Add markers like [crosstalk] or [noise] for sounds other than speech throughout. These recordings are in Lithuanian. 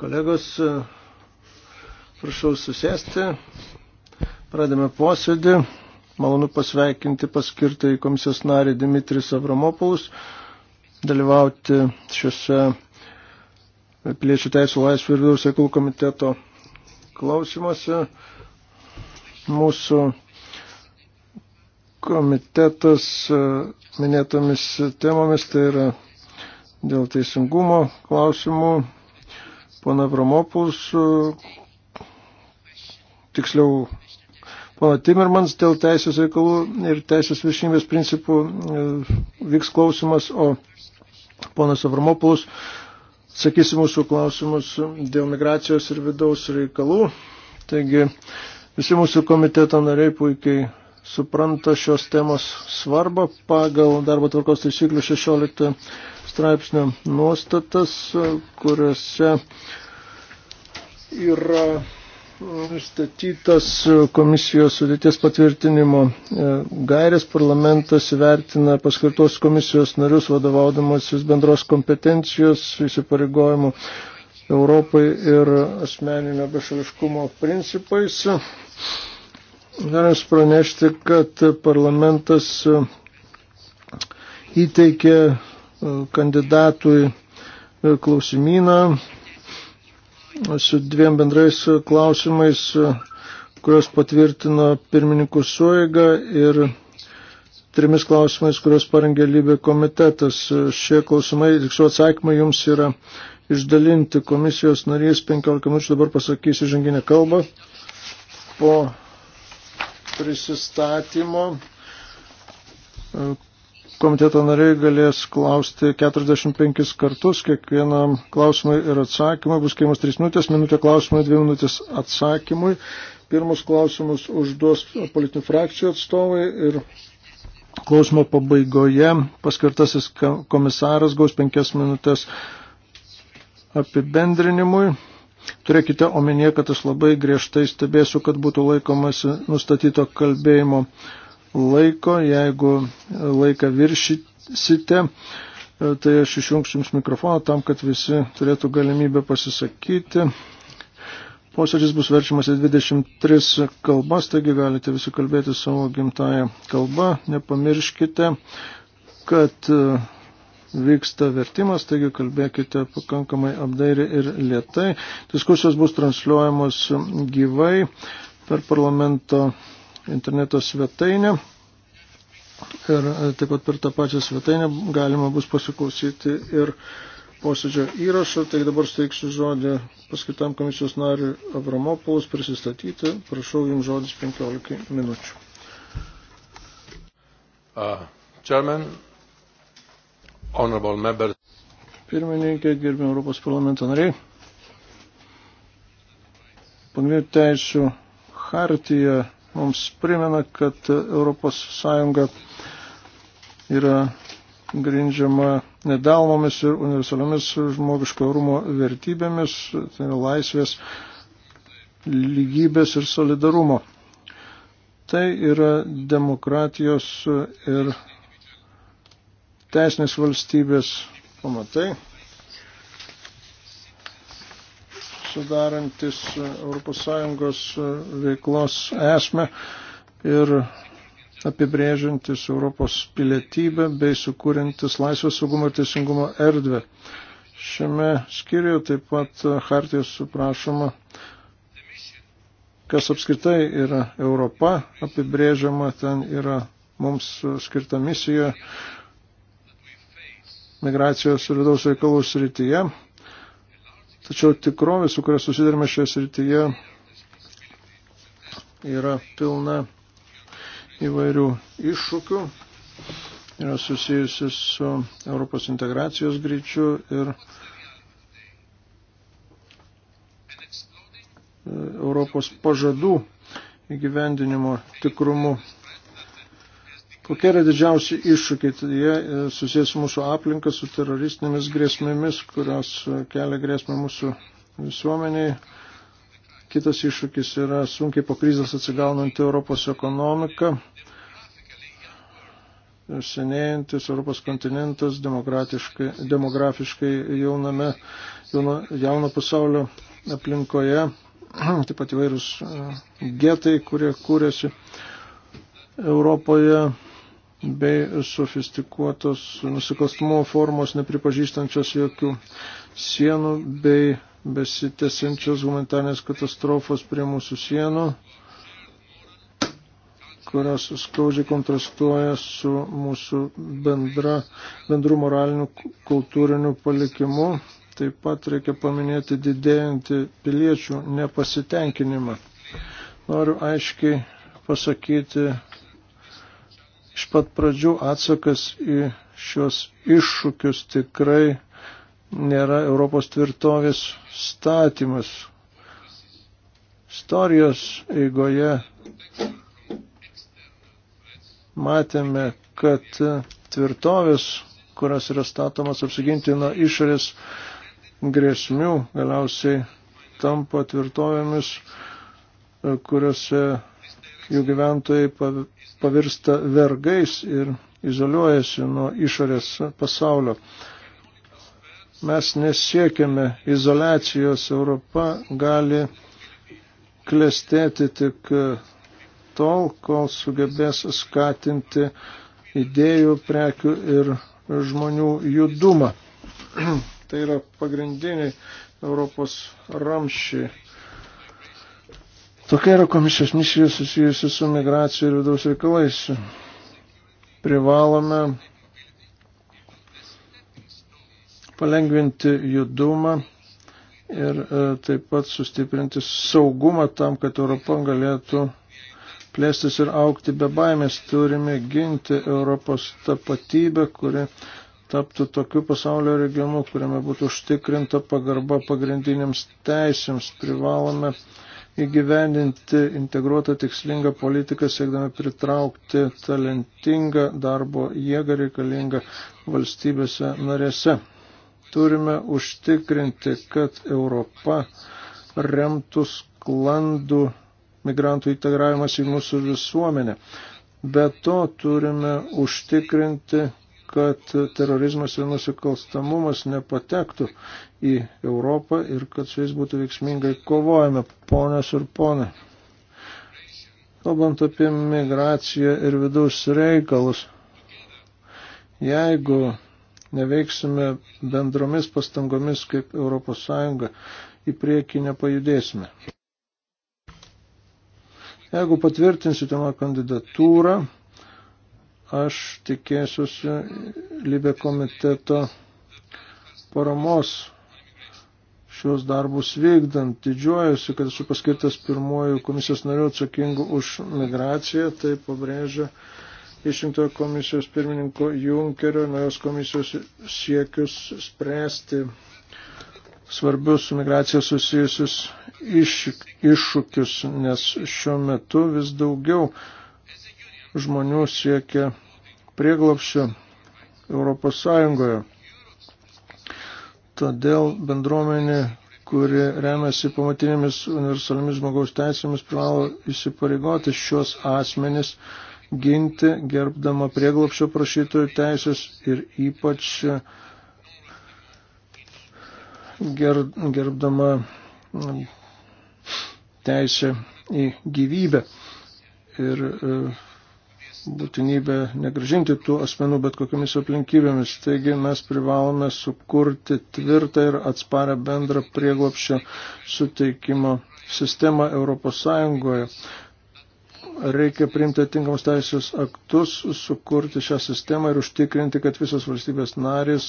Kolegos, prašau susėsti. Pradėme posėdį. Malonu pasveikinti paskirtą į komisijos narį Dimitris Avramopoulos, dalyvauti šiuose piliečių teisų laisvių ir vidaus reikalų komiteto klausimuose. Mūsų komitetas minėtomis temomis tai yra dėl teisingumo klausimų. Pana Vramopus, tiksliau, pana Timirmans dėl teisės reikalų ir teisės viršinybės principų e, vyks klausimas, o ponas Avramopulus sakys mūsų klausimus dėl migracijos ir vidaus reikalų. Taigi visi mūsų komiteto nariai puikiai supranta šios temos svarbą pagal darbo tvarkos taisyklių 16 straipsnio nuostatas, kuriuose yra nustatytas komisijos sudėties patvirtinimo e, gairės parlamentas vertina paskirtos komisijos narius vadovaudamasis bendros kompetencijos įsipareigojimų Europai ir asmeninio bešališkumo principais. Galim pranešti, kad parlamentas įteikė kandidatui e, klausimyną e, su dviem bendrais e, klausimais, kurios patvirtino pirmininkų suėga ir trimis klausimais, kurios parengė lybė komitetas. Šie klausimai, tiksliau atsakymai jums yra išdalinti komisijos narys 15 minučių, dabar pasakysiu žanginę kalbą. Po prisistatymo komiteto nariai galės klausti 45 kartus, kiekvienam klausimui ir atsakymui bus keimas 3 minutės, minutė klausimui, 2 minutės atsakymui. Pirmus klausimus užduos politinių frakcijų atstovai ir klausimo pabaigoje paskirtasis komisaras gaus 5 minutės apibendrinimui. Turėkite omenyje, kad aš labai griežtai stebėsiu, kad būtų laikomasi nustatyto kalbėjimo laiko. Jeigu laiką viršysite, e, tai aš išjungsiu jums mikrofoną tam, kad visi turėtų galimybę pasisakyti. Posėdis bus verčiamas į 23 kalbas, taigi galite visi kalbėti savo gimtają kalbą. Nepamirškite, kad e, vyksta vertimas, taigi kalbėkite pakankamai apdairiai ir lietai. Diskusijos bus transliuojamos gyvai per parlamento interneto svetainę. Ir e, taip pat per tą pačią svetainę galima bus pasiklausyti ir posėdžio įrašo. Tai dabar steiksiu žodį paskirtam komisijos nariui Avramopoulos prisistatyti. Prašau jums žodis 15 minučių. Uh, chairman, honorable members. Pirmininkė, gerbė Europos parlamento nariai. Pagrindinių teisų hartija mums primena, kad ES yra grindžiama nedalmomis ir universaliomis žmogiško orumo vertybėmis, tai yra laisvės, lygybės ir solidarumo. Tai yra demokratijos ir teisinės valstybės pamatai. sudarantis ES veiklos esmę ir apibrėžiantis Europos pilietybę bei sukūrintis laisvės saugumo ir teisingumo erdvę. Šiame skyriuje taip pat Hartijos suprašoma, kas apskritai yra Europa, apibrėžiama ten yra mums skirta misija migracijos ir vidaus reikalų srityje. Tačiau tikrovė, su kuria susidarėme šioje srityje, yra pilna įvairių iššūkių, yra susijusi su Europos integracijos greičiu ir e, Europos pažadų įgyvendinimo tikrumu. Kokie tai yra didžiausi iššūkiai? Tai jie e, susijęs mūsų aplinką su teroristinėmis grėsmėmis, kurios e, kelia grėsmę mūsų visuomeniai. Kitas iššūkis yra sunkiai po krizės atsigaunanti Europos ekonomika, senėjantis Europos kontinentas, demografiškai jauname, jauno, jauno pasaulio aplinkoje, [clears throat] taip pat įvairūs e, getai, kurie kūrėsi Europoje bei sofistikuotos nusikalstumo formos nepripažįstančios jokių sienų bei besitėsiančios humanitarnės katastrofos prie mūsų sienų, kurios skaudžiai kontrastuoja su mūsų bendra, bendru moraliniu kultūriniu palikimu. Taip pat reikia paminėti didėjantį piliečių nepasitenkinimą. Noriu aiškiai pasakyti Iš pat pradžių atsakas į šios iššūkius tikrai nėra Europos tvirtovės statymas. Istorijos eigoje matėme, kad tvirtovės, kurios yra statomas apsiginti nuo išorės grėsmių, galiausiai tampa tvirtovėmis, kuriuose jų gyventojai pavirsta vergais ir izoliuojasi nuo išorės pasaulio. Mes nesiekiame izolacijos, Europa gali klestėti tik tol, kol sugebės skatinti idėjų, prekių ir žmonių judumą. [clears throat] tai yra pagrindiniai Europos ramšiai Tokia yra komisijos misija susijusi su migracija ir vidaus reikalais. Privalome palengvinti judumą ir e, taip pat sustiprinti saugumą tam, kad Europa galėtų plėstis ir aukti be baimės. Turime ginti Europos tapatybę, kuri taptų tokiu pasaulio regionu, kuriame būtų užtikrinta pagarba pagrindiniams teisėms. Privalome uh, įgyvendinti integruotą tikslingą politiką, siekdami pritraukti talentingą darbo jėgą reikalingą valstybėse narėse. Turime užtikrinti, kad Europa remtų sklandų migrantų integravimas į mūsų visuomenę. Be to turime užtikrinti, kad terorizmas ir nusikalstamumas nepatektų į Europą ir kad su jais būtų veiksmingai kovojame, ponės ir ponai. Kalbant apie migraciją ir vidaus reikalus, jeigu neveiksime bendromis pastangomis kaip ES, į priekį nepajudėsime. Jeigu patvirtinsite mano kandidatūrą, aš tikėsiuosi Libė komiteto paramos šios darbus vykdant. Didžiuojuosi, kad esu paskirtas pirmojų komisijos narių atsakingų už migraciją, tai pabrėžia išrinktojo komisijos pirmininko Junkerio naujos komisijos siekius spręsti svarbius su migracija susijusius iš, iššūkius, nes šiuo metu vis daugiau žmonių siekia prieglopščio Europos Sąjungoje. Todėl bendruomenė, kuri remiasi pamatinėmis universaliomis žmogaus teisėmis, privalo įsipareigoti šios asmenis ginti, gerbdama prieglopščio prašytojų teisės ir ypač ger, gerbdama teisę į gyvybę. Ir e, būtinybę negražinti tų asmenų bet kokiamis aplinkybėmis. Taigi mes privalome sukurti tvirtą ir atsparę bendrą prieglopščio suteikimo sistemą Europos Sąjungoje. Reikia priimti atinkamus teisės aktus, sukurti šią sistemą ir užtikrinti, kad visos valstybės narės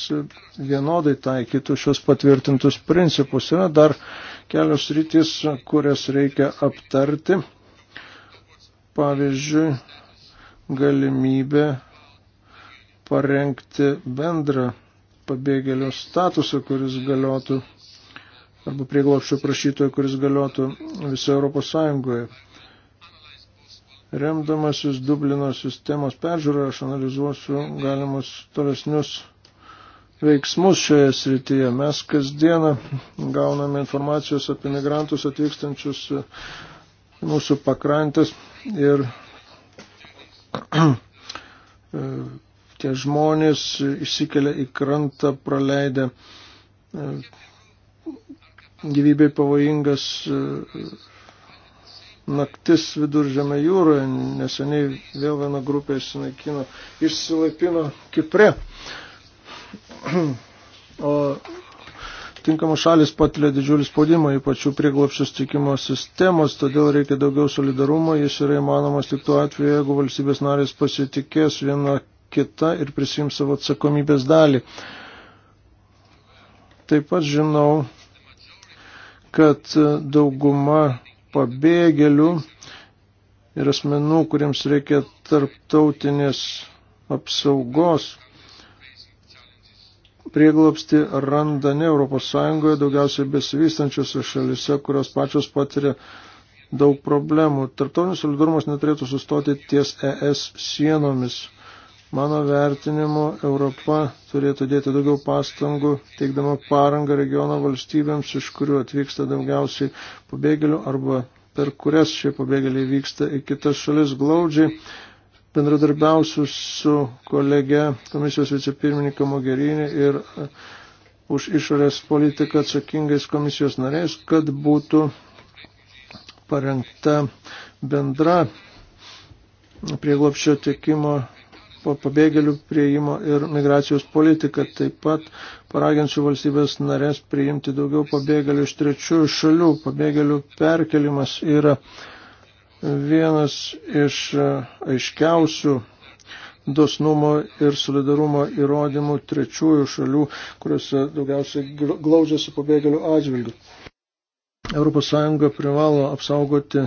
vienodai taikytų šios patvirtintus principus. Yra dar kelios rytis, kurias reikia aptarti pavyzdžiui, galimybę parengti bendrą pabėgėlio statusą, kuris galiotų, arba prieglopščio prašytojo, kuris galiotų visoje Europos Sąjungoje. Remdamasis Dublino sistemos peržiūrą, aš analizuosiu galimus tolesnius veiksmus šioje srityje. Mes kasdieną gauname informacijos apie migrantus atvykstančius mūsų pakrantės ir [clears throat] tie žmonės išsikelia į krantą, praleidę e, gyvybei pavojingas e, naktis viduržėme jūroje. Neseniai vėl viena grupė išsilaipino Kipre. [clears throat] O Tinkamos šalis patiria didžiulį spaudimą, ypač jų prieglopščio stikimo sistemos, todėl reikia daugiau solidarumo, jis yra įmanomas tik tuo atveju, jeigu valstybės narės pasitikės viena kita ir prisims savo atsakomybės dalį. Taip pat žinau, kad dauguma pabėgėlių ir asmenų, kuriems reikia tarptautinės apsaugos, prieglopsti randa ne Europos Sąjungoje, daugiausiai besivystančiose šalise, kurios pačios patiria daug problemų. Tartonis solidarumas neturėtų sustoti ties ES sienomis. Mano vertinimu, Europa turėtų dėti daugiau pastangų, teikdama parangą regiono valstybėms, iš kurių atvyksta daugiausiai pabėgėlių arba per kurias šie pabėgėliai vyksta į kitas šalis glaudžiai bendradarbiausiu su kolege komisijos vicepirmininką Mogerinį ir e, už išorės politiką atsakingais komisijos nariais, kad būtų parengta bendra prieglopščio tiekimo po pabėgėlių prieimo ir migracijos politika. Taip pat paraginsiu valstybės narės priimti daugiau pabėgėlių iš trečiųjų šalių. Pabėgėlių perkelimas yra Vienas iš e, aiškiausių dosnumo ir solidarumo įrodymų trečiųjų šalių, kuriuose daugiausiai glaudžiasi pabėgėlių atžvilgių. ES privalo apsaugoti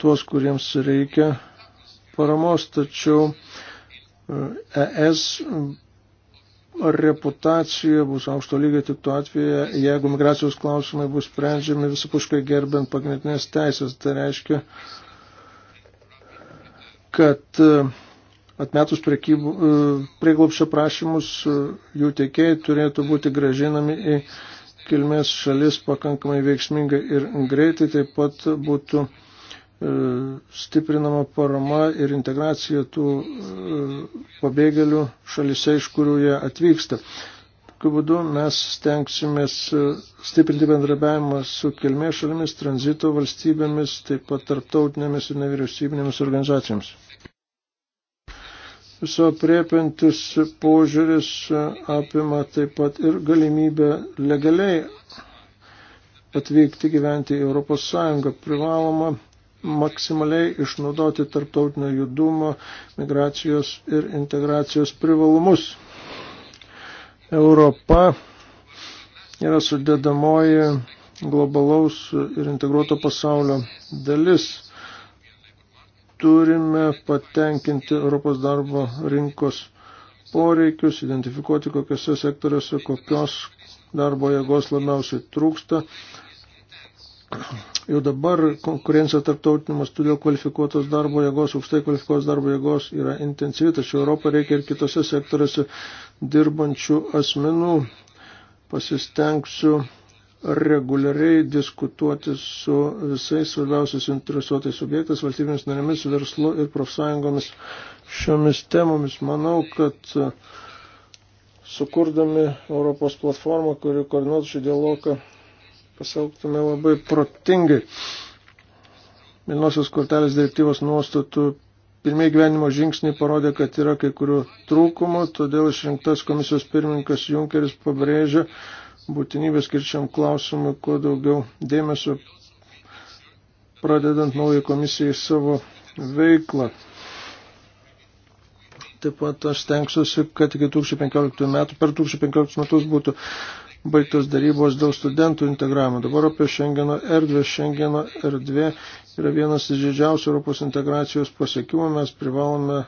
tuos, kuriems reikia paramos, tačiau ES e reputacija bus aukšto lygio tik tuo atveju, jeigu migracijos klausimai bus sprendžiami visapuškai gerbent pagrindinės teisės. Tai reiškia, kad e, atmetus e, prieglopščio prašymus e, jų teikėjai turėtų būti gražinami į kilmės šalis pakankamai veiksmingai ir greitai. Taip pat būtų E, stiprinama parama ir integracija tų e, pabėgėlių šalise, iš kurių jie atvyksta. Tokiu būdu mes stengsimės e, stiprinti bendrabiavimą su kilmės šalimis, tranzito valstybėmis, taip pat tarptautinėmis ir nevyriausybinėmis organizacijomis. Viso priepintis požiūris apima taip pat ir galimybę legaliai atvykti gyventi į Europos Sąjungą. Privaloma maksimaliai išnaudoti tarptautinio judumo, migracijos ir integracijos privalumus. Europa yra sudėdamoji globalaus ir integruoto pasaulio dalis. Turime patenkinti Europos darbo rinkos poreikius, identifikuoti kokiuose sektoriuose kokios darbo jėgos labiausiai trūksta Jau dabar konkurencija tarptautiniu mastu dėl kvalifikuotos darbo jėgos, aukštai kvalifikuotos darbo jėgos yra intensyvi, tačiau Europą reikia ir kitose sektoriuose dirbančių asmenų. Pasistengsiu reguliariai diskutuoti su visais svarbiausiais interesuotais subjektais, valstybėmis narėmis, verslu ir profsąjungomis šiomis temomis. Manau, kad e, sukurdami Europos platformą, kuri koordinuotų šį dialogą pasauktume labai protingai. Milnosios kortelės direktyvos nuostatų pirmieji gyvenimo žingsniai parodė, kad yra kai kurių trūkumų, todėl išrinktas komisijos pirmininkas Junkeris pabrėžė būtinybę skirčiam klausimui kuo daugiau dėmesio, pradedant naują komisiją į savo veiklą. Taip pat aš tenksiuosi, kad iki 2015 metų, per 2015 metus būtų baigtos darybos dėl studentų integravimo. Dabar apie Šengeno erdvę. Šengeno erdvė yra vienas iš didžiausių Europos integracijos pasiekimų. Mes privalome,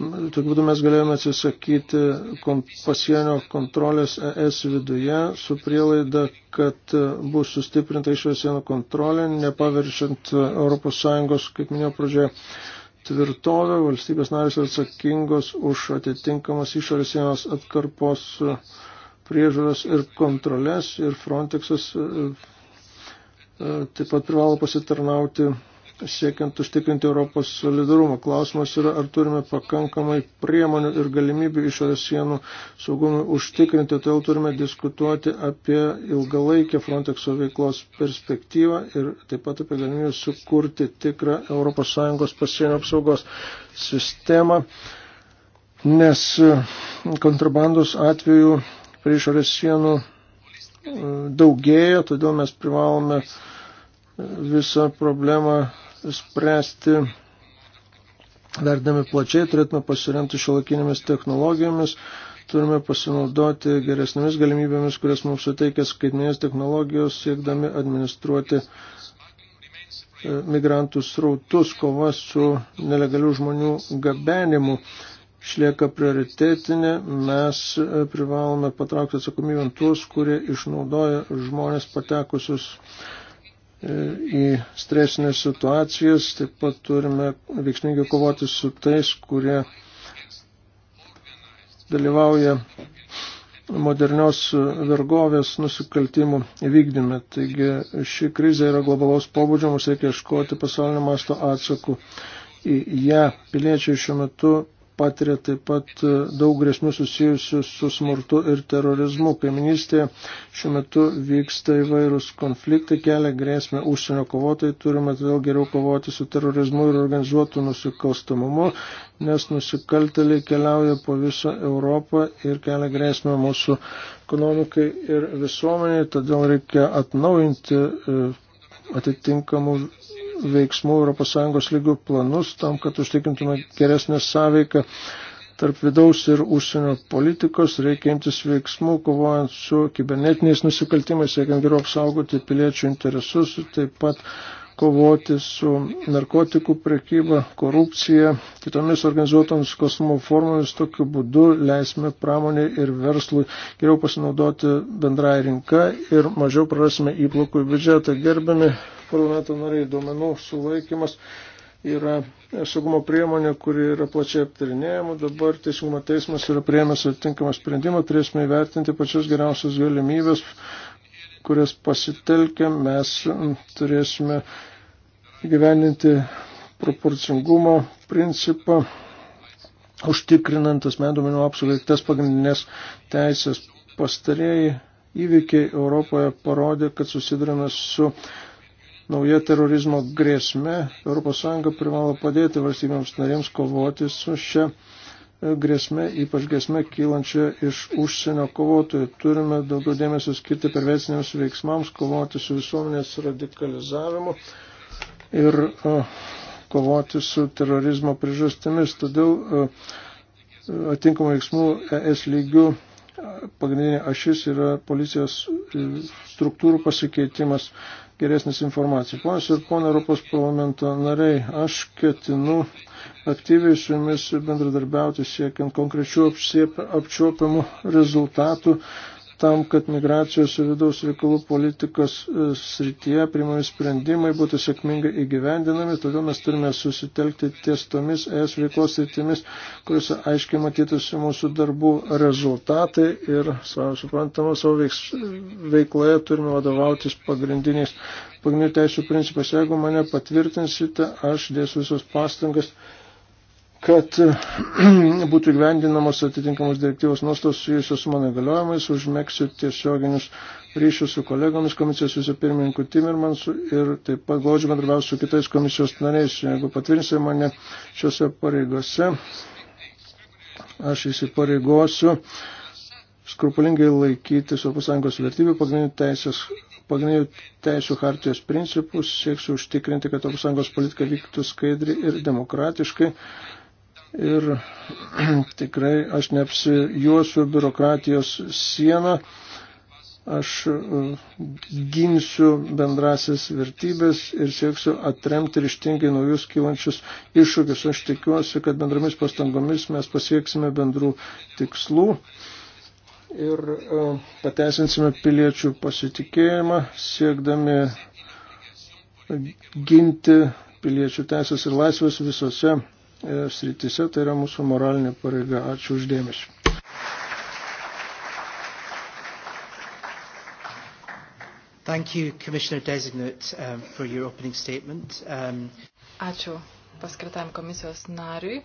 tokiu būdu mes galėjome atsisakyti kon, pasienio kontrolės ES viduje su prielaida, kad bus sustiprinta išvės sienų kontrolė, nepaviršint ES, kaip minėjau pradžioje, tvirtovę, valstybės narės atsakingos už atitinkamas išorės sienos atkarpos priežaras ir kontrolės ir Frontexas e, e, taip pat privalo pasitarnauti siekiant užtikrinti Europos solidarumą. Klausimas yra, ar turime pakankamai priemonių ir galimybių išorės sienų saugumui užtikrinti, todėl turime diskutuoti apie ilgalaikę Frontexo veiklos perspektyvą ir taip pat apie galimybę sukurti tikrą ES pasienio apsaugos sistemą, nes kontrabandos atveju prie išorės sienų e, daugėja, todėl mes privalome e, visą problemą spręsti. Verdami plačiai turėtume pasiremti šiolakinėmis technologijomis, turime pasinaudoti geresnėmis galimybėmis, kurias mums suteikia skaitminės technologijos, siekdami administruoti e, migrantų srautus, kova su nelegalių žmonių gabenimu išlieka prioritetinė, mes e, privalome patraukti atsakomybę tuos, kurie išnaudoja žmonės patekusius e, į stresinės situacijas, taip pat turime veiksmingai kovoti su tais, kurie dalyvauja modernios vergovės nusikaltimų įvykdyme. Taigi ši krizė yra globalaus pobūdžio, mums reikia iškoti pasaulinio masto atsakų į ją. Piliečiai šiuo metu patiria taip pat e, daug grėsmių susijusių su smurtu ir terorizmu. Kaiminystėje šiuo metu vyksta įvairūs konfliktai, kelia grėsmę užsienio kovotojai, turime todėl geriau kovoti su terorizmu ir organizuotų nusikalstamumu, nes nusikalteliai keliauja po visą Europą ir kelia grėsmę mūsų ekonomikai ir visuomeniai, todėl reikia atnaujinti e, atitinkamų veiksmų ES lygių planus tam, kad užtikrintume geresnę sąveiką tarp vidaus ir užsienio politikos, reikia imtis veiksmų, kovojant su kibernetiniais nusikaltimais, siekiant geriau apsaugoti piliečių interesus, taip pat kovoti su narkotikų prekyba, korupcija, kitomis organizuotomis kosmo formomis. Tokiu būdu leisime pramonė ir verslui geriau pasinaudoti bendrai rinka ir mažiau prarasime įplaukų į biudžetą. Gerbiami parlamento nariai, duomenų sulaikimas yra saugumo priemonė, kuri yra plačiai aptarinėjama. Dabar teisingumo teismas yra priemęs atitinkamą sprendimą, turėsime įvertinti pačius geriausias galimybės, kurias pasitelkę mes turėsime gyveninti proporcingumo principą, užtikrinant asmenduomenų apsaugai tas pagrindinės teisės pastarėjai įvykiai Europoje parodė, kad susidurime su nauja terorizmo grėsme. ES privalo padėti valstybėms narėms kovoti su šia e, grėsme, ypač grėsme kylančia iš užsienio kovotojų. Turime daugiau dėmesio skirti pervesiniams veiksmams, kovoti su visuomenės radikalizavimu ir e, kovoti su terorizmo priežastimis. Todėl e, atinkamų veiksmų ES lygių pagrindinė ašis yra policijos struktūrų pasikeitimas geresnis informacija. Ponas ir ponai Europos parlamento nariai, aš ketinu aktyviai su jumis bendradarbiauti siekiant konkrečių apčiuopiamų rezultatų tam, kad migracijos ir vidaus reikalų politikos e, srityje primami sprendimai būtų sėkmingai įgyvendinami, todėl mes turime susitelkti ties tomis ES veiklos sritimis, kuriuose aiškiai matytųsi mūsų darbų rezultatai ir, suprantama, savo veiks, veikloje turime vadovautis pagrindiniais pagrindinių teisų principais. Jeigu mane patvirtinsite, aš dėsiu visos pastangas kad [clears throat] būtų gyvendinamos atitinkamos direktyvos nuostos susijusios su mano galiojimais, užmėgsiu tiesioginius ryšius su kolegomis komisijos vicepirmininku Timirmansu ir taip pat glaudžiu bendrabiausiu su kitais komisijos nariais, jeigu patvirtinsite mane šiuose pareigose. Aš įsipareigosiu skrupulingai laikytis Europos Sąjungos vertybių pagrindinių teisės pagrindinių teisų hartijos principus, sieksiu užtikrinti, kad Europos Sąjungos politika vyktų skaidri ir demokratiškai ir [clears throat] tikrai aš neapsijuosiu biurokratijos sieną, aš uh, ginsiu bendrasis vertybės ir sieksiu atremti ryštingai naujus kylančius iššūkius. Aš tikiuosi, kad bendromis pastangomis mes pasieksime bendrų tikslų. Ir uh, pateisinsime piliečių pasitikėjimą, siekdami ginti piliečių teisės ir laisvės visose E, srityse, tai yra mūsų moralinė pareiga. Ačiū uždėmesi. Thank you, Commissioner Designate, um, for your opening statement. Um, Ačiū paskirtam komisijos nariui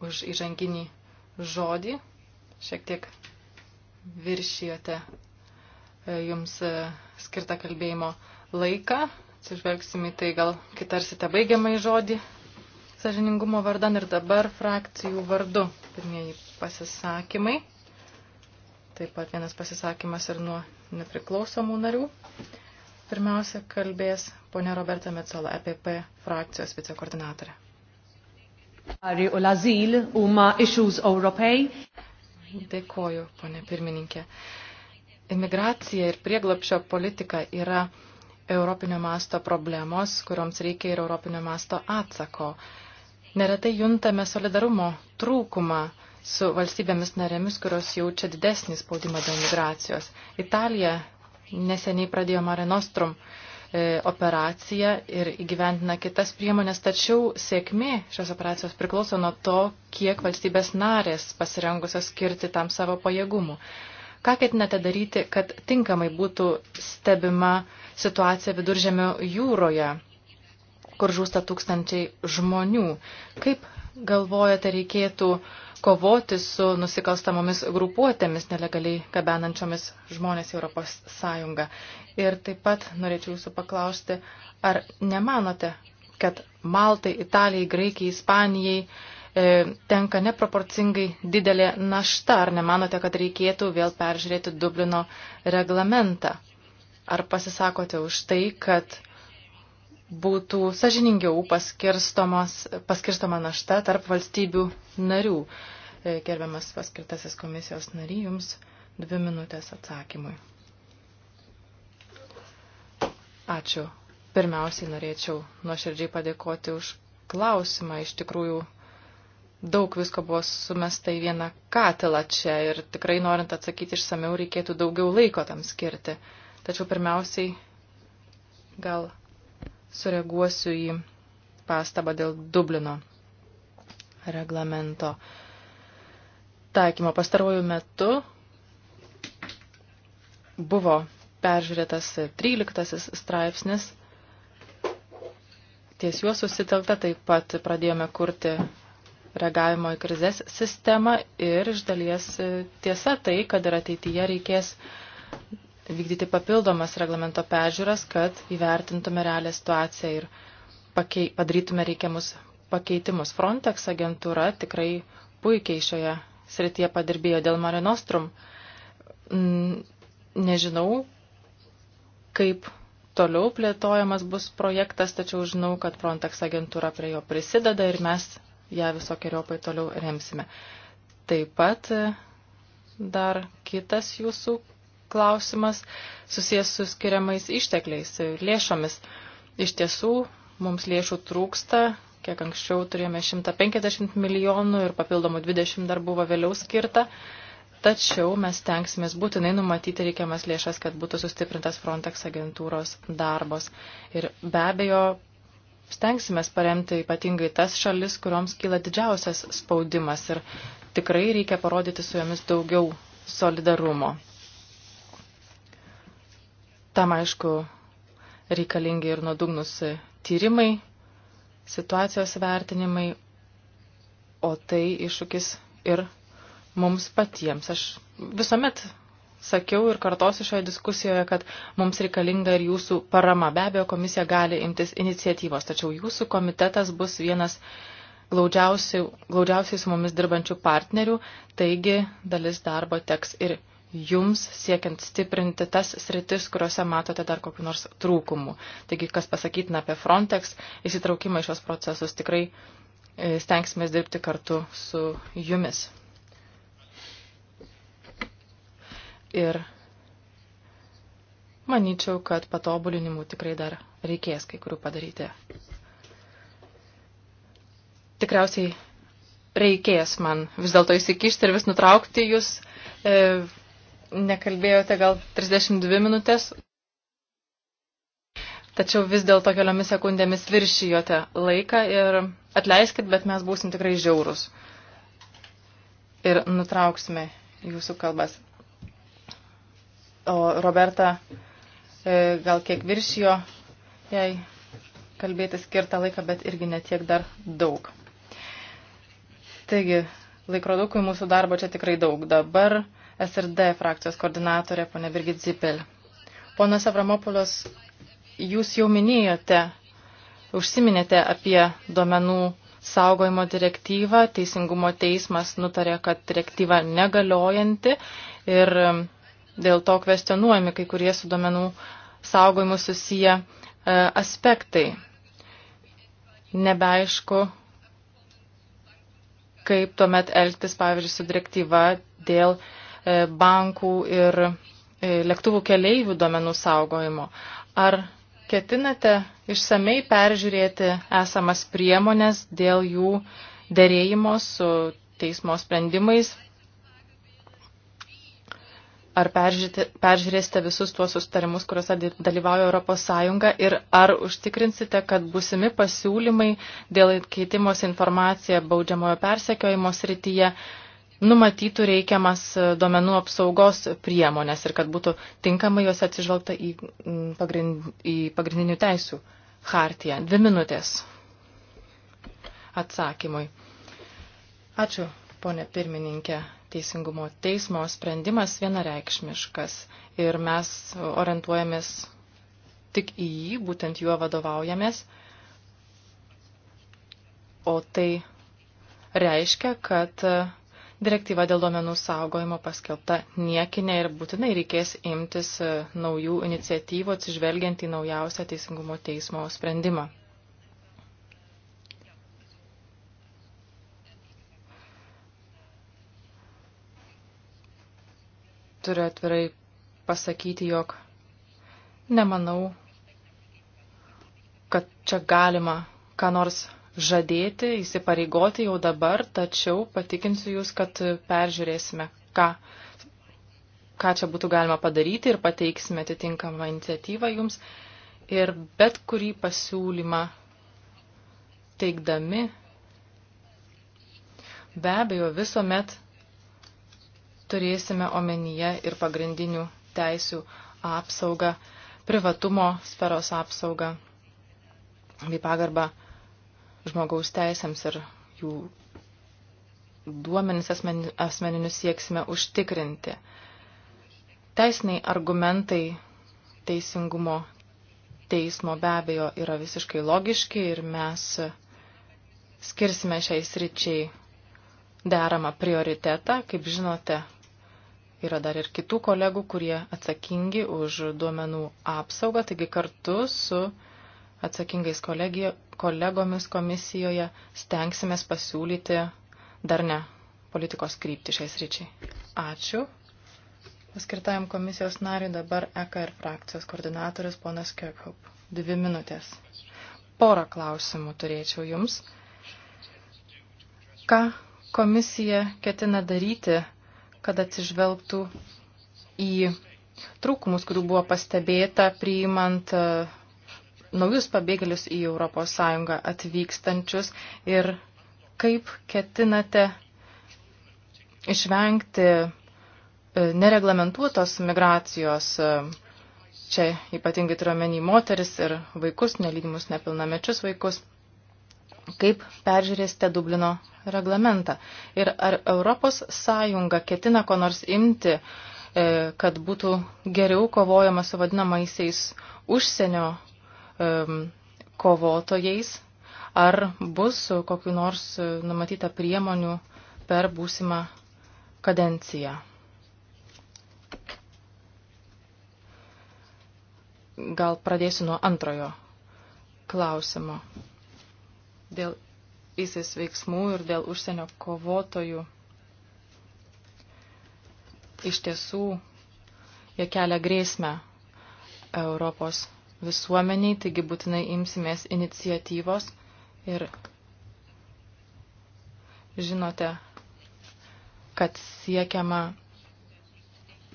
už įžanginį žodį. Šiek tiek viršijote e, jums e, skirtą kalbėjimo laiką. Atsižvelgsim į tai, gal kitarsite baigiamai žodį sažiningumo vardan ir dabar frakcijų vardu pirmieji pasisakymai. Taip pat vienas pasisakymas ir nuo nepriklausomų narių. Pirmiausia, kalbės ponia Roberta Metzola, EPP frakcijos vicekoordinatorė. Dėkoju, ponė pirmininkė. Imigracija ir prieglapšio politika yra europinio masto problemos, kuriuoms reikia ir europinio masto atsako. Neretai juntame solidarumo trūkumą su valstybėmis narėmis, kurios jaučia didesnį spaudimą dėl migracijos. Italija neseniai pradėjo Mare Nostrum e, operaciją ir įgyvendina kitas priemonės, tačiau sėkmė šios operacijos priklauso nuo to, kiek valstybės narės pasirengusios skirti tam savo pajėgumų. Ką ketinate daryti, kad tinkamai būtų stebima situacija viduržėmio jūroje? kur žūsta tūkstančiai žmonių. Kaip galvojate, reikėtų kovoti su nusikalstamomis grupuotėmis nelegaliai gabenančiomis žmonės į Europos Sąjungą? Ir taip pat norėčiau jūsų paklausti, ar nemanote, kad Maltai, Italijai, Graikijai, Ispanijai e, tenka neproporcingai didelė našta, ar nemanote, kad reikėtų vėl peržiūrėti Dublino reglamentą? Ar pasisakote už tai, kad būtų sažiningiau paskirstoma našta tarp valstybių narių. E, gerbiamas paskirtasis komisijos nary, jums dvi minutės atsakymui. Ačiū. Pirmiausiai norėčiau nuoširdžiai padėkoti už klausimą. Iš tikrųjų, daug visko buvo sumesta į vieną katilą čia ir tikrai norint atsakyti išsameu reikėtų daugiau laiko tam skirti. Tačiau pirmiausiai gal sureaguosiu į pastabą dėl Dublino reglamento taikymo. Pastaruoju metu buvo peržiūrėtas 13 straipsnis. Ties juos susitelta taip pat pradėjome kurti reagavimo į krizės sistemą ir iš dalies tiesa tai, kad ir ateityje reikės vykdyti papildomas reglamento pežiūras, kad įvertintume realią situaciją ir pakei, padarytume reikiamus pakeitimus. Frontex agentūra tikrai puikiai šioje srityje padirbėjo dėl Marinostrum. Mm, nežinau, kaip toliau plėtojamas bus projektas, tačiau žinau, kad Frontex agentūra prie jo prisideda ir mes ją visokiojopai toliau remsime. Taip pat dar kitas jūsų klausimas susijęs su skiriamais ištekliais, lėšomis. Iš tiesų, mums lėšų trūksta, kiek anksčiau turėjome 150 milijonų ir papildomų 20 dar buvo vėliau skirta. Tačiau mes tenksimės būtinai numatyti reikiamas lėšas, kad būtų sustiprintas Frontex agentūros darbos. Ir be abejo, stengsimės paremti ypatingai tas šalis, kuriuoms kyla didžiausias spaudimas ir tikrai reikia parodyti su jomis daugiau solidarumo. Tam, aišku, reikalingi ir nuodugnus tyrimai, situacijos vertinimai, o tai iššūkis ir mums patiems. Aš visuomet sakiau ir kartosiu šioje diskusijoje, kad mums reikalinga ir jūsų parama. Be abejo, komisija gali imtis iniciatyvos, tačiau jūsų komitetas bus vienas glaudžiausiai su mumis dirbančių partnerių, taigi dalis darbo teks ir jums siekiant stiprinti tas sritis, kuriuose matote dar kokiu nors trūkumu. Taigi, kas pasakytina apie Frontex, įsitraukimą į šios procesus tikrai e, stengsime dirbti kartu su jumis. Ir manyčiau, kad patobulinimų tikrai dar reikės kai kurių padaryti. Tikriausiai reikės man vis dėlto įsikišti ir vis nutraukti jūs. E, nekalbėjote gal 32 minutės, tačiau vis dėlto keliomis sekundėmis viršijote laiką ir atleiskit, bet mes būsim tikrai žiaurus ir nutrauksime jūsų kalbas. O Roberta e, gal kiek viršijo jai kalbėti skirtą laiką, bet irgi netiek dar daug. Taigi, laikrodukui mūsų darbo čia tikrai daug. Dabar SRD frakcijos koordinatorė, ponė Birgit Zipel. Ponas Avramopolos, jūs jau minėjote, užsiminėte apie duomenų saugojimo direktyvą. Teisingumo teismas nutarė, kad direktyva negaliojanti ir dėl to kvestionuojami kai kurie su duomenų saugojimu susiję e, aspektai. Nebeaišku, kaip tuomet elgtis, pavyzdžiui, su direktyva dėl E, bankų ir e, lėktuvų keleivių duomenų saugojimo. Ar ketinate išsamei peržiūrėti esamas priemonės dėl jų dėrėjimo su teismo sprendimais? Ar peržiūrėsite visus tuos sustarimus, kuriuose dalyvauja Europos Sąjunga ir ar užtikrinsite, kad busimi pasiūlymai dėl keitimos informacija baudžiamojo persekiojimo srityje numatytų reikiamas e, duomenų apsaugos priemonės ir kad būtų tinkamai juos atsižvelgta į, pagrind, į pagrindinių teisų hartiją. Dvi minutės atsakymui. Ačiū, ponė pirmininkė. Teisingumo teismo sprendimas vienareikšmiškas ir mes orientuojamės tik į jį, būtent juo vadovaujamės. O tai reiškia, kad direktyva dėl duomenų saugojimo paskelbta niekinė ir būtinai reikės imtis e, naujų iniciatyvų atsižvelgiant į naujausią teisingumo teismo sprendimą. Turiu atvirai pasakyti, jog nemanau, kad čia galima ką nors žadėti, įsipareigoti jau dabar, tačiau patikinsiu Jūs, kad peržiūrėsime, ką, ką čia būtų galima padaryti ir pateiksime atitinkamą iniciatyvą Jums. Ir bet kurį pasiūlymą teikdami, be abejo, visuomet turėsime omenyje ir pagrindinių teisių apsaugą, privatumo sferos apsaugą bei pagarbą žmogaus teisėms ir jų duomenis asmeninius sieksime užtikrinti. Teisiniai argumentai teisingumo teismo be abejo yra visiškai logiški ir mes skirsime šiai sričiai deramą prioritetą. Kaip žinote, yra dar ir kitų kolegų, kurie atsakingi už duomenų apsaugą, taigi kartu su atsakingais kolegija, kolegomis komisijoje stengsimės pasiūlyti dar ne politikos krypti šiais ryčiai. Ačiū. Paskirtajam komisijos nariui dabar EKR frakcijos koordinatorius ponas Kirkhope. Dvi minutės. Porą klausimų turėčiau jums. Ką komisija ketina daryti, kad atsižvelgtų į trūkumus, kurių buvo pastebėta priimant uh, naujus pabėgėlius į Europos Sąjungą atvykstančius ir kaip ketinate išvengti e, nereglamentuotos migracijos, e, čia ypatingai turiuomenį moteris ir vaikus, nelydimus nepilnamečius vaikus, kaip peržiūrėsite Dublino reglamentą ir ar Europos Sąjunga ketina ko nors imti, e, kad būtų geriau kovojama su vadinamaisiais užsienio kovotojais, ar bus kokiu nors numatyta priemonių per būsimą kadenciją. Gal pradėsiu nuo antrojo klausimo. Dėl įsis veiksmų ir dėl užsienio kovotojų iš tiesų jie kelia grėsmę Europos visuomeniai, taigi būtinai imsimės iniciatyvos ir žinote, kad siekiama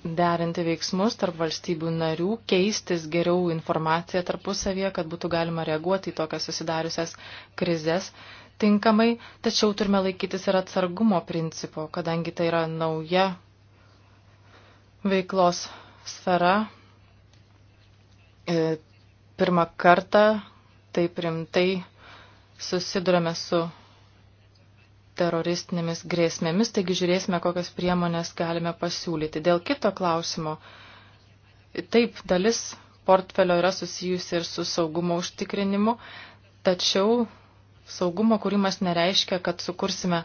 derinti veiksmus tarp valstybių narių, keistis geriau informaciją tarpusavėje, kad būtų galima reaguoti į tokias susidariusias krizės tinkamai, tačiau turime laikytis ir atsargumo principo, kadangi tai yra nauja veiklos sfera, e, pirmą kartą taip rimtai susidurėme su teroristinėmis grėsmėmis, taigi žiūrėsime, kokias priemonės galime pasiūlyti. Dėl kito klausimo, taip, dalis portfelio yra susijusi ir su saugumo užtikrinimu, tačiau saugumo kūrimas nereiškia, kad sukursime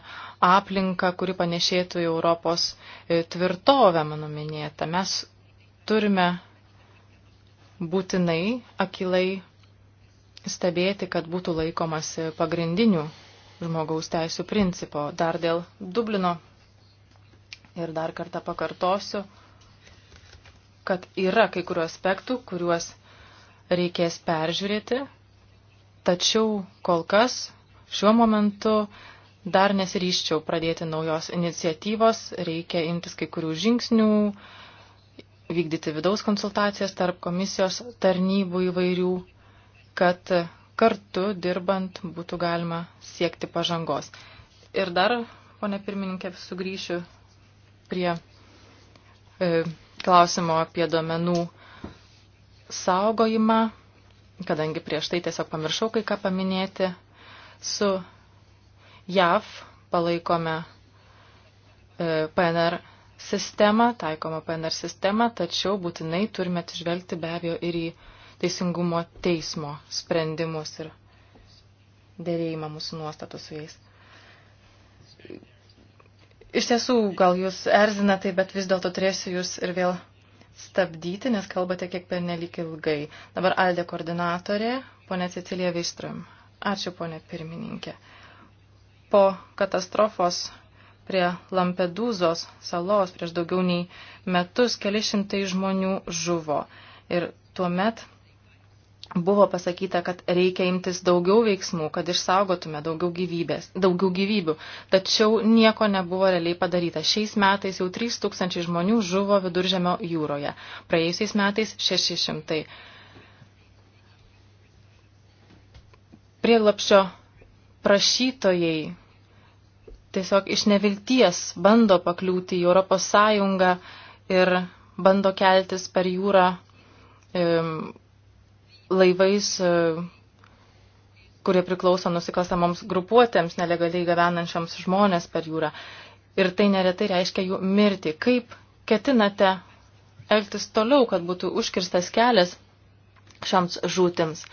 aplinką, kuri panešėtų į Europos e, tvirtovę, mano minėta. Mes turime būtinai akilai stebėti, kad būtų laikomasi pagrindinių žmogaus teisų principo. Dar dėl Dublino ir dar kartą pakartosiu, kad yra kai kurių aspektų, kuriuos reikės peržiūrėti, tačiau kol kas šiuo momentu dar nesiryščiau pradėti naujos iniciatyvos, reikia imtis kai kurių žingsnių, uh, vykdyti vidaus konsultacijas tarp komisijos tarnybų įvairių, kad kartu dirbant būtų galima siekti pažangos. Ir dar, ponė pirmininkė, sugrįšiu prie e, klausimo apie duomenų saugojimą, kadangi prieš tai tiesiog pamiršau kai ką paminėti. Su JAV palaikome e, PNR sistemą, taikomą PNR sistemą, tačiau būtinai turime atsižvelgti be abejo ir į teisingumo teismo sprendimus ir dėrėjimą mūsų nuostatų su jais. Iš tiesų, gal jūs erzina tai, bet vis dėlto turėsiu jūs ir vėl stabdyti, nes kalbate kiek per nelik ilgai. Dabar Aldė koordinatorė, ponė Cecilija Vistram. Ačiū, ponė pirmininkė. Po katastrofos prie Lampedūzos salos prieš daugiau nei metus keli šimtai žmonių žuvo. Ir tuomet buvo pasakyta, kad reikia imtis daugiau veiksmų, kad išsaugotume daugiau, gyvybės, daugiau gyvybių. Tačiau nieko nebuvo realiai padaryta. Šiais metais jau 3000 žmonių žuvo viduržemio jūroje, praėjusiais metais 600. Prieglapšio prašytojai tiesiog iš nevilties bando pakliūti į Europos Sąjungą ir bando keltis per jūrą e, laivais, e, kurie priklauso nusikalstamoms grupuotėms, nelegaliai gavenančioms žmonės per jūrą. Ir tai neretai reiškia jų mirtį. Kaip ketinate elgtis toliau, kad būtų užkirstas kelias šioms žūtims?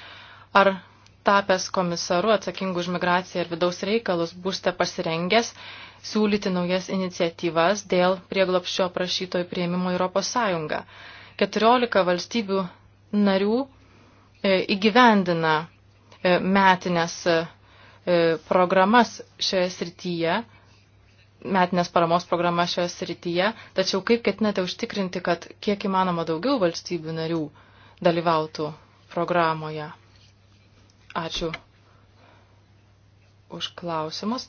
Ar tapęs komisaru atsakingu už migraciją ir vidaus reikalus, būsite pasirengęs siūlyti naujas iniciatyvas dėl prieglopščio prašytojų prieimimo Europos Sąjungą. 14 valstybių narių e, įgyvendina e, metinės e, programas šioje srityje, metinės paramos programas šioje srityje, tačiau kaip ketinate užtikrinti, kad kiek įmanoma daugiau valstybių narių dalyvautų programoje? Ačiū už klausimus.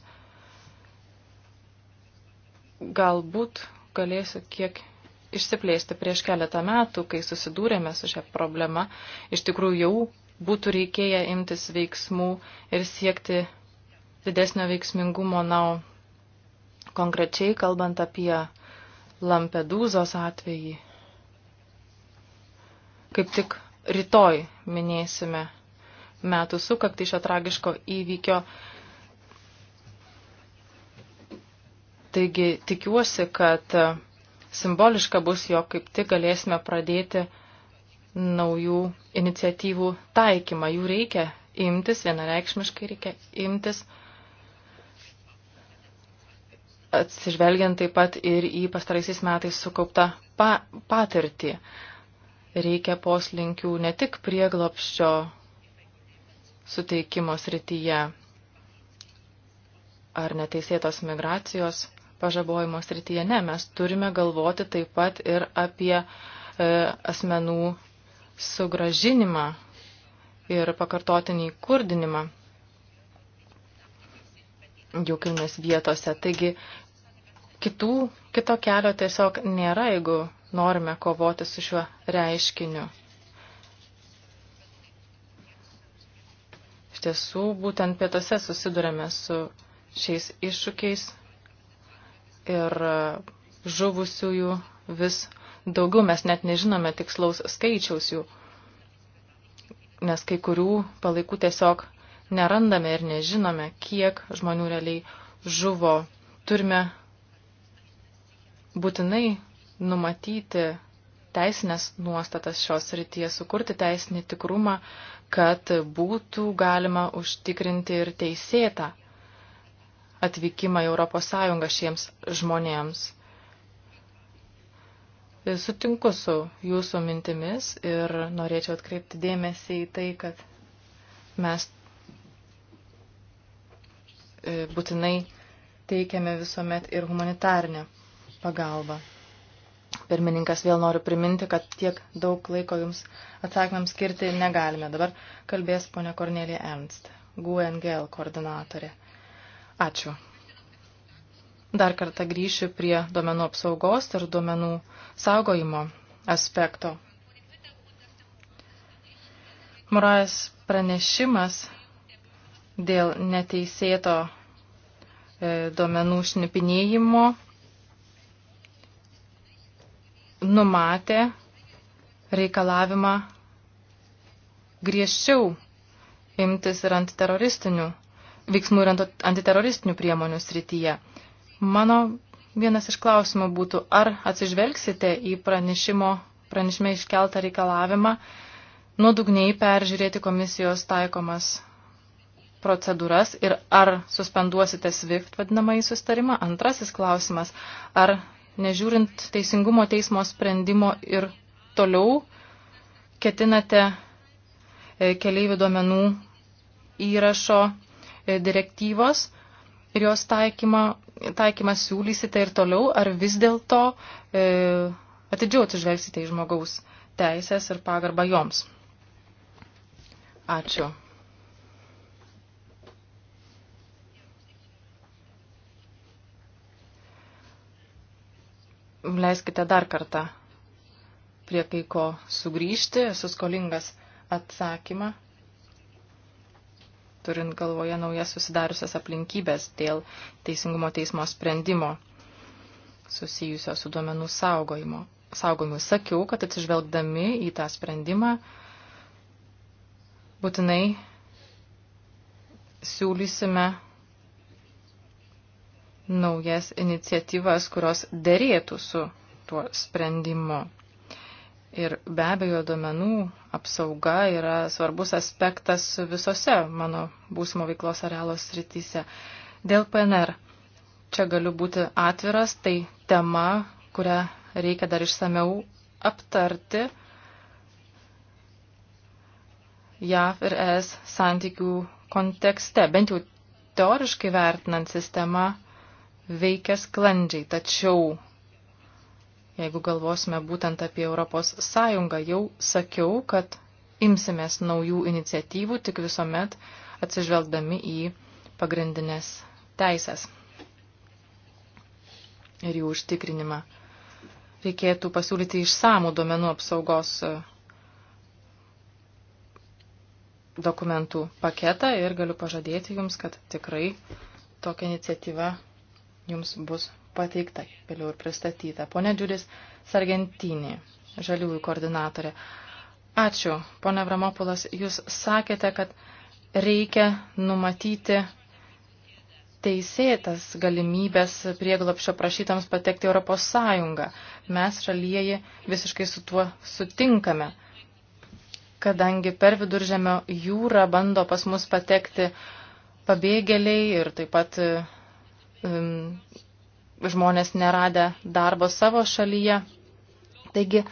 Galbūt galėsiu kiek išsiplėsti prieš keletą metų, kai susidūrėme su šią problemą, iš tikrųjų jau būtų reikėję imtis veiksmų ir siekti didesnio veiksmingumo, na, konkrečiai kalbant apie Lampedūzos atvejį. Kaip tik rytoj minėsime metų sukakti šio tragiško įvykio. Taigi tikiuosi, kad simboliška bus, jog kaip tik galėsime pradėti naujų iniciatyvų taikymą. Jų reikia imtis, vienareikšmiškai reikia imtis, atsižvelgiant taip pat ir į pastaraisiais metais sukauptą pa patirtį. Reikia poslinkių ne tik prieglopščio suteikimo srityje ar neteisėtos migracijos pažabojimo srityje. Ne, mes turime galvoti taip pat ir apie e, asmenų sugražinimą ir pakartotinį kurdinimą jų kilmės vietose. Taigi kitų, kito kelio tiesiog nėra, jeigu norime kovoti su šiuo reiškiniu. Iš tiesų, būtent pietose susidurėme su šiais iššūkiais ir žuvusiųjų vis daugiau. Mes net nežinome tikslaus skaičiaus jų, nes kai kurių palaikų tiesiog nerandame ir nežinome, kiek žmonių realiai žuvo. Turime būtinai numatyti teisinės nuostatas šios rytyje, sukurti teisinį tikrumą, kad būtų galima užtikrinti ir teisėtą atvykimą į Europos Sąjungą šiems žmonėms. Sutinku su jūsų mintimis ir norėčiau atkreipti dėmesį į tai, kad mes e, būtinai teikiame visuomet ir humanitarinę pagalbą. Pirmininkas vėl noriu priminti, kad tiek daug laiko jums atsakymams skirti negalime. Dabar kalbės ponia Kornelija Ernst, GUNGL koordinatorė. Ačiū. Dar kartą grįšiu prie duomenų apsaugos ir duomenų saugojimo aspekto. Morais pranešimas dėl neteisėto e, duomenų šnipinėjimo numatė reikalavimą griežčiau imtis ir antiteroristinių veiksmų ir antiteroristinių priemonių srityje. Mano vienas iš klausimų būtų, ar atsižvelgsite į pranešimo, pranešime iškeltą reikalavimą nuodugniai peržiūrėti komisijos taikomas procedūras ir ar suspenduosite SWIFT vadinamąjį sustarimą? Antrasis klausimas, ar nežiūrint teisingumo teismo sprendimo ir toliau ketinate e, keleivių duomenų įrašo e, direktyvos ir jos taikymą, taikymą siūlysite ir toliau, ar vis dėlto e, atidžiau atsižvelgsite į žmogaus teisės ir pagarbą joms. Ačiū. leiskite dar kartą prie kai ko sugrįžti, esu skolingas atsakymą, turint galvoje naujas susidariusias aplinkybės dėl Teisingumo teismo sprendimo susijusio su duomenų saugojimo. Saugojimu sakiau, kad atsižvelgdami į tą sprendimą būtinai siūlysime naujas iniciatyvas, kurios dėrėtų su tuo sprendimu. Ir be abejo, duomenų apsauga yra svarbus aspektas visose mano būsimo veiklos arealos srityse. Dėl PNR. Čia galiu būti atviras, tai tema, kurią reikia dar išsameu aptarti. JAV ir ES santykių kontekste, bent jau teoriškai vertinant sistemą, veikia sklandžiai, tačiau jeigu galvosime būtent apie Europos Sąjungą, jau sakiau, kad imsimės naujų iniciatyvų tik visuomet atsižvelgdami į pagrindinės teisės ir jų užtikrinimą. Reikėtų pasiūlyti išsamų duomenų apsaugos e, dokumentų paketą ir galiu pažadėti Jums, kad tikrai tokia iniciatyva jums bus pateikta, vėliau ir pristatyta. Pone Džiulis Sargentinį, žaliųjų koordinatorė. Ačiū, pone Vramopulas, jūs sakėte, kad reikia numatyti teisėtas galimybės prieglapšio prašytams patekti Europos Sąjungą. Mes žalieji visiškai su tuo sutinkame, kadangi per viduržemio jūrą bando pas mus patekti pabėgėliai ir taip pat žmonės neradę darbo savo šalyje. Taigi,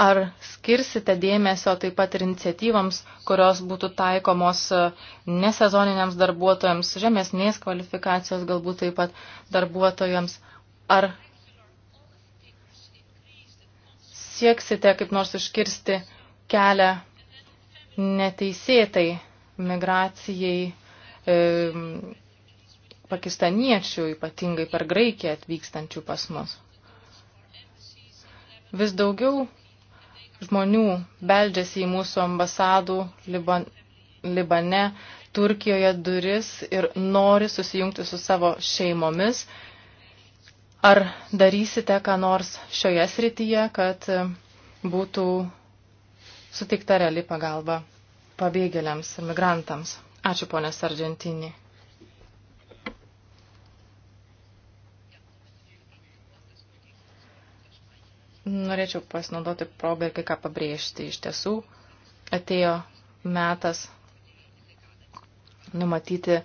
ar skirsite dėmesio taip pat ir iniciatyvams, kurios būtų taikomos e, nesezoniniams darbuotojams, žemesnės kvalifikacijos galbūt taip pat darbuotojams, ar sieksite kaip nors užkirsti kelią neteisėtai migracijai, e, pakistaniečių, ypatingai per Graikiją atvykstančių pas mus. Vis daugiau žmonių beldžiasi į mūsų ambasadų Liban, Libane, Turkijoje duris ir nori susijungti su savo šeimomis. Ar darysite ką nors šioje srityje, kad e, būtų suteikta reali pagalba pabėgėliams ir migrantams? Ačiū, ponės Argentinį. Norėčiau pasinaudoti progą ir kai ką pabrėžti. Iš tiesų atėjo metas numatyti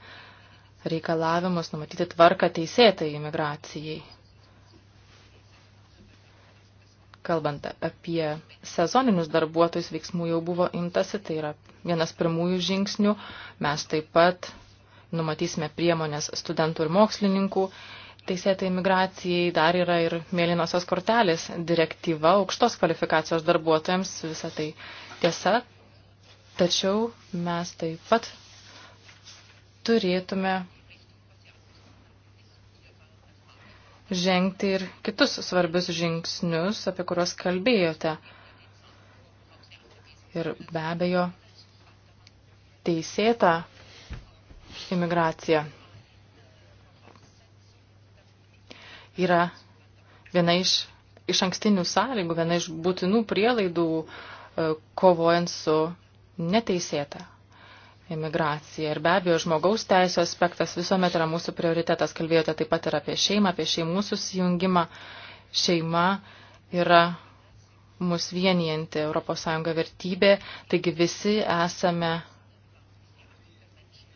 reikalavimus, numatyti tvarką teisėtai imigracijai. Kalbant apie sezoninius darbuotojus, veiksmų jau buvo imtasi, tai yra vienas pirmųjų žingsnių. Mes taip pat numatysime priemonės studentų ir mokslininkų teisėtai migracijai dar yra ir mėlynosios kortelės direktyva aukštos kvalifikacijos darbuotojams, visą tai tiesa. Tačiau mes taip pat turėtume žengti ir kitus svarbius žingsnius, apie kuriuos kalbėjote. Ir be abejo, teisėta imigracija yra viena iš iš ankstinių sąlygų, viena iš būtinų prielaidų e, kovojant su neteisėta imigracija. Ir be abejo, žmogaus teisų aspektas visuomet yra mūsų prioritetas. Kalbėjote taip pat ir apie šeimą, apie šeimų susijungimą. Šeima yra mus vienijanti ES vertybė, taigi visi esame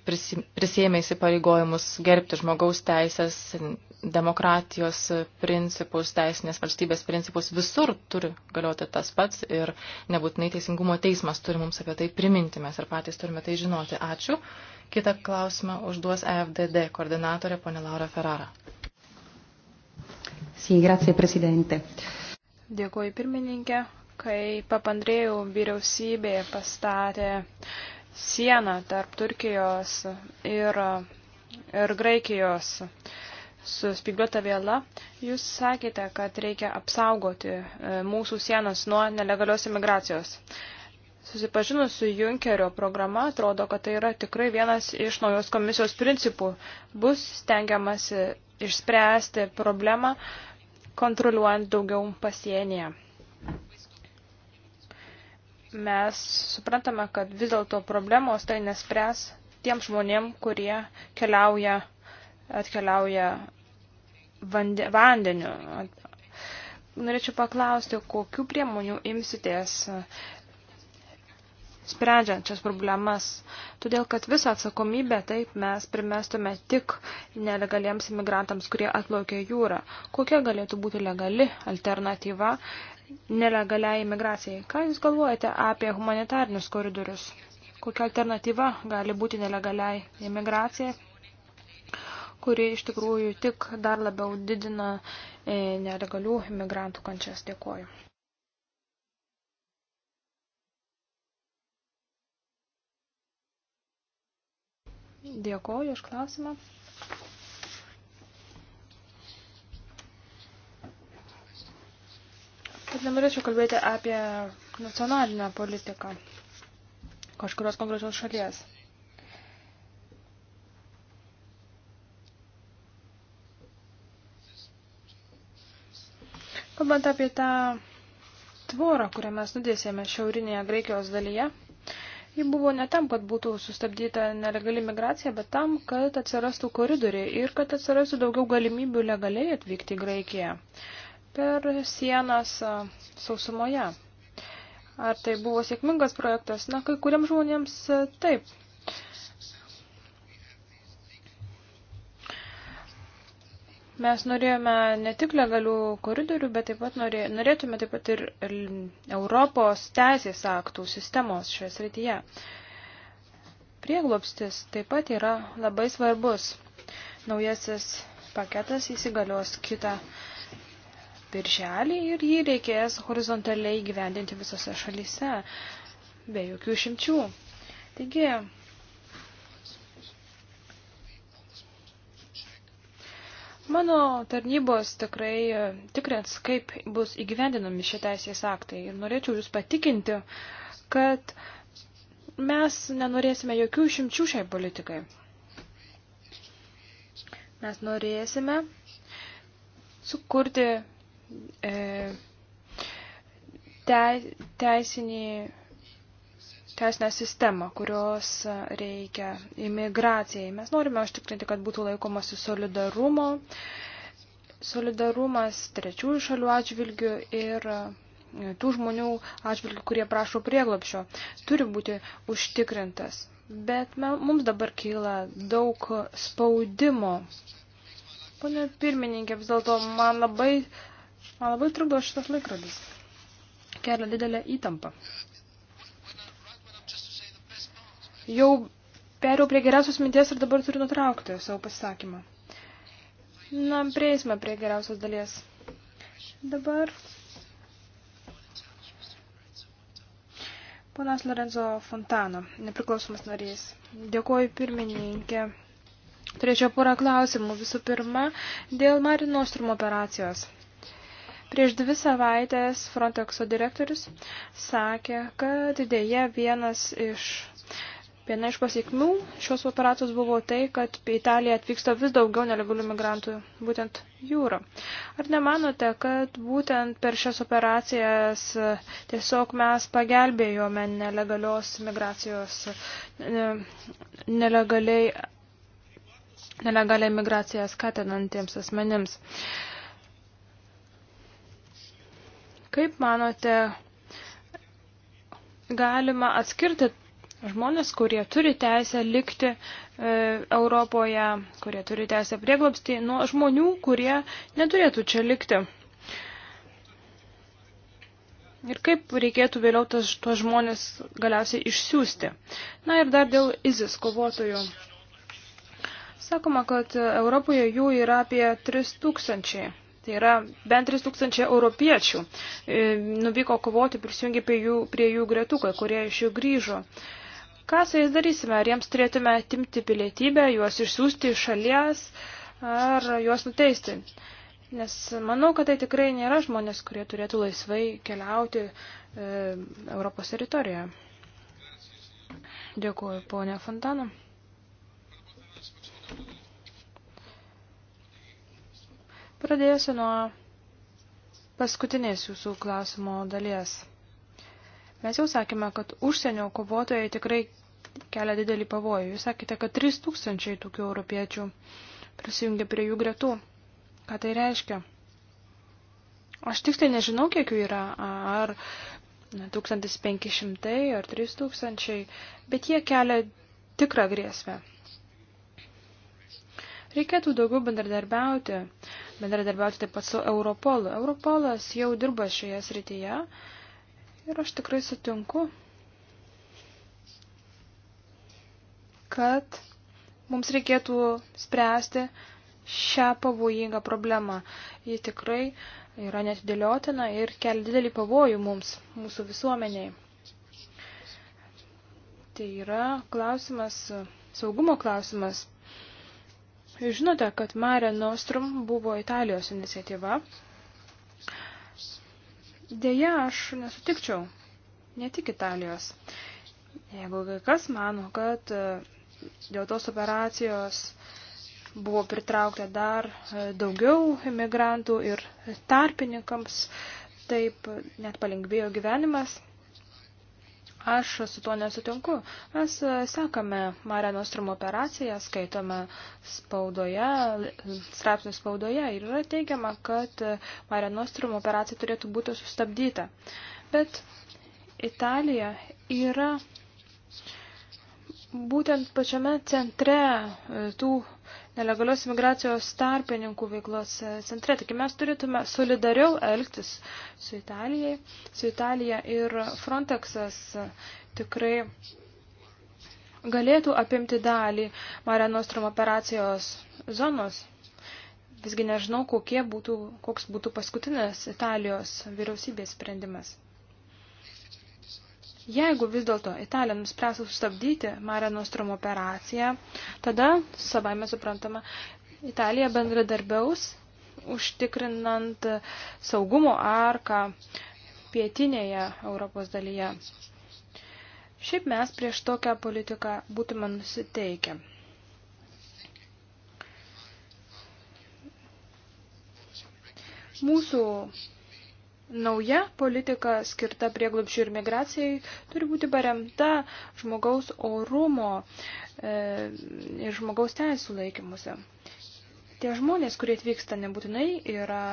prisėmė įsipareigojimus gerbti žmogaus teisės, demokratijos principus, teisinės valstybės principus. Visur turi galioti tas pats ir nebūtinai teisingumo teismas turi mums apie tai priminti, mes ir patys turime tai žinoti. Ačiū. Kitą klausimą užduos EFDD koordinatorė ponė Laura Ferrara. Sì, grazie Presidente. Dėkuoju pirmininkė, kai papandrėjau vyriausybė pastatė sieną tarp Turkijos ir, ir Graikijos su spigliuota vėla, jūs sakėte, kad reikia apsaugoti e, mūsų sienas nuo nelegalios imigracijos. Susipažinus su Junkerio programa, atrodo, kad tai yra tikrai vienas iš naujos komisijos principų. Bus stengiamasi išspręsti problemą, kontroliuojant daugiau pasienyje mes suprantame, kad vis dėlto problemos tai nespręs tiem žmonėm, kurie keliauja, atkeliauja vande, vandeniu. Norėčiau paklausti, kokiu priemonių imsitės sprendžiant šias problemas, todėl kad visą atsakomybę taip mes primestume tik nelegaliems imigrantams, kurie atplaukia jūrą. Kokia galėtų būti legali alternatyva nelegaliai imigracijai. Ką Jūs galvojate apie humanitarinius koridorius? Kokia alternatyva gali būti nelegaliai imigracijai, kuri iš tikrųjų tik dar labiau didina e, nelegalių imigrantų kančias? Dėkuoju. Dėkuoju už klausimą. Bet nenorėčiau kalbėti apie nacionalinę politiką kažkurios konkrečios šalies. Kalbant apie tą tvorą, kurią mes nudėsėme šiaurinėje Graikijos dalyje, ji buvo ne tam, kad būtų sustabdyta nelegali migracija, bet tam, kad atsirastų koridoriai ir kad atsirastų daugiau galimybių legaliai atvykti į Graikiją per sienas sausumoje. Ar tai buvo sėkmingas projektas? Na, kai kuriems žmonėms taip. Mes norėjome ne tik legalių koridorių, bet taip pat norė, norėtume taip pat ir Europos teisės aktų sistemos šioje srityje. Prieglobstis taip pat yra labai svarbus. Naujasis paketas įsigalios kitą birželį ir jį reikės horizontaliai gyvendinti visose šalyse, be jokių išimčių. Taigi, Mano tarnybos tikrai tikrins, kaip bus įgyvendinami šie teisės aktai. Ir norėčiau Jūs patikinti, kad mes nenorėsime jokių šimčių šiai politikai. Mes norėsime sukurti E, te, teisinį teisinę sistemą, kurios reikia imigracijai. Mes norime užtikrinti, kad būtų laikomasi solidarumo, solidarumas trečiųjų šalių atžvilgių ir tų žmonių atžvilgių, kurie prašo prieglopšio, turi būti užtikrintas. Bet mums dabar kyla daug spaudimo. Pone pirmininkė, vis dėlto man labai Man labai trukdo šitas laikrodis. Kelia didelę įtampą. Jau perėjau prie geriausios minties ir dabar turiu nutraukti savo pasisakymą. Na, prieisime prie geriausios dalies. Dabar. Ponas Lorenzo Fontano, nepriklausomas narys. Dėkuoju pirmininkė. Turėčiau porą klausimų. Visų pirma, dėl Marino Ostrumo operacijos. Prieš dvi savaitės Frontexo direktorius sakė, kad dėja vienas iš Viena iš pasiekmių šios operacijos buvo tai, kad į Italiją atvyksta vis daugiau nelegalių migrantų, būtent jūro. Ar nemanote, kad būtent per šias operacijas tiesiog mes pagelbėjome nelegalios migracijos, ne, nelegaliai, nelegaliai migraciją skatinantiems asmenims? Uh, Kaip manote, galima atskirti žmonės, kurie turi teisę likti e, Europoje, kurie turi teisę prieglobstį, nuo žmonių, kurie neturėtų čia likti? Ir kaip reikėtų vėliau tas, tuos žmonės galiausiai išsiųsti. Na ir dar dėl ISIS kovotojų. Sakoma, kad Europoje jų yra apie 3000. Tai yra bent 3000 europiečių e, nuvyko kovoti, prisijungė prie jų, prie jų gretų, kai kurie iš jų grįžo. Ką su jais darysime? Ar jiems turėtume atimti pilietybę, juos išsiųsti iš šalies, ar juos nuteisti? Nes manau, kad tai tikrai nėra žmonės, kurie turėtų laisvai keliauti e, Europos teritorijoje. Dėkuoju, ponė Fontana. Pradėsiu nuo paskutinės jūsų klausimo dalies. Mes jau sakėme, kad užsienio kovotojai tikrai kelia didelį pavojų. Jūs sakėte, kad 3000 tokių europiečių prisijungia prie jų gretų. Ką tai reiškia? Aš tiksliai nežinau, kiek jų yra, ar 1500 ar 3000, bet jie kelia tikrą grėsmę. Reikėtų daugiau bendradarbiauti, bendradarbiauti taip pat su Europolu. Europolas jau dirba šioje srityje ir aš tikrai sutinku, kad mums reikėtų spręsti šią pavojingą problemą. Ji tikrai yra netidėliotina ir kelia didelį pavojų mums, mūsų visuomeniai. Tai yra klausimas, saugumo klausimas. Žinote, kad Mare Nostrum buvo Italijos iniciatyva. Deja, aš nesutikčiau. Ne tik Italijos. Jeigu kai kas mano, kad e, dėl tos operacijos buvo pritraukta dar e, daugiau imigrantų ir tarpininkams, taip net palengvėjo gyvenimas, Aš su tuo nesutinku. Mes e, sekame Mare Nostrum operaciją, skaitome spaudoje, straipsnių spaudoje ir yra teigiama, kad e, Mare Nostrum operacija turėtų būti sustabdyta. Bet Italija yra būtent pačiame centre e, tų nelegalios imigracijos tarpininkų veiklos e, centre. Taigi mes turėtume solidariau elgtis su, Italijai, su Italija ir Frontexas e, tikrai galėtų apimti dalį Mare Nostrum operacijos zonos. Visgi nežinau, kokie būtų, koks būtų paskutinis Italijos vyriausybės sprendimas. Jeigu vis dėlto Italija nuspręs sustabdyti Mare Nostrum operaciją, tada, savai mes suprantama, Italija bendradarbiaus, užtikrinant saugumo arką pietinėje Europos dalyje. Šiaip mes prieš tokią politiką būtume nusiteikę. Mūsų Nauja politika skirta prieglobšių ir migracijai turi būti paremta žmogaus orumo e, ir žmogaus teisų laikymuose. Tie žmonės, kurie atvyksta nebūtinai, yra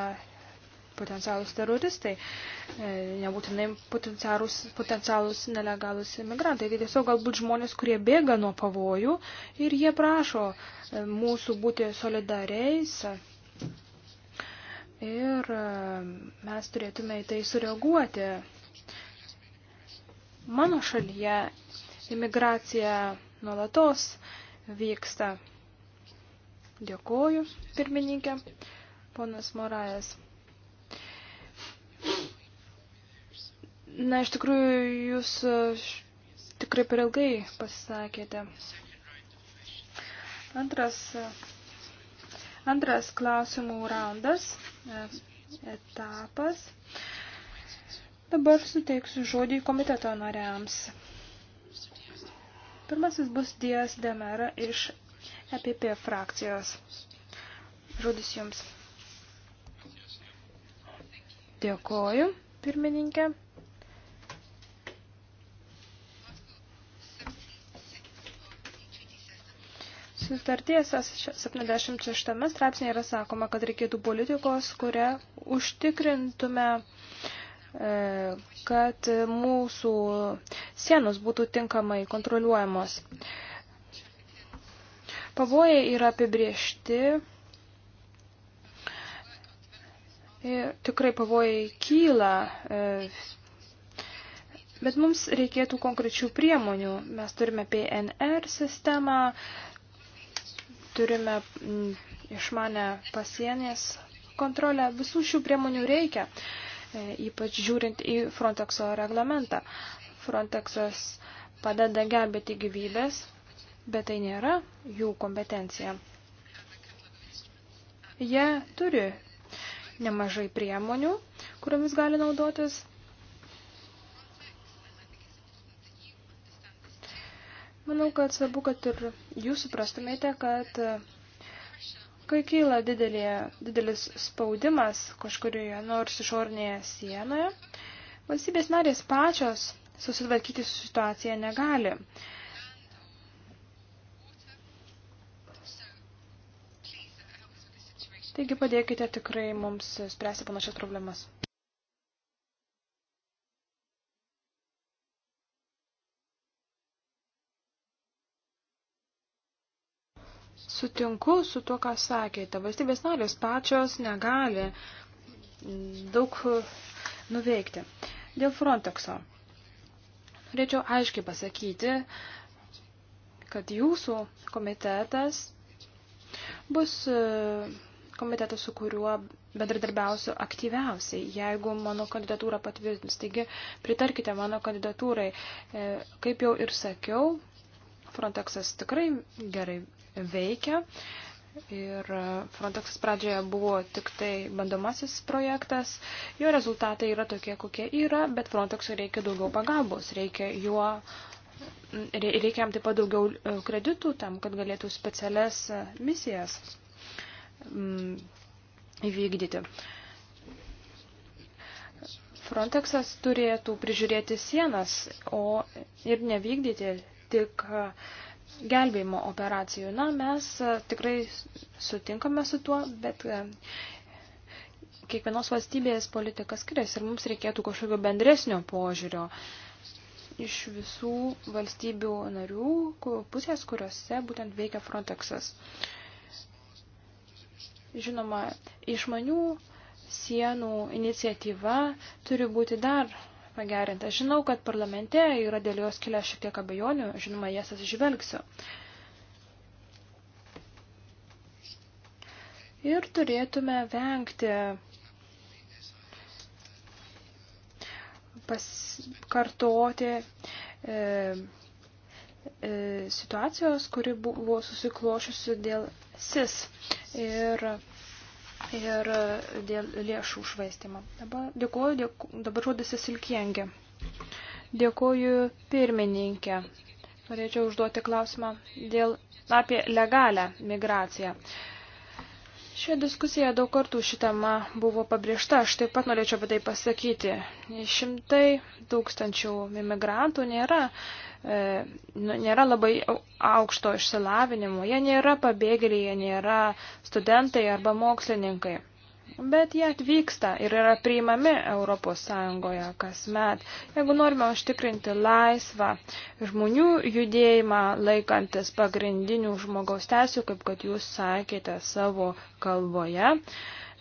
potencialus teroristai, e, nebūtinai potencialus, potencialus nelegalus imigrantai. Tai tiesiog galbūt žmonės, kurie bėga nuo pavojų ir jie prašo e, mūsų būti solidariais ir e, mes turėtume į tai sureaguoti. Mano šalyje imigracija nuolatos vyksta. Dėkuoju, pirmininkė, ponas Morajas. Na, iš tikrųjų, jūs e, tikrai per ilgai pasisakėte. Antras e, Antras klausimų raundas, e, etapas. Dabar suteiksiu žodį komiteto nariams. Pirmasis bus Dijas Demera iš EPP frakcijos. Žodis jums. Dėkoju, pirmininkė. Sutarties 76 straipsnėje yra sakoma, kad reikėtų politikos, kurią užtikrintume, e, kad mūsų sienos būtų tinkamai kontroliuojamos. Pavojai yra apibriežti ir tikrai pavojai kyla e, Bet mums reikėtų konkrečių priemonių. Mes turime PNR sistemą, turime mm, išmanę pasienės kontrolę. Visų šių priemonių reikia, e, ypač žiūrint į Frontexo reglamentą. Frontexas padeda gelbėti gyvybės, bet tai nėra jų kompetencija. Jie turi nemažai priemonių, kuriomis gali naudotis, Manau, kad svarbu, kad ir jūs suprastumėte, kad e, kai kyla didelė, didelis spaudimas kažkurioje nors išornėje sienoje, valstybės narės pačios susitvarkyti su situacija negali. Taigi padėkite tikrai mums spręsti panašias problemas. Sutinku su tuo, ką sakėte. Valstybės narės pačios negali daug nuveikti. Dėl Frontexo. Norėčiau aiškiai pasakyti, kad jūsų komitetas bus e, komitetas, su kuriuo bedradarbiausiu aktyviausiai, jeigu mano kandidatūra patvirtins. Taigi, pritarkite mano kandidatūrai. E, kaip jau ir sakiau, Frontexas tikrai gerai veikia. Ir Frontex pradžioje buvo tik tai bandomasis projektas, jo rezultatai yra tokie, kokie yra, bet Frontexui reikia daugiau pagalbos, reikia juo, reikia jam taip pat daugiau e, kreditų tam, kad galėtų specialias e, misijas mm, įvykdyti. Frontexas turėtų prižiūrėti sienas, o ir nevykdyti tik uh, gelbėjimo operacijų. Na, mes e, tikrai sutinkame su tuo, bet e, kiekvienos valstybės politika skiriasi ir mums reikėtų kažkokio bendresnio požiūrio iš visų valstybių narių pusės, kuriuose būtent veikia Frontexas. Žinoma, išmanių sienų iniciatyva turi būti dar pagerinti. Aš žinau, kad parlamente yra dėl jos kilę šiek tiek abejonių, žinoma, jas atsižvelgsiu. Ir turėtume vengti paskartoti e, e, situacijos, kuri buvo susiklošusi dėl SIS. Ir ir e, dėl lėšų užvaistimo. Dabar dėkuoju, dėku, dabar žodis įsilkiengi. Dėkuoju pirmininkė. Norėčiau užduoti klausimą dėl apie legalę migraciją. Uh, Šioje diskusijoje daug kartų ši tema buvo pabrėžta, aš taip pat norėčiau apie tai pasakyti. Šimtai tūkstančių imigrantų nėra, e, nu, nėra labai aukšto išsilavinimo, jie nėra pabėgėliai, jie nėra studentai arba mokslininkai bet jie atvyksta ir yra priimami Europos Sąjungoje kasmet. Jeigu norime užtikrinti laisvą žmonių judėjimą, laikantis pagrindinių žmogaus teisų, kaip kad jūs sakėte savo kalboje,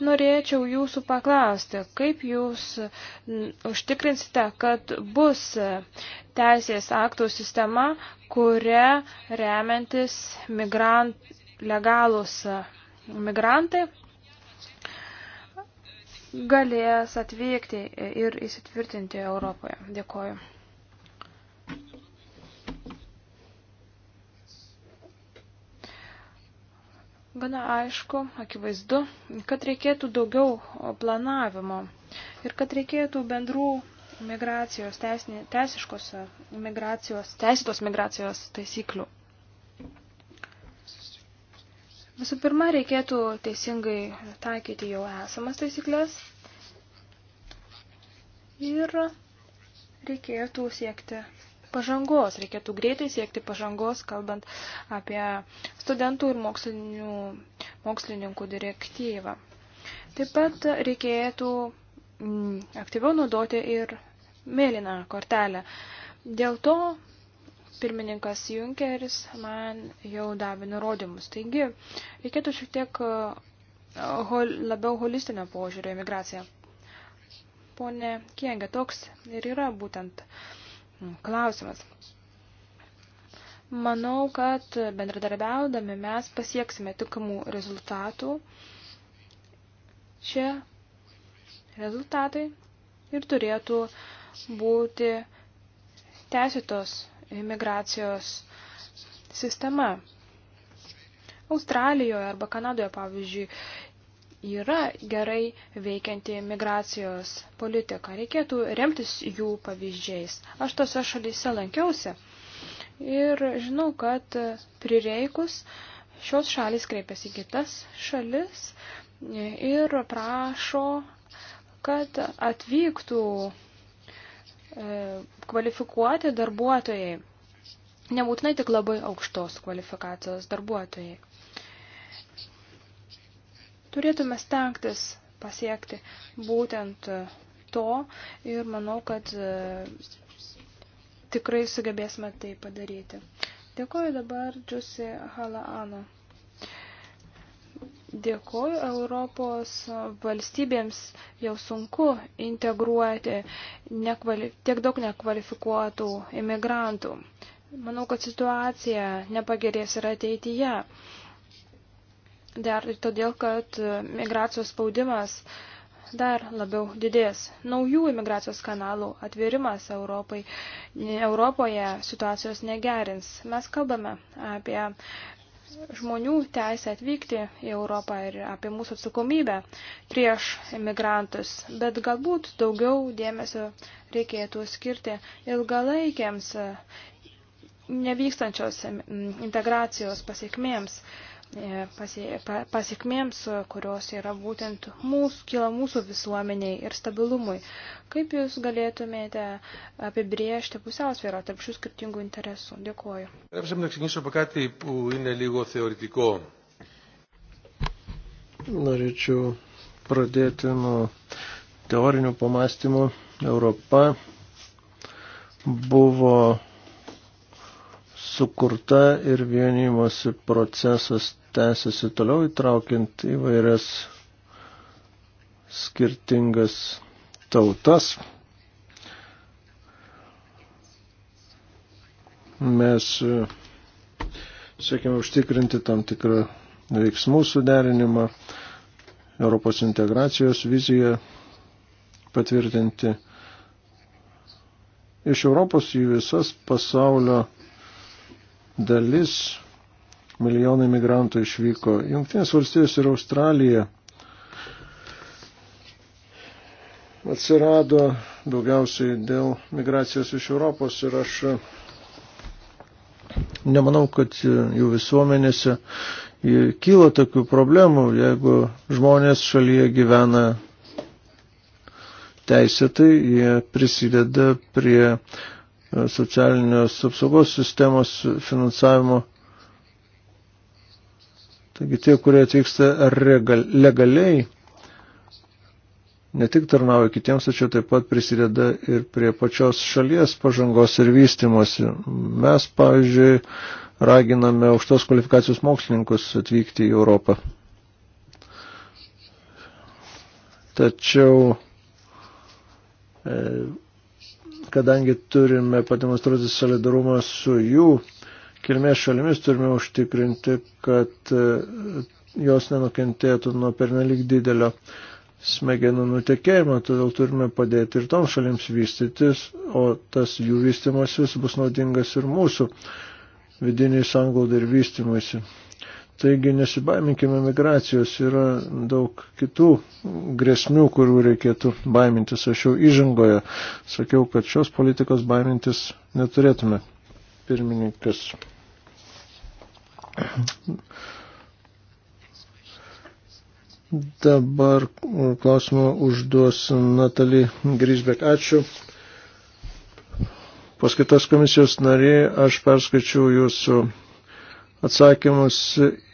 norėčiau jūsų paklausti, kaip jūs užtikrinsite, kad bus teisės aktų sistema, kuria remiantis migrant, legalus migrantai galės atvykti ir įsitvirtinti Europoje. Dėkoju. Gana aišku, akivaizdu, kad reikėtų daugiau planavimo ir kad reikėtų bendrų migracijos, teisni, teisiškos migracijos, teisėtos migracijos taisyklių. Visų pirma, reikėtų teisingai taikyti jau esamas taisyklės ir reikėtų siekti pažangos, reikėtų greitai siekti pažangos, kalbant apie studentų ir mokslininkų direktyvą. Taip pat reikėtų mm, aktyviau naudoti ir mėlyną kortelę. Dėl to pirmininkas Junkeris man jau davė nurodymus. Taigi, reikėtų šiek tiek e, hol, labiau holistinio požiūrio į migraciją. Pone Kiengė, toks ir yra būtent klausimas. Manau, kad bendradarbiaudami mes pasieksime tikamų rezultatų. Šie rezultatai ir turėtų būti teisėtos migracijos sistema. Australijoje arba Kanadoje, pavyzdžiui, yra gerai veikianti migracijos politika. Reikėtų remtis jų pavyzdžiais. Aš tose šalyse lankiausi ir žinau, kad prireikus šios šalis kreipiasi kitas šalis ir prašo, kad atvyktų E, kvalifikuoti darbuotojai. Nebūtinai tik labai aukštos kvalifikacijos darbuotojai. Turėtume stengtis pasiekti būtent to ir manau, kad e, tikrai sugebėsime tai padaryti. Dėkuoju dabar Džusi Halaano. Dėkuoju Europos valstybėms jau sunku integruoti nekvali, tiek daug nekvalifikuotų imigrantų. Manau, kad situacija nepagerės ir ateityje. Dar ir todėl, kad migracijos spaudimas dar labiau didės. Naujų imigracijos kanalų atvirimas Europai, Europoje situacijos negerins. Mes kalbame apie žmonių teisę atvykti į Europą ir apie mūsų atsakomybę prieš imigrantus, bet galbūt daugiau dėmesio reikėtų skirti ilgalaikiams nevykstančios integracijos pasiekmėms. E, pasiekmėms, e, kurios yra būtent mūsų, kyla mūsų visuomeniai ir stabilumui. Kaip Jūs galėtumėte apibriežti pusiausvyrą tarp šių skirtingų interesų? Dėkuoju. Tai, Norėčiau pradėti nuo teorinių pamastymų. Europa buvo sukurta ir vienimosi procesas tęsiasi toliau įtraukiant įvairias skirtingas tautas. Mes e, siekime užtikrinti tam tikrą veiksmų suderinimą, Europos integracijos viziją patvirtinti iš Europos į visas pasaulio dalis. Milijonai migrantų išvyko. Junktinės valstijos ir Australija atsirado daugiausiai dėl migracijos iš Europos ir aš nemanau, kad jų visuomenėse kyla tokių problemų, jeigu žmonės šalyje gyvena teisėtai, jie prisideda prie E, socialinės apsaugos sistemos finansavimo. Taigi tie, kurie atvyksta regal, legaliai, ne tik tarnauja kitiems, tačiau taip pat prisideda ir prie pačios šalies pažangos ir vystimosi. Mes, pavyzdžiui, raginame aukštos kvalifikacijos mokslininkus atvykti į Europą. Tačiau e, kadangi turime pademonstruoti solidarumą su jų kilmės šalimis, turime užtikrinti, kad e, jos nenukentėtų nuo pernelik didelio smegenų nutekėjimo, todėl turime padėti ir toms šalims vystytis, o tas jų vystimasis bus naudingas ir mūsų vidiniai sanglaudai ir vystimuisi. Taigi nesibaiminkime migracijos, yra daug kitų grėsmių, kurių reikėtų baimintis. Aš jau įžangoje sakiau, kad šios politikos baimintis neturėtume. Pirmininkas. Dabar klausimą užduos Natalį Grisbek. Ačiū. Paskaitos komisijos nariai, aš perskaičiau jūsų atsakymus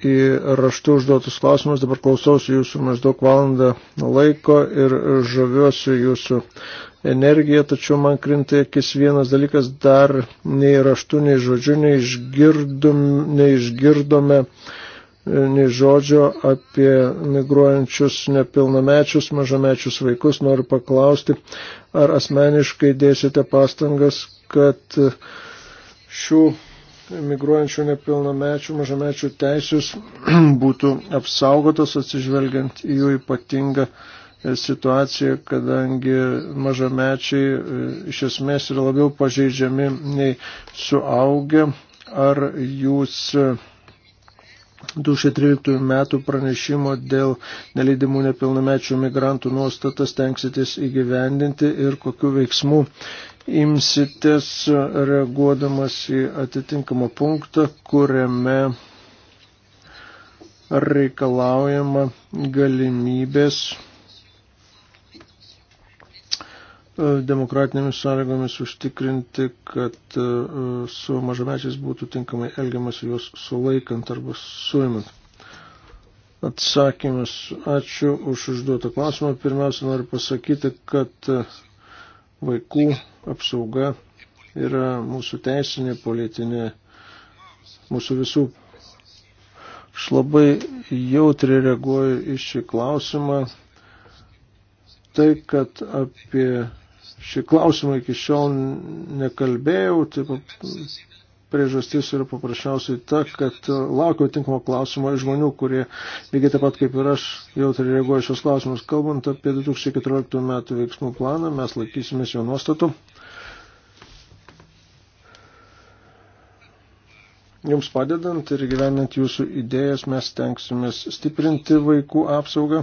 į raštų užduotus klausimus. Dabar klausausi jūsų maždaug valandą laiko ir žaviuosi jūsų energiją, tačiau man krinta akis vienas dalykas, dar nei raštų, nei žodžių neišgirdom, neišgirdome e, nei žodžio apie migruojančius nepilnamečius, mažamečius vaikus. Noriu paklausti, ar asmeniškai dėsite pastangas, kad e, šių migruojančių nepilnamečių, mažamečių teisės [clears throat] būtų apsaugotos atsižvelgiant į jų ypatingą e, situaciją, kadangi mažamečiai e, iš esmės yra labiau pažeidžiami nei suaugę. Ar jūs 2013 e, metų pranešimo dėl nelydimų nepilnamečių migrantų nuostatas tenksitės įgyvendinti ir kokiu veiksmu imsitės reaguodamas į atitinkamą punktą, kuriame reikalaujama galimybės e, demokratinėmis sąlygomis užtikrinti, kad e, su mažamečiais būtų tinkamai elgiamas juos sulaikant arba suimant. Atsakymas. Ačiū už užduotą klausimą. Pirmiausia, noriu pasakyti, kad e, vaikų apsauga yra mūsų teisinė, politinė, mūsų visų. Aš labai jautriai reaguoju į šį klausimą. Tai, kad apie šį klausimą iki šiol nekalbėjau, tai priežastis yra paprasčiausiai ta, kad laukiau tinkamo klausimo iš žmonių, kurie lygiai taip pat kaip ir aš jautriai reaguoja šios klausimus. Kalbant apie 2014 metų veiksmų planą, mes laikysimės jo nuostatų. Jums padedant ir gyvenant jūsų idėjas mes tenksimės stiprinti vaikų apsaugą.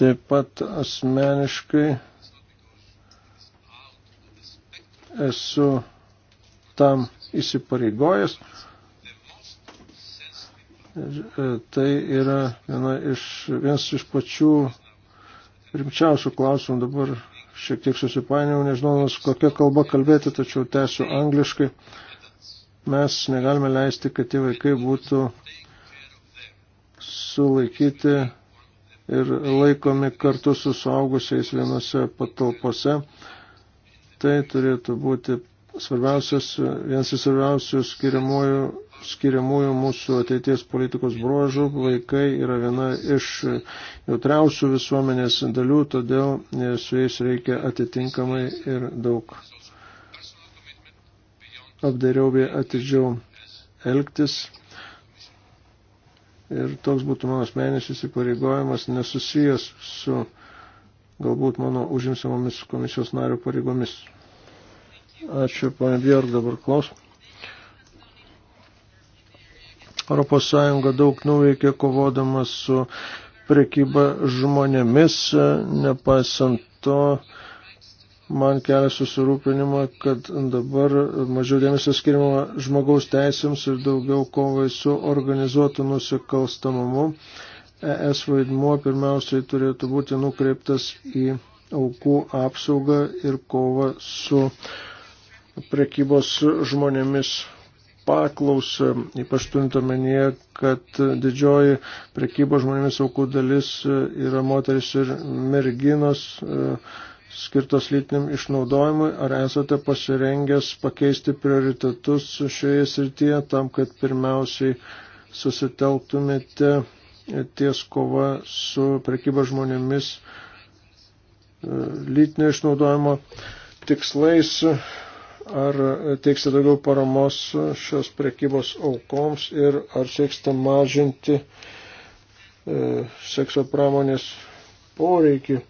Taip pat asmeniškai esu tam įsipareigojęs. Ir e, tai yra viena iš, vienas iš pačių rimčiausių klausimų dabar šiek tiek susipainiau, nežinau, kokia kalba kalbėti, tačiau tęsiu angliškai. Mes negalime leisti, kad tie vaikai būtų sulaikyti ir laikomi kartu su suaugusiais vienose patalpose. Tai turėtų būti svarbiausias, vienas iš svarbiausių skiriamųjų, skiriamųjų mūsų ateities politikos bruožų. Vaikai yra viena iš jautriausių visuomenės dalių, todėl su jais reikia atitinkamai ir daug apdairiau bei atidžiau elgtis. Ir toks būtų mano asmenis įsipareigojimas nesusijęs su galbūt mano užimsiamomis komisijos nario pareigomis. Ačiū, ponė Björk, dabar klausim. Europos Sąjunga daug nuveikė kovodamas su prekyba žmonėmis, nepaisant to, man kelia susirūpinimą, kad dabar mažiau dėmesio skirimo žmogaus teisėms ir daugiau kovai su organizuotu nusikalstamumu. ES vaidmuo pirmiausiai turėtų būti nukreiptas į aukų apsaugą ir kovą su prekybos žmonėmis paklausą, ypač turint omenyje, kad didžioji prekybos žmonėmis aukų dalis yra moteris ir merginos. E, skirtos lytiniam išnaudojimui, ar esate pasirengęs pakeisti prioritetus šioje srityje tam, kad pirmiausiai susitelktumėte ties kova su prekyba žmonėmis e, lytinio išnaudojimo tikslais, ar teiksite daugiau paramos šios prekybos aukoms ir ar sieksite mažinti e, sekso pramonės poreikį.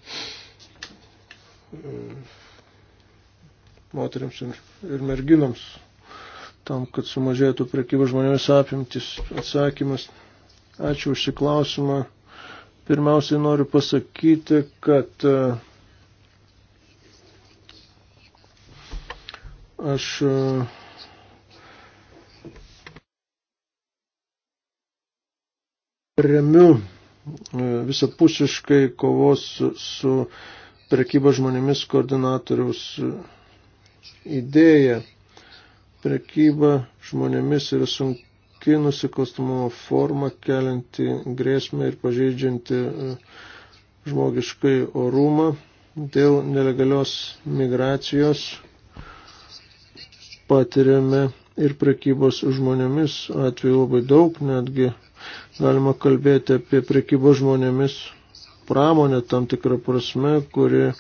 E, moteriams ir, ir merginams, tam, kad sumažėtų prekybos žmonėmis apimtis. Atsakymas. Ačiū už šį klausimą. Pirmiausiai noriu pasakyti, kad e, aš e, remiu visapusiškai kovos su, su prekyba žmonėmis koordinatoriaus idėja. Prekyba žmonėmis yra sunki nusikalstamumo forma, kelianti grėsmę ir pažeidžianti e, žmogiškai orumą dėl nelegalios migracijos patiriame ir prekybos žmonėmis atveju labai daug, netgi galima kalbėti apie prekybos žmonėmis pramonė tam tikrą prasme, kuri e,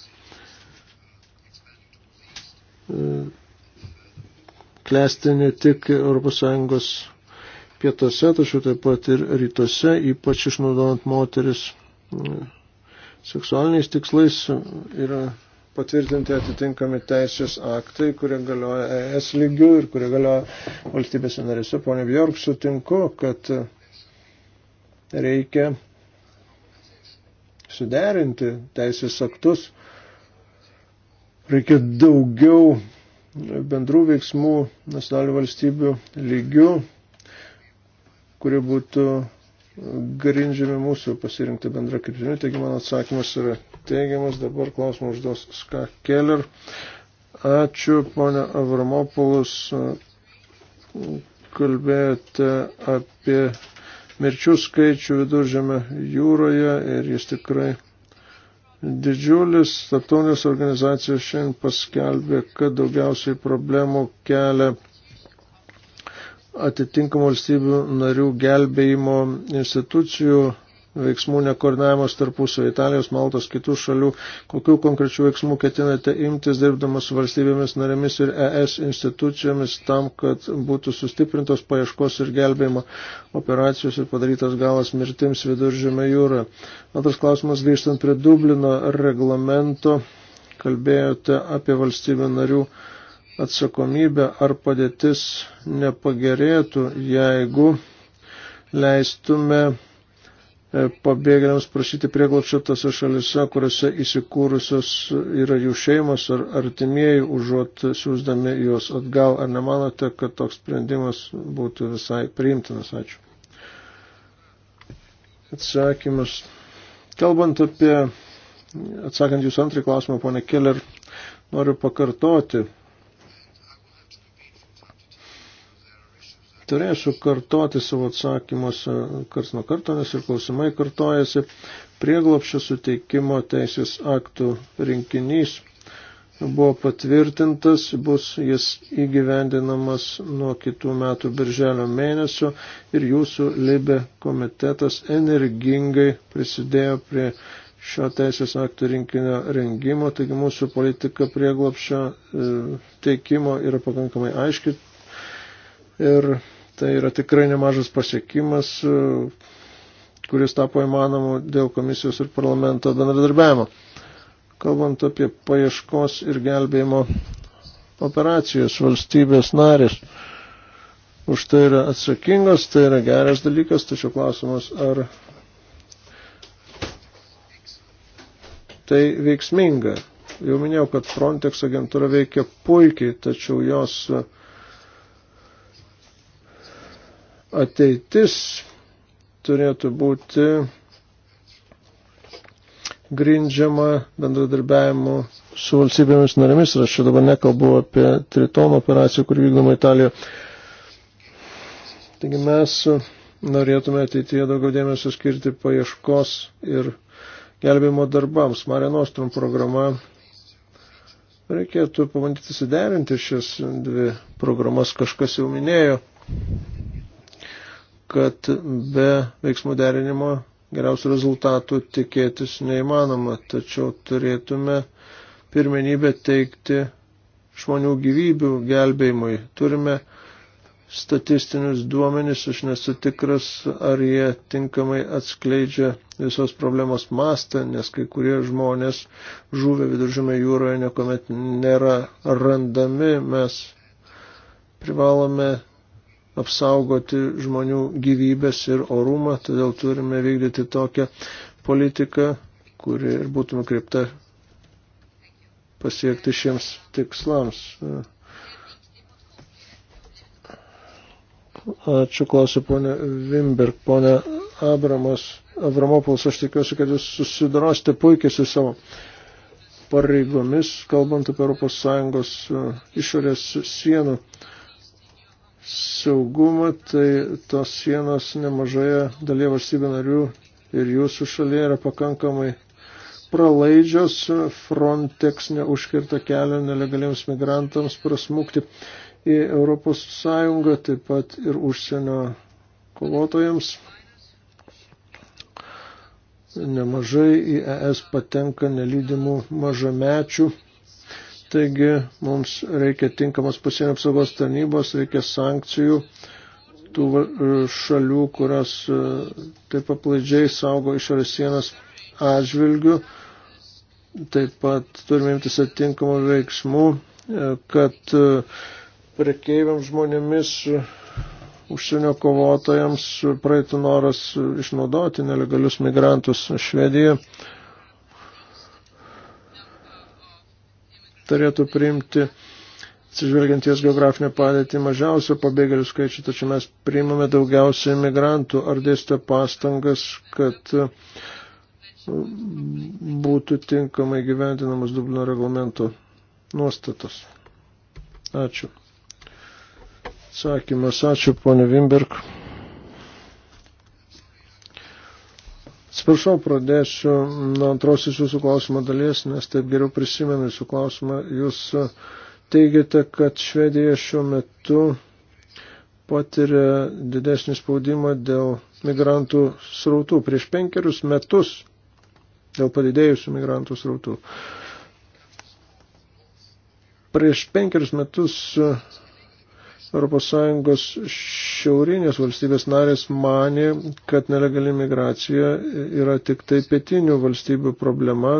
klesti ne tik ES pietuose, tačiau taip pat ir rytuose, ypač išnaudojant moteris e, seksualiniais tikslais yra patvirtinti atitinkami teisės aktai, kurie galioja ES lygių ir kurie galioja valstybėse narėse. Pone Bjork, sutinku, kad reikia suderinti teisės aktus. Reikia daugiau bendrų veiksmų nacionalinių valstybių lygių, kurie būtų grindžiami mūsų pasirinkti bendrą kryptimį. Taigi mano atsakymas yra teigiamas. Dabar klausimą užduos Ska Keller. Ačiū, ponia Avramopoulos. Kalbėjote apie mirčių skaičių viduržėme jūroje ir jis tikrai didžiulis. Tartautinės organizacijos šiandien paskelbė, kad daugiausiai problemų kelia atitinkamų valstybių narių gelbėjimo institucijų veiksmų nekoordinavimas tarpusio Italijos, Maltos, kitų šalių, kokių konkrečių veiksmų ketinate imtis dirbdamas su valstybėmis narėmis ir ES institucijomis tam, kad būtų sustiprintos paieškos ir gelbėjimo operacijos ir padarytas galas mirtims viduržėme jūroje. Antras klausimas, grįžtant prie Dublino reglamento, kalbėjote apie valstybių narių atsakomybę, ar padėtis nepagerėtų, jeigu leistume E, pabėgėliams prašyti prieglapščio tose šalise, kuriuose įsikūrusios yra jų šeimos ar artimieji, užuot siūsdami juos atgal. Ar nemanote, kad toks sprendimas būtų visai priimtinas? Ačiū. Atsakymas. Kalbant apie, atsakant jūsų antrį klausimą, ponė Keller, noriu pakartoti turėsiu kartoti savo atsakymuose kars nuo karto, nes ir klausimai kartojasi. Prieglopščio suteikimo teisės aktų rinkinys buvo patvirtintas, bus jis įgyvendinamas nuo kitų metų birželio mėnesio ir jūsų Libė komitetas energingai prisidėjo prie šio teisės aktų rinkinio rengimo, taigi mūsų politika prieglopščio e, teikimo yra pakankamai aiški ir Tai yra tikrai nemažas pasiekimas, e, kuris tapo įmanomu dėl komisijos ir parlamento bendradarbiavimo. Kalbant apie paieškos ir gelbėjimo operacijos valstybės narės, už tai yra atsakingos, tai yra geras dalykas, tačiau klausimas, ar tai veiksminga. Jau minėjau, kad Frontex agentūra veikia puikiai, tačiau jos uh, ateitis turėtų būti grindžiama bendradarbiavimu su valstybėmis narėmis. Ir aš čia dabar nekalbu apie Triton operaciją, kur vykdoma Italija. Taigi mes norėtume ateityje daugiau dėmesio skirti paieškos ir gelbėjimo darbams. Marinostrum programa reikėtų pabandyti suderinti šias dvi programas, kažkas jau minėjo kad be veiksmų derinimo geriausių rezultatų tikėtis neįmanoma, tačiau turėtume pirmenybę teikti žmonių gyvybių gelbėjimui. Turime statistinius duomenis, aš nesu tikras, ar jie tinkamai atskleidžia visos problemos mastą, nes kai kurie žmonės žuvę viduržėme jūroje niekuomet nėra randami, mes privalome apsaugoti žmonių gyvybės ir orumą, todėl turime vykdyti tokią politiką, kuri ir būtų nukreipta pasiekti šiems tikslams. Ačiū klausiu, ponė Vimberg, ponė Abramas, Avramopols, aš tikiuosi, kad jūs susidorosite puikiai su savo pareigomis, kalbant apie ES e, išorės sienų saugumą, tai tos sienos nemažoje dalyje valstybių narių ir jūsų šalyje yra pakankamai pralaidžios, Frontex neužkirta kelio nelegaliems migrantams prasmukti į Europos Sąjungą, taip pat ir užsienio kovotojams. Nemažai į ES patenka nelydimų mažamečių Taigi mums reikia tinkamos pasienio apsaugos tarnybos, reikia sankcijų tų e, šalių, kurios e, taip aplaidžiai saugo išorės sienas atžvilgių. Taip pat turime imtis atinkamų veiksmų, e, kad prekeiviams žmonėmis užsienio kovotojams praeitų noras išnaudoti nelegalius migrantus Švedijoje turėtų priimti, atsižvelgiant ties geografinę padėtį, mažiausio pabėgėlių skaičių, tačiau mes priimame daugiausiai migrantų. Ar dėstė pastangas, kad e, būtų tinkamai gyventinamas Dublino reglamento nuostatas? Ačiū. Sakymas, ačiū, ponė Vimberg. Atsiprašau, pradėsiu nuo antrosios jūsų klausimo dalies, nes taip geriau prisimenu jūsų klausimą. Jūs e, teigiate, kad Švedija šiuo metu patiria didesnį spaudimą dėl migrantų srautų. Prieš penkerius metus dėl padidėjusių migrantų srautų. Prieš penkerius metus ES šiaurinės valstybės narės manė, kad nelegali migracija yra tik tai pietinių valstybių problema.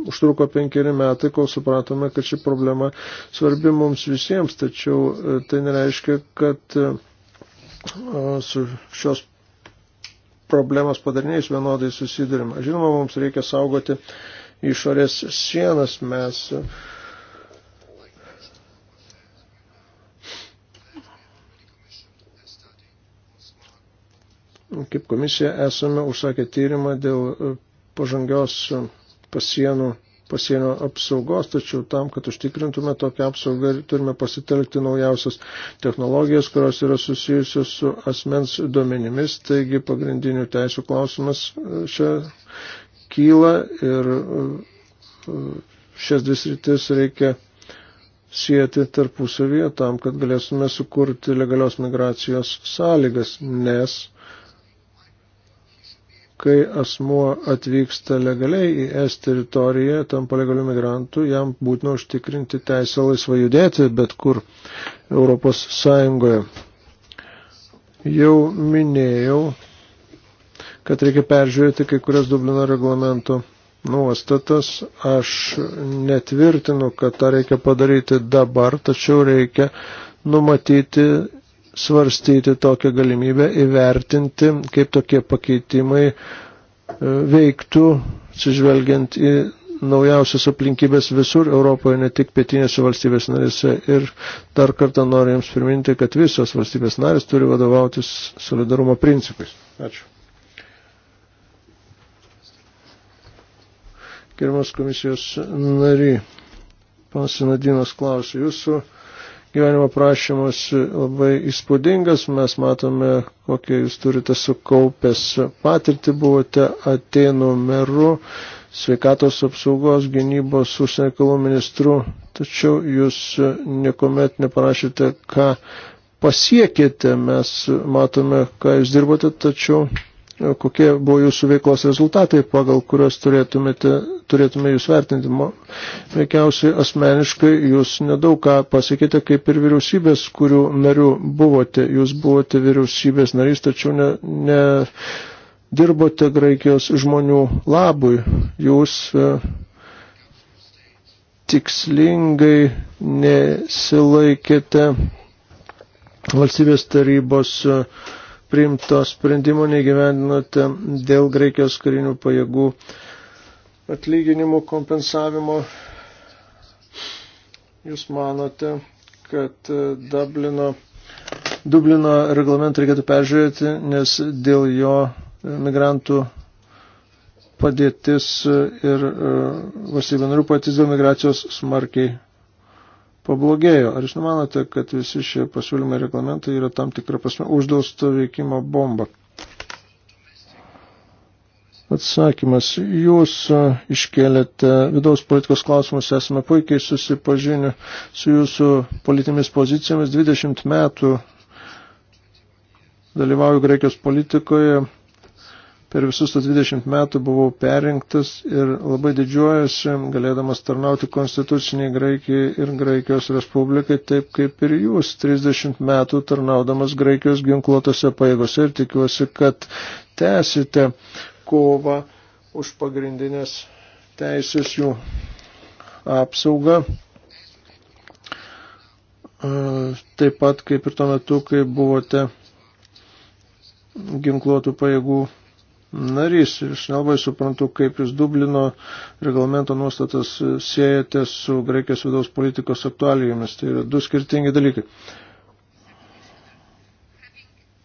Užtruko penkeri metai, kol supratome, kad ši problema svarbi mums visiems, tačiau e, tai nereiškia, kad e, su šios problemos padariniais vienodai susidurime. Žinoma, mums reikia saugoti išorės sienas, mes kaip komisija esame užsakę tyrimą dėl e, pažangios e, pasienų, pasienio apsaugos, tačiau tam, kad užtikrintume tokią apsaugą, turime pasitelkti naujausias technologijas, kurios yra susijusios su asmens duomenimis, taigi pagrindinių teisų klausimas e, čia kyla ir šias dvi sritis reikia sieti tarpusavyje tam, kad galėsime sukurti legalios migracijos sąlygas, nes kai asmuo atvyksta legaliai į es teritoriją, tampa legaliu migrantu, jam būtina užtikrinti teisę laisvai judėti bet kur Europos Sąjungoje. Jau minėjau, kad reikia peržiūrėti kai kurias Dublino reglamento nuostatas. Aš netvirtinu, kad tą reikia padaryti dabar, tačiau reikia numatyti svarstyti tokią galimybę įvertinti, kaip tokie pakeitimai e, veiktų, atsižvelgiant į naujausias aplinkybės visur Europoje, ne tik pietinėse valstybės narėse. Ir dar kartą noriu Jums priminti, kad visos valstybės narės turi vadovautis solidarumo principais. Ačiū. Gerbiamas komisijos nary, panas Sinadinas klausė jūsų gyvenimo prašymus labai įspūdingas. Mes matome, kokie jūs turite sukaupęs patirtį, buvote Atenų meru, sveikatos apsaugos, gynybos, užsienio reikalų ministru, tačiau jūs niekuomet neparašėte, ką pasiekėte. Mes matome, ką jūs dirbote, tačiau kokie buvo jūsų veiklos rezultatai, pagal kuriuos turėtumėte, turėtume jūs vertinti. Veikiausiai asmeniškai jūs nedaug ką pasakėte, kaip ir vyriausybės, kurių narių buvote. Jūs buvote vyriausybės narys, tačiau ne, ne dirbote Graikijos žmonių labui. Jūs e, tikslingai nesilaikėte valstybės tarybos uh, priimto sprendimo negyvendinote dėl Graikijos karinių pajėgų atlyginimų kompensavimo. Jūs manote, kad e, Dublino, Dublino reglamentą reikėtų peržiūrėti, nes dėl jo e, migrantų padėtis e, ir valstybė narių patys dėl migracijos smarkiai pablogėjo. Ar jūs numanote, kad visi šie pasiūlymai reglamentai yra tam tikra prasme uždausto veikimo bomba? Atsakymas. Jūs iškėlėte vidaus politikos klausimus, esame puikiai susipažinę su jūsų politinėmis pozicijomis. 20 metų dalyvauju Graikijos politikoje, per visus tos 20 metų buvau perinktas ir labai didžiuojasi, galėdamas tarnauti konstituciniai Graikijai ir Graikijos Respublikai, taip kaip ir jūs, 30 metų tarnaudamas Graikijos ginkluotose paėgose ir tikiuosi, kad tęsite kovą už pagrindinės teisės jų apsaugą. E, taip pat kaip ir tuo metu, kai buvote ginkluotų pajėgų narys. Aš nelabai suprantu, kaip jūs Dublino reglamento nuostatas siejate su Graikijos vidaus politikos aktualijomis. Tai yra du skirtingi dalykai.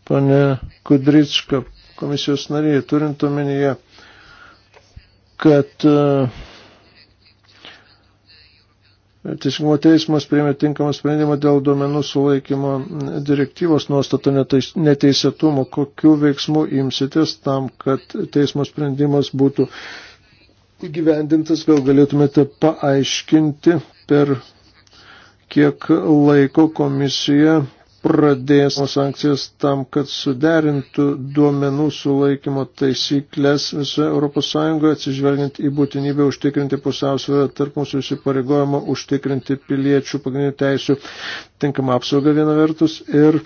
Pane Kudrička, komisijos nariai, turint omenyje, kad uh, Teisingumo teismas priėmė tinkamą sprendimą dėl duomenų sulaikymo direktyvos nuostato neteisėtumo. Kokių veiksmų imsitės tam, kad teismo sprendimas būtų įgyvendintas? Gal galėtumėte paaiškinti per kiek laiko komisija pradės sankcijas tam, kad suderintų duomenų sulaikymo taisyklės visoje ES, atsižvelgiant į būtinybę užtikrinti pusiausvyrą tarp mūsų įsipareigojimo, užtikrinti piliečių pagrindinių teisių tinkamą apsaugą viena vertus ir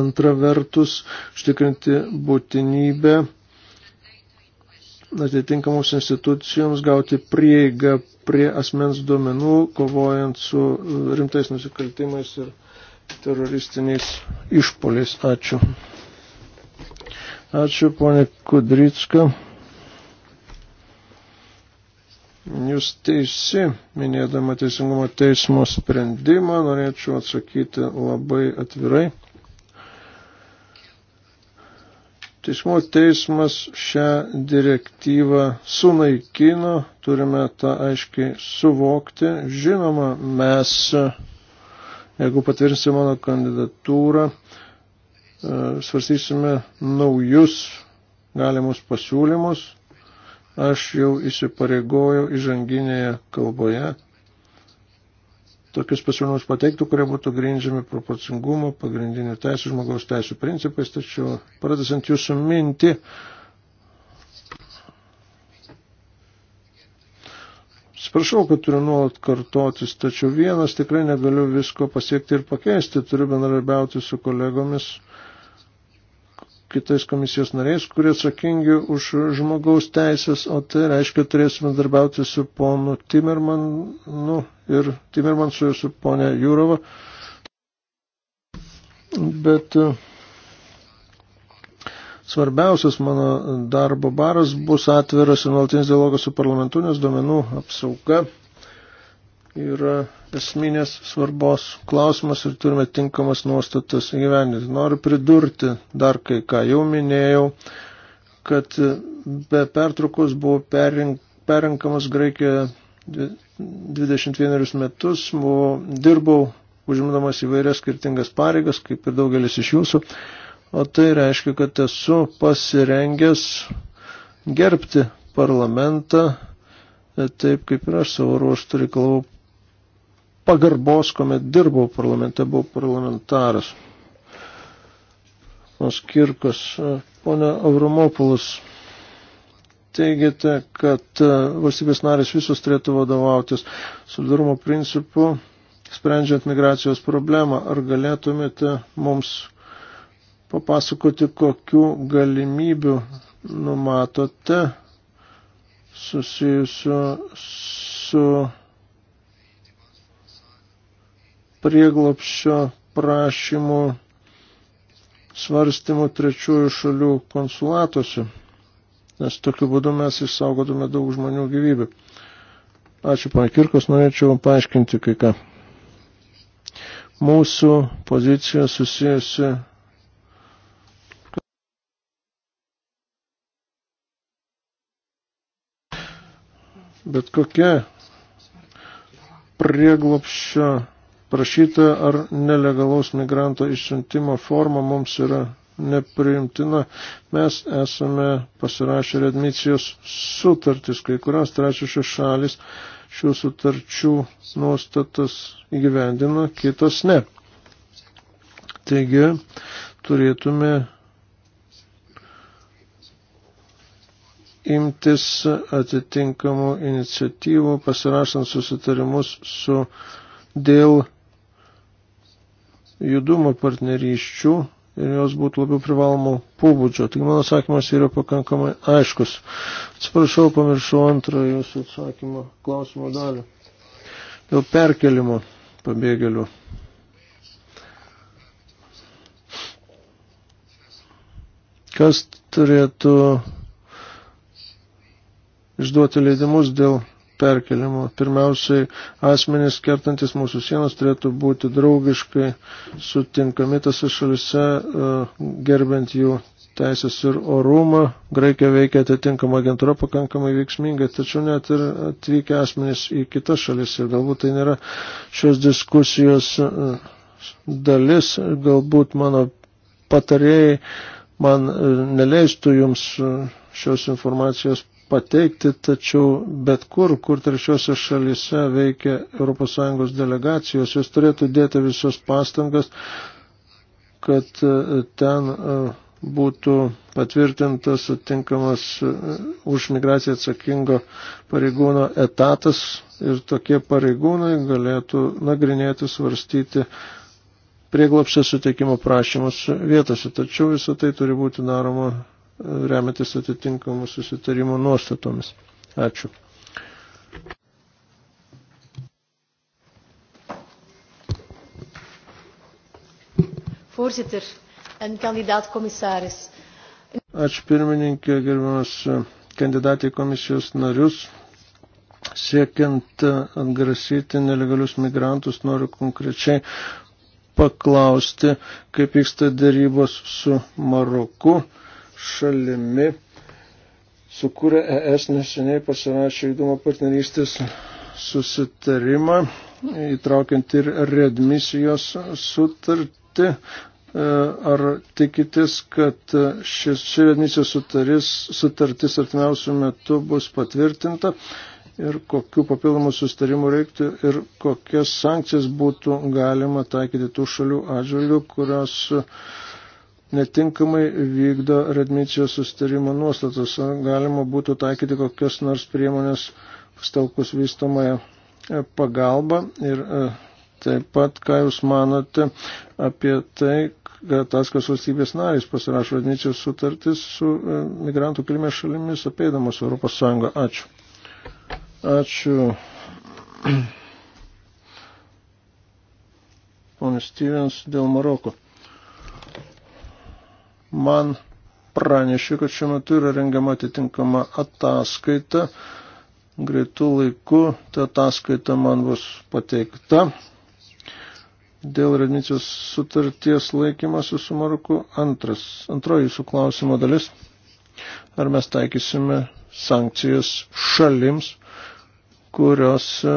antra vertus užtikrinti būtinybę atitinkamos institucijoms gauti prieigą prie asmens duomenų, kovojant su rimtais nusikaltimais ir teroristiniais išpoliais. Ačiū. Ačiū, ponė Kudrycka. Jūs teisi, minėdama teisingumo teismo sprendimą, norėčiau atsakyti labai atvirai. Teismo teismas šią direktyvą sunaikino, turime tą aiškiai suvokti. Žinoma, mes Jeigu patvirtinsite mano kandidatūrą, e, svarstysime naujus galimus pasiūlymus. Aš jau įsipareigojau įžanginėje kalboje tokius pasiūlymus pateiktų, kurie būtų grindžiami proporcingumo, pagrindinių teisų, žmogaus teisų principais, tačiau pradėsant jūsų mintį, Sprašau, kad turiu nuolat kartotis, tačiau vienas tikrai negaliu visko pasiekti ir pakeisti. Turiu bendradarbiauti su kolegomis, kitais komisijos nariais, kurie atsakingi už žmogaus teisės, o tai reiškia turėsime darbiauti su ponu Timermanu ir Timermansu ir su ponia Jūrova. Bet uh, svarbiausias mano darbo baras bus atviras ir nuolatinis dialogas su parlamentu, nes duomenų apsauga yra esminės svarbos klausimas ir turime tinkamas nuostatas įgyvendinti. Noriu pridurti dar kai ką. Jau minėjau, kad be pertraukos buvo perink, perinkamas Graikija 21 metus, buvo, dirbau užimdamas įvairias skirtingas pareigas, kaip ir daugelis iš jūsų o tai reiškia, kad esu pasirengęs gerbti parlamentą, e, taip kaip ir aš savo ruoštų reikalavau pagarbos, kuomet dirbau parlamente, buvau parlamentaras. Moskirkas, e, ponia Avramopulas, teigiate, kad e, valstybės narės visos turėtų vadovautis solidarumo principu, sprendžiant migracijos problemą. Ar galėtumėte mums papasakoti, kokiu galimybių numatote susijusiu su prieglopščio prašymų svarstymų trečiųjų šalių konsulatuose, nes tokiu būdu mes išsaugotume daug žmonių gyvybių. Ačiū, pana Kirkos, norėčiau paaiškinti kai ką. Mūsų pozicija susijusi bet kokia prieglopščio prašyta ar nelegalaus migranto išsiuntimo forma mums yra nepriimtina. Mes esame pasirašę redmicijos sutartis, kai kurios trečiosios šalis šių sutarčių nuostatas įgyvendina, kitas ne. Taigi turėtume imtis atitinkamų iniciatyvų, pasirašant susitarimus su dėl judumo partneryščių ir jos būtų labiau privalomų pobūdžio. Tik mano atsakymas yra pakankamai aiškus. Atsiprašau, pamiršau antrą jūsų atsakymą klausimo dalį. Dėl perkelimo pabėgėlių. Kas turėtų išduoti leidimus dėl perkelimo. Pirmiausiai asmenys kertantis mūsų sienos turėtų būti draugiškai sutinkami tose šalise, e, gerbent jų teisės ir orumą. Graikija veikia atitinkama agentūra pakankamai veiksmingai, tačiau net ir atvykę asmenys į kitas šalis ir galbūt tai nėra šios diskusijos e, dalis, galbūt mano patarėjai man e, neleistų jums šios informacijos pateikti, tačiau bet kur, kur trečiose šalise veikia ES delegacijos, jos turėtų dėti visos pastangas, kad e, ten e, būtų patvirtintas atitinkamas e, už migraciją atsakingo pareigūno etatas ir tokie pareigūnai galėtų nagrinėti, svarstyti prieglopščio suteikimo prašymus vietose. Tačiau visą tai turi būti daroma remiantis atitinkamų susitarimų nuostatomis. Ačiū. Voorzitter en kandidaat commissaris. Ačiū pirmininkė, gerbiamas e, kandidatė komisijos narius. Siekiant e, atgrasyti nelegalius migrantus, noriu konkrečiai paklausti, kaip vyksta dėrybos su Maroku šalimi sukūrė ES neseniai pasirašė įdomą partnerystės susitarimą, įtraukiant ir redmisijos sutartį. E, ar tikitės, kad šis, ši redmisijos sutaris, sutartis artimiausių metų bus patvirtinta ir kokiu papildomu sustarimu reiktų ir kokias sankcijas būtų galima taikyti tų šalių atžvilgių, kurios uh, netinkamai vykdo redmicijos sustarimo nuostatas. Galima būtų taikyti kokios nors priemonės pastelkus vystomąją e, pagalbą ir e, taip pat, ką Jūs manote apie tai, kad tas, kas valstybės narys pasirašo redmicijos sutartis su e, migrantų kilmės šalimis, apeidamos Europos Sąjungą. Ačiū. Ačiū. [clears throat] Ponas Stevens dėl Maroko man pranešė, kad šiuo metu yra rengiama atitinkama ataskaita. Greitų laikų ta ataskaita man bus pateikta. Dėl rednicijos sutarties laikymasi su Maroku antras, antroji jūsų klausimo dalis. Ar mes taikysime sankcijas šalims, kurios e,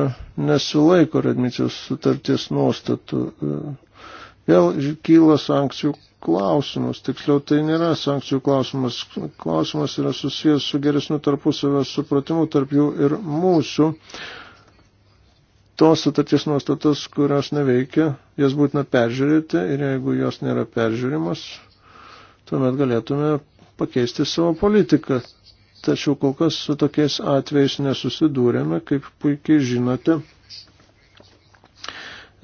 nesilaiko redmicijos sutarties nuostatų e, vėl kyla sankcijų klausimas. Tiksliau, tai nėra sankcijų klausimas. Klausimas yra susijęs su geresniu tarpusavio supratimu tarp jų ir mūsų. Tos sutarties nuostatos, kurios neveikia, jas būtina peržiūrėti ir jeigu jos nėra peržiūrimas, tuomet galėtume pakeisti savo politiką. Tačiau kol kas su tokiais atvejais nesusidūrėme, kaip puikiai žinote.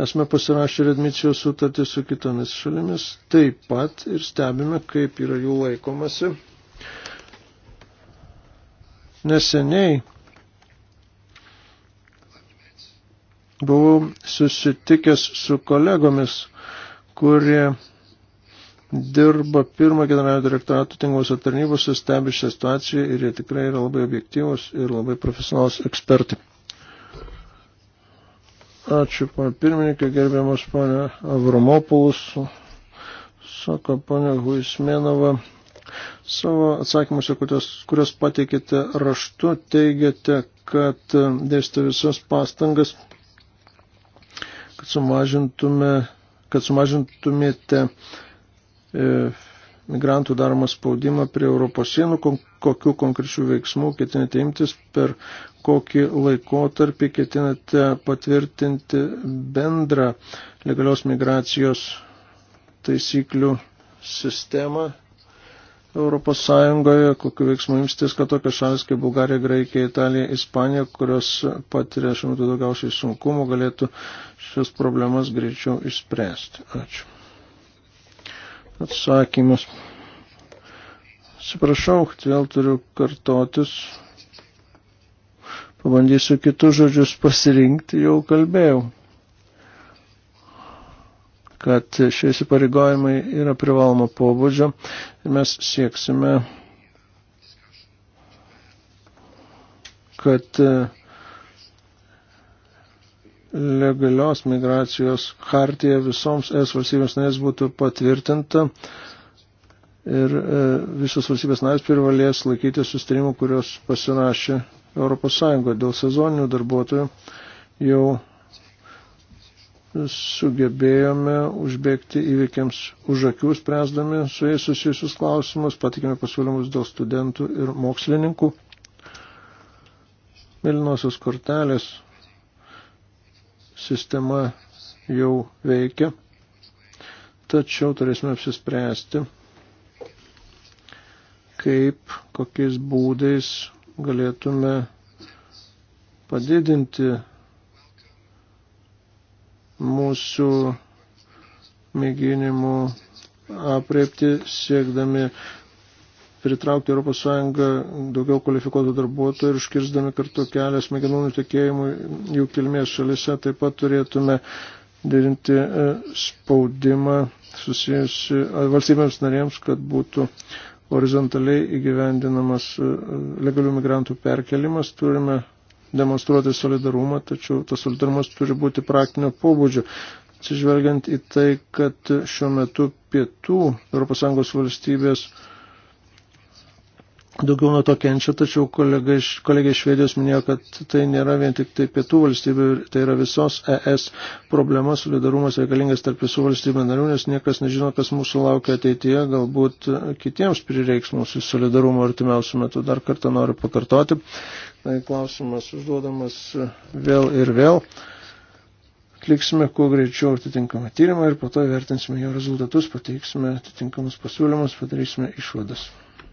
Esame pasirašę redmicijos sutartį su kitomis šalimis, taip pat ir stebime, kaip yra jų laikomasi. Neseniai buvau susitikęs su kolegomis, kurie dirba pirmą generalinio direktorato tinklose tarnybose, stebi šią situaciją ir jie tikrai yra labai objektyvus ir labai profesionalus ekspertai. Ačiū, pana pirmininkė, gerbiamas pana Avramopoulos, sako pana Huismenova. Savo atsakymuose, kurios, kurios pateikėte raštu, teigiate, kad dėstė visas pastangas, kad, sumažintume, kad sumažintumėte e, migrantų daromą spaudimą prie Europos sienų, kokiu konkrečiu veiksmu ketinate imtis, per kokį laikotarpį ketinate patvirtinti bendrą legalios migracijos taisyklių sistemą Europos Sąjungoje, kokiu veiksmu imstis, kad tokios šalis kaip Bulgarija, Graikija, Italija, Ispanija, kurios patiria šiuo metu daugiausiai sunkumų, galėtų šios problemas greičiau išspręsti. Ačiū atsakymus. Atsiprašau, vėl turiu kartotis. Pabandysiu kitus žodžius pasirinkti, jau kalbėjau, kad šie įsipareigojimai yra privaloma pobūdžio ir mes sieksime, kad uh, legalios migracijos hartija visoms es valstybės narės būtų patvirtinta ir e, visos valstybės narės privalės laikyti sustarimų, kurios pasirašė Europos Sąjungoje dėl sezoninių darbuotojų jau sugebėjome užbėgti įvykiams už akių, spręsdami su jais susijusius klausimus, patikėme pasiūlymus dėl studentų ir mokslininkų. Mėlynosios kortelės sistema jau veikia, tačiau turėsime apsispręsti, kaip, kokiais būdais galėtume padidinti mūsų mėginimų apriepti siekdami pritraukti ES daugiau kvalifikuotų darbuotojų ir iškirsdami kartu kelią smegenų nutekėjimui jų kilmės šalise, taip pat turėtume didinti e, spaudimą susijusi valstybėms narėms, kad būtų horizontaliai įgyvendinamas e, legalių migrantų perkelimas. Turime demonstruoti solidarumą, tačiau tas solidarumas turi būti praktinio pobūdžio. Atsižvelgiant į tai, kad šiuo metu pietų ES valstybės daugiau nuo to kenčia, tačiau kolega iš, kolega iš Švedijos minėjo, kad tai nėra vien tik tai pietų valstybių, tai yra visos ES problema, solidarumas reikalingas tarp visų valstybių narių, nes niekas nežino, kas mūsų laukia ateityje, galbūt kitiems prireiks mūsų solidarumo artimiausių metų. Dar kartą noriu pakartoti, tai klausimas užduodamas vėl ir vėl. Atliksime kuo greičiau atitinkamą tyrimą ir po to vertinsime jo rezultatus, pateiksime atitinkamus pasiūlymus, padarysime išvadas.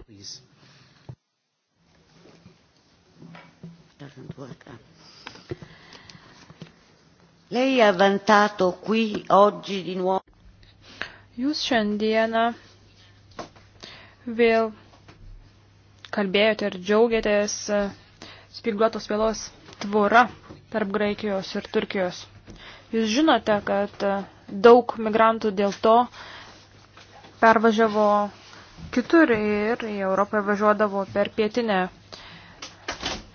Please. Sant'Uaca. Lei ha vantato qui oggi di nuovo. Jūs šiandieną vėl kalbėjote ir džiaugiatės e, spygliuotos vėlos tvora tarp Graikijos ir Turkijos. Jūs žinote, kad e, daug migrantų dėl to pervažiavo kitur ir į Europą važiuodavo per pietinę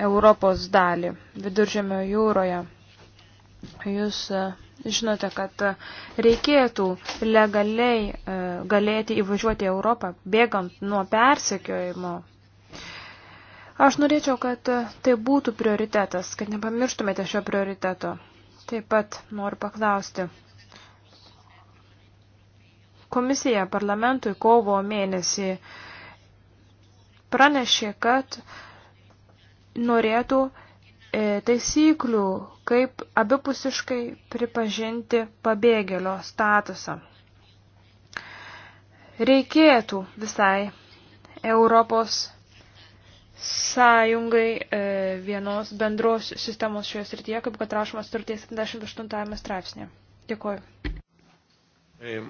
Europos dalį viduržėmio jūroje. Jūs e, žinote, kad e, reikėtų legaliai e, galėti įvažiuoti į Europą, bėgant nuo persekiojimo. Aš norėčiau, kad tai būtų prioritetas, kad nepamirštumėte šio prioriteto. Taip pat noriu paklausti. Komisija parlamentui kovo mėnesį pranešė, kad uh, norėtų e, taisyklių, kaip abipusiškai pripažinti pabėgėlio statusą. Reikėtų visai Europos sąjungai e, vienos bendros sistemos šioje srityje, kaip kad rašomas turties 78 straipsnė. Dėkuoju. E, e,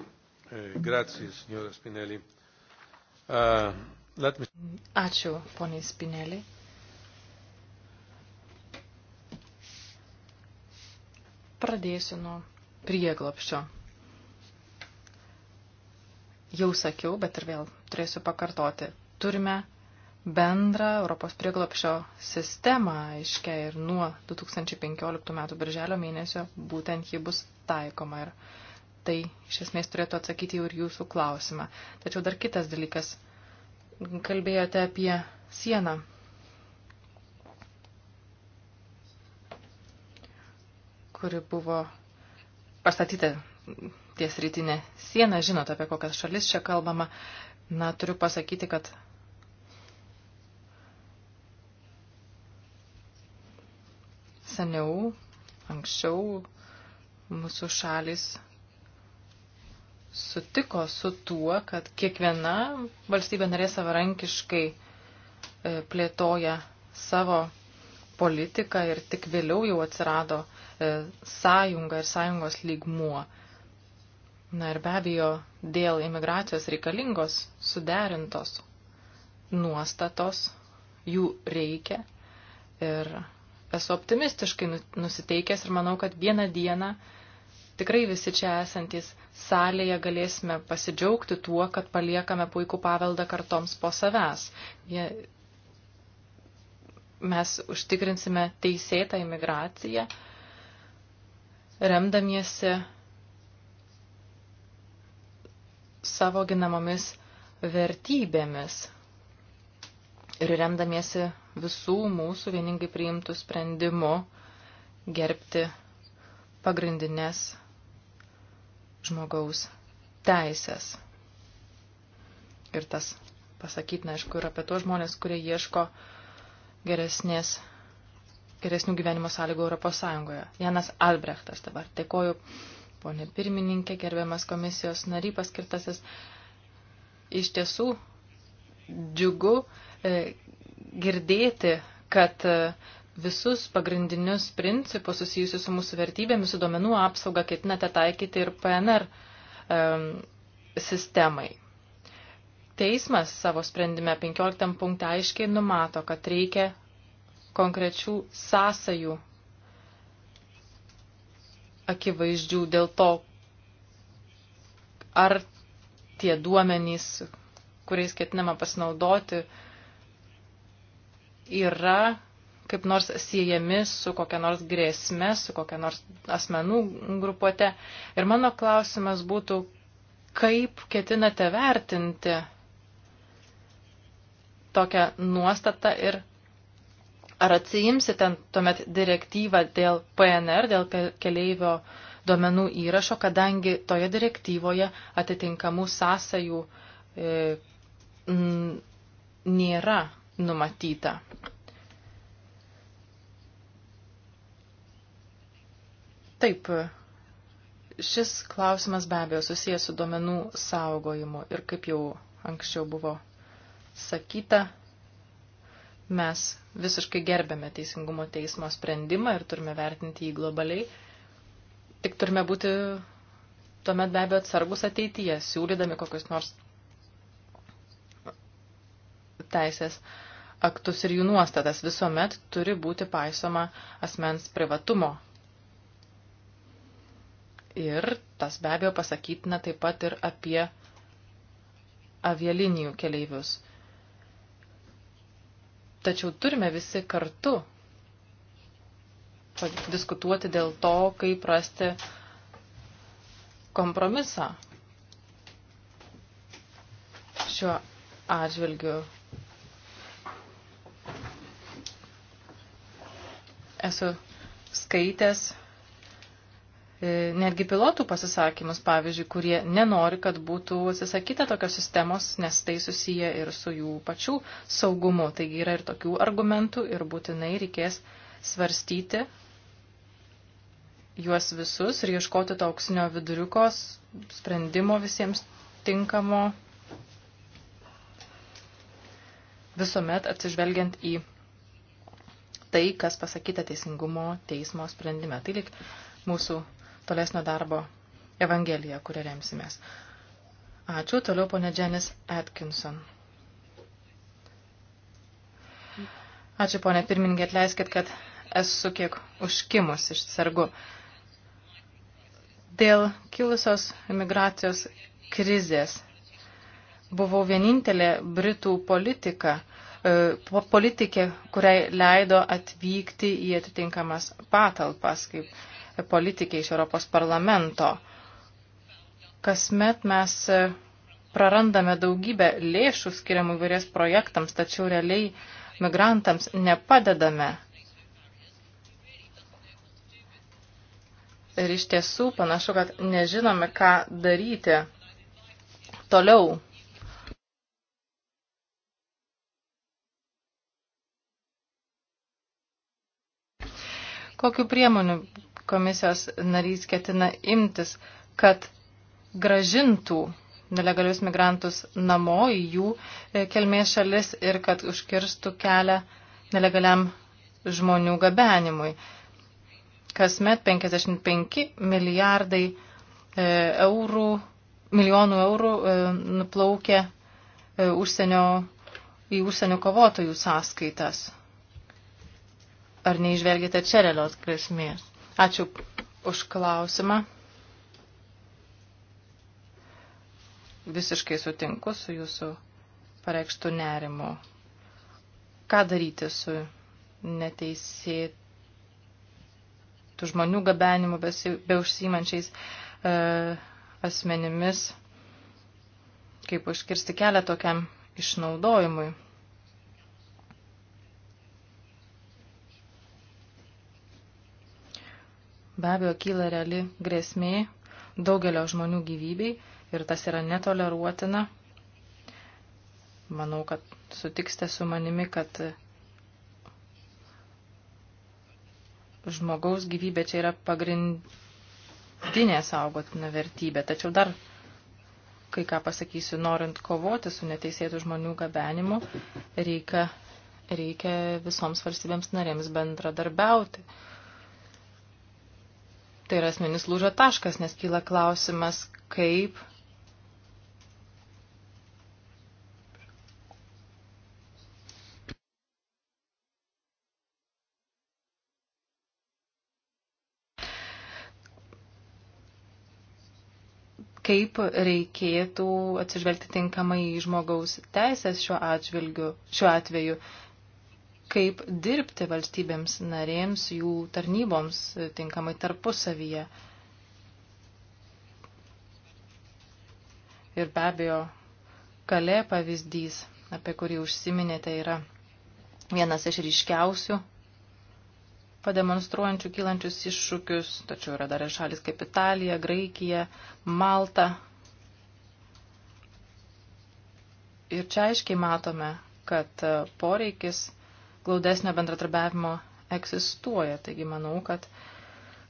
grazie, signora Spinelli. Uh, me... Ačiū, poniai Spinelli. Pradėsiu nuo prieglopščio. Jau sakiau, bet ir vėl turėsiu pakartoti. Turime bendrą Europos prieglopščio sistemą aiškia ir nuo 2015 metų birželio mėnesio būtent ji bus taikoma ir tai iš esmės turėtų atsakyti jau ir jūsų klausimą. Tačiau dar kitas dalykas. Kalbėjote apie sieną kuri buvo pastatyta ties rytinė siena, žinot, apie kokias šalis čia kalbama. Na, turiu pasakyti, kad seniau, anksčiau mūsų šalis sutiko su tuo, kad kiekviena valstybė narė savarankiškai e, plėtoja savo politiką ir tik vėliau jau atsirado uh, E, sąjunga ir sąjungos lygmuo. Na ir be abejo, dėl imigracijos reikalingos suderintos nuostatos, jų reikia. Ir esu optimistiškai nu, nusiteikęs ir manau, kad vieną dieną tikrai visi čia esantis salėje galėsime pasidžiaugti tuo, kad paliekame puikų paveldą kartoms po savęs. Jie, mes užtikrinsime teisėtą imigraciją remdamiesi savo ginamomis vertybėmis ir remdamiesi visų mūsų vieningai priimtų sprendimu gerbti pagrindinės žmogaus teisės. Ir tas pasakytina, aišku, ir apie tos žmonės, kurie ieško geresnės geresnių gyvenimo sąlygų Europos Sąjungoje. Janas Albrechtas dabar. Dėkoju, ponė pirmininkė, gerbiamas komisijos nary paskirtasis. Iš tiesų džiugu e, girdėti, kad e, visus pagrindinius principus susijusius su mūsų vertybėmis, su duomenų apsauga ketinate taikyti ir PNR e, sistemai teismas savo sprendime 15 punktą aiškiai numato, kad reikia konkrečių sąsajų akivaizdžių dėl to, ar tie duomenys, kuriais ketinama pasinaudoti, yra kaip nors siejami su kokia nors grėsme, su kokia nors asmenų grupuote. Ir mano klausimas būtų, kaip ketinate vertinti tokią nuostatą ir Ar atsiimsi ten tuomet direktyvą dėl PNR, dėl keleivio duomenų įrašo, kadangi toje direktyvoje atitinkamų sąsajų e, n, nėra numatyta. Taip, šis klausimas be abejo susijęs su duomenų saugojimu ir kaip jau anksčiau buvo sakyta, Mes visiškai gerbėme teisingumo teismo sprendimą ir turime vertinti jį globaliai. Tik turime būti tuomet be abejo atsargus ateityje, siūlydami kokius nors teisės aktus ir jų nuostatas. Visuomet turi būti paisoma asmens privatumo. Ir tas be abejo pasakytina taip pat ir apie avialinijų keleivius. Tačiau turime visi kartu diskutuoti dėl to, kaip rasti kompromisą šiuo atžvilgiu. Esu skaitęs E, netgi pilotų pasisakymus, pavyzdžiui, kurie nenori, kad būtų atsisakyta tokios sistemos, nes tai susiję ir su jų pačių saugumu. Taigi yra ir tokių argumentų ir būtinai reikės svarstyti juos visus ir ieškoti to auksinio viduriukos sprendimo visiems tinkamo visuomet atsižvelgiant į tai, kas pasakyta teisingumo teismo sprendime. Tai lik mūsų tolesnio darbo evangeliją, kurią remsimės. Ačiū. Toliau ponė Janis Atkinson. Ačiū, ponė pirmininkė, atleiskit, kad esu kiek užkimus iš sargu. Dėl kilusios imigracijos krizės buvau vienintelė Britų politika, e, politikė, kuriai leido atvykti į atitinkamas patalpas, kaip politikė iš Europos parlamento. Kasmet mes e, prarandame daugybę lėšų skiriamų įvairias projektams, tačiau realiai migrantams nepadedame. Ir iš tiesų panašu, kad nežinome, ką daryti toliau. Kokiu priemoniu komisijos narys ketina imtis, kad gražintų nelegalius migrantus namo į jų e, kelmės šalis ir kad užkirstų kelią nelegaliam žmonių gabenimui. Kasmet 55 milijardai e, eurų, milijonų eurų e, nuplaukia užsienio, į užsienio kovotojų sąskaitas. Ar neižvelgite čia realios grėsmės? Ačiū už klausimą. Visiškai sutinku su jūsų pareikštų nerimu. Ką daryti su neteisėtų žmonių gabenimu be užsimančiais e, asmenimis, kaip užkirsti kelią tokiam išnaudojimui. Be abejo, kyla reali grėsmė daugelio žmonių gyvybei ir tas yra netoleruotina. Manau, kad sutiksite su manimi, kad žmogaus gyvybė čia yra pagrindinė saugotina vertybė. Tačiau dar kai ką pasakysiu, norint kovoti su neteisėtų žmonių gabenimu, reikia, reikia visoms valstybėms narėms bendradarbiauti. Tai yra asmenis lūžio taškas, nes kyla klausimas, kaip kaip reikėtų atsižvelgti tinkamai į žmogaus teisės šiuo atžvilgiu, šiuo atveju kaip dirbti valstybėms narėms, jų tarnyboms e, tinkamai tarpusavyje. Ir be abejo, kalė pavyzdys, apie kurį užsiminėte, yra vienas iš ryškiausių pademonstruojančių kylančius iššūkius, tačiau yra dar ir šalis kaip Italija, Graikija, Malta. Ir čia aiškiai matome, kad e, poreikis glaudesnio bendratarbiavimo egzistuoja. Taigi manau, kad,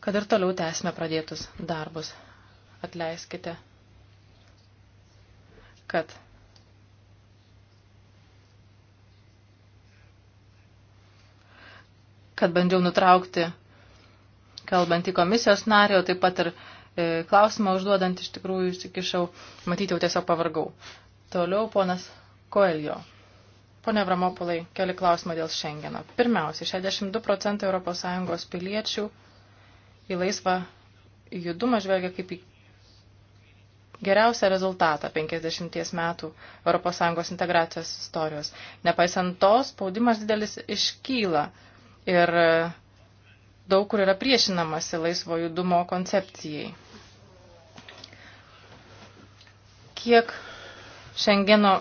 kad ir toliau tęsime pradėtus darbus. Atleiskite, kad kad bandžiau nutraukti kalbantį komisijos narį, o taip pat ir e, klausimą užduodant iš tikrųjų įsikišau, matyti jau tiesiog pavargau. Toliau ponas Koeljo. Pone Vramopulai, keli klausimą dėl Šengeno. Pirmiausia, 62 procentai ES piliečių į laisvą judumą žvelgia kaip į geriausią rezultatą 50 metų ES integracijos istorijos. Nepaisant to, spaudimas didelis iškyla ir daug kur yra priešinamasi laisvo judumo koncepcijai. Kiek Šengeno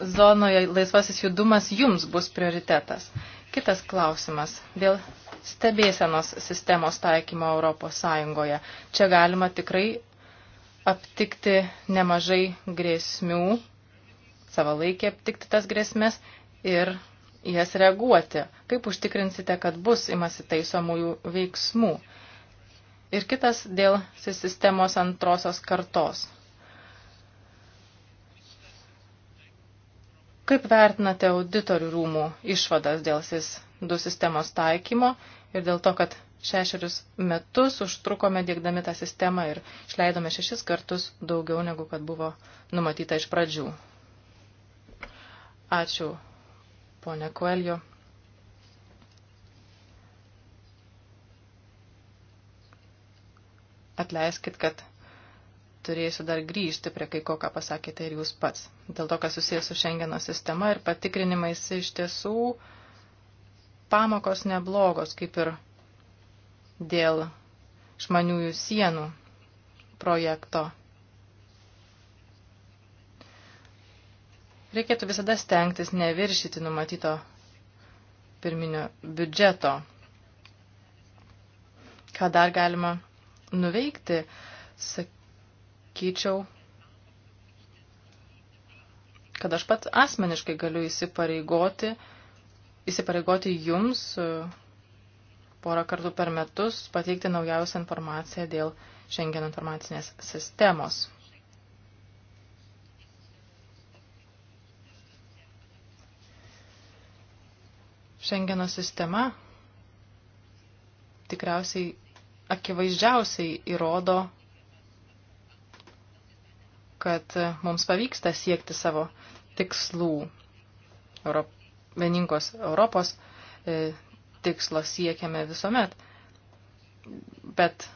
zonoje laisvasis judumas jums bus prioritetas. Kitas klausimas dėl stebėsenos sistemos taikymo Europos Sąjungoje. Čia galima tikrai aptikti nemažai grėsmių, savalaikį aptikti tas grėsmės ir jas reaguoti. Kaip užtikrinsite, kad bus imasi taisomųjų veiksmų? Ir kitas dėl sistemos antrosios kartos. Kaip vertinate auditorių rūmų išvadas dėl SIS 2 sistemos taikymo ir dėl to, kad šešerius metus užtrukome dėkdami tą sistemą ir išleidome šešis kartus daugiau negu kad buvo numatyta iš pradžių? Ačiū, ponė Koelio. Atleiskit, kad turėsiu dar grįžti prie kai ko, ką pasakėte ir jūs pats. Dėl to, kas susijęs su Schengeno sistema ir patikrinimais iš tiesų pamokos neblogos, kaip ir dėl išmaniųjų sienų projekto. Reikėtų visada stengtis neviršyti numatyto pirminio biudžeto. Ką dar galima nuveikti? Sak sakyčiau, kad aš pat asmeniškai galiu įsipareigoti, įsipareigoti jums e, porą kartų per metus pateikti naujausią informaciją dėl Schengen informacinės sistemos. Schengeno sistema tikriausiai akivaizdžiausiai įrodo kad mums pavyksta siekti savo tikslų. Europ, vieningos Europos e, tikslo siekiame visuomet. Bet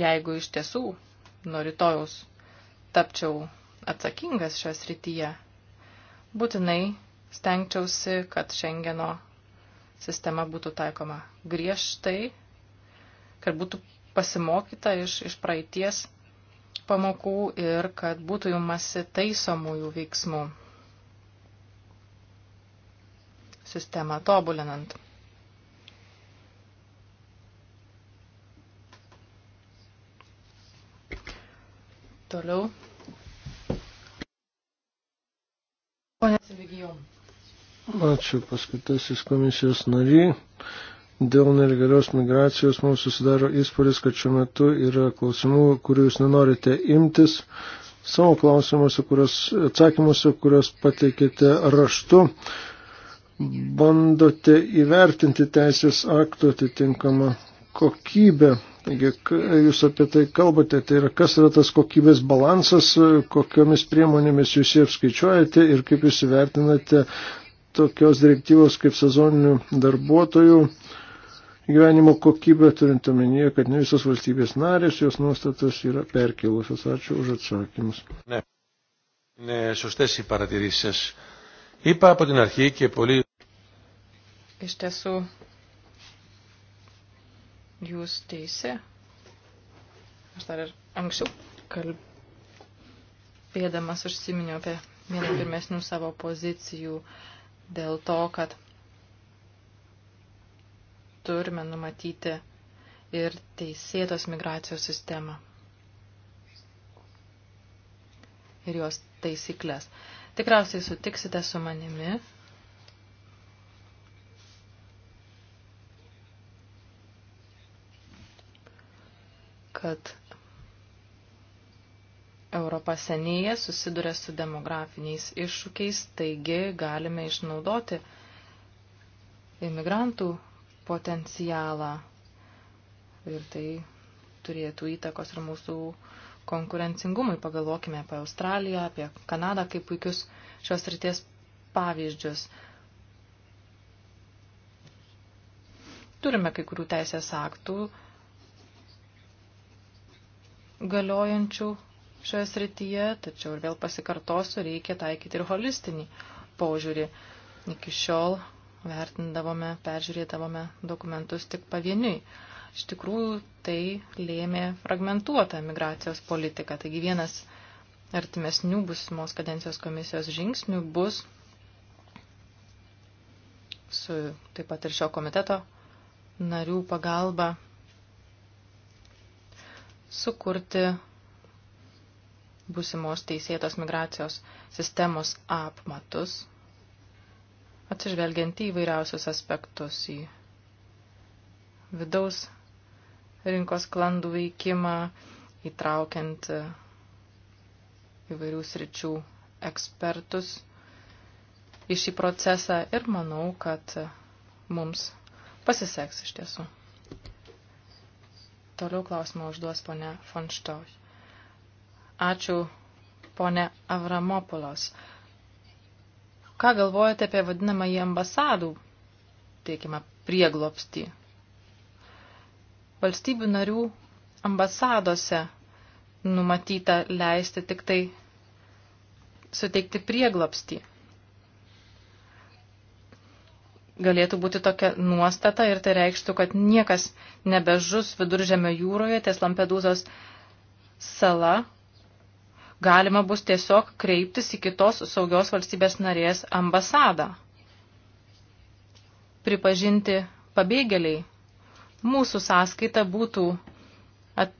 jeigu iš tiesų nuo rytojaus tapčiau atsakingas šios rytyje, būtinai stengčiausi, kad Šengeno sistema būtų taikoma griežtai kad būtų pasimokyta iš, iš praeities pamokų ir kad būtų jumasi taisomųjų veiksmų sistemą tobulinant. Toliau. Pone Silvigijom. Ačiū paskutasis komisijos nariai. Dėl nelegalios migracijos mums susidaro įspūdis, kad šiuo metu yra klausimų, kurių jūs nenorite imtis savo klausimuose, kurios, atsakymuose, kurios pateikėte raštu. Bandote įvertinti teisės aktų atitinkamą kokybę. Taigi, jūs apie tai kalbate, tai yra kas yra tas kokybės balansas, kokiomis priemonėmis jūs jį apskaičiuojate ir kaip jūs įvertinate tokios direktyvos kaip sezoninių darbuotojų gyvenimo kokybę, turint omenyje, kad ne visos valstybės narės jos nuostatas yra perkilusios. Ačiū už atsakymus. Ne. Ne, σωστές οι παρατηρήσεις Είπα από την αρχή και πολύ... Iš tiesų, jūs teisė. Aš dar ir anksčiau kalbėdamas užsiminiau apie vieną pirmesnių savo pozicijų dėl to, kad turime numatyti ir teisėtos migracijos sistemą ir jos taisyklės. Tikriausiai sutiksite su manimi, kad Europa senėje susiduria su demografiniais iššūkiais, taigi galime išnaudoti imigrantų potencialą. Ir tai turėtų įtakos ir mūsų konkurencingumui. Pagalvokime apie Australiją, apie Kanadą kaip puikius šios ryties pavyzdžius. Turime kai kurių teisės aktų galiojančių šioje srityje, tačiau ir vėl pasikartosiu, reikia taikyti ir holistinį požiūrį. Iki šiol vertindavome, peržiūrėdavome dokumentus tik pavieniui. Iš tikrųjų, tai lėmė fragmentuotą migracijos politiką. Taigi vienas artimesnių busimos kadencijos komisijos žingsnių bus su taip pat ir šio komiteto narių pagalba sukurti busimos teisėtos migracijos sistemos apmatus atsižvelgiant į vairiausius aspektus, į vidaus rinkos klandų veikimą, įtraukiant įvairių sričių ekspertus į šį procesą ir manau, kad mums pasiseks iš tiesų. Toliau klausimą užduos ponė von Stauch. Ačiū ponė Avramopulos. Ką galvojate apie vadinamąjį ambasadų teikimą prieglopstį? Valstybių narių ambasadose numatyta leisti tik tai suteikti prieglopstį. Galėtų būti tokia nuostata ir tai reikštų, kad niekas nebežus viduržėmio jūroje ties Lampedūzos sala galima bus tiesiog kreiptis į kitos saugios valstybės narės ambasadą. Pripažinti pabėgėliai mūsų sąskaita būtų at,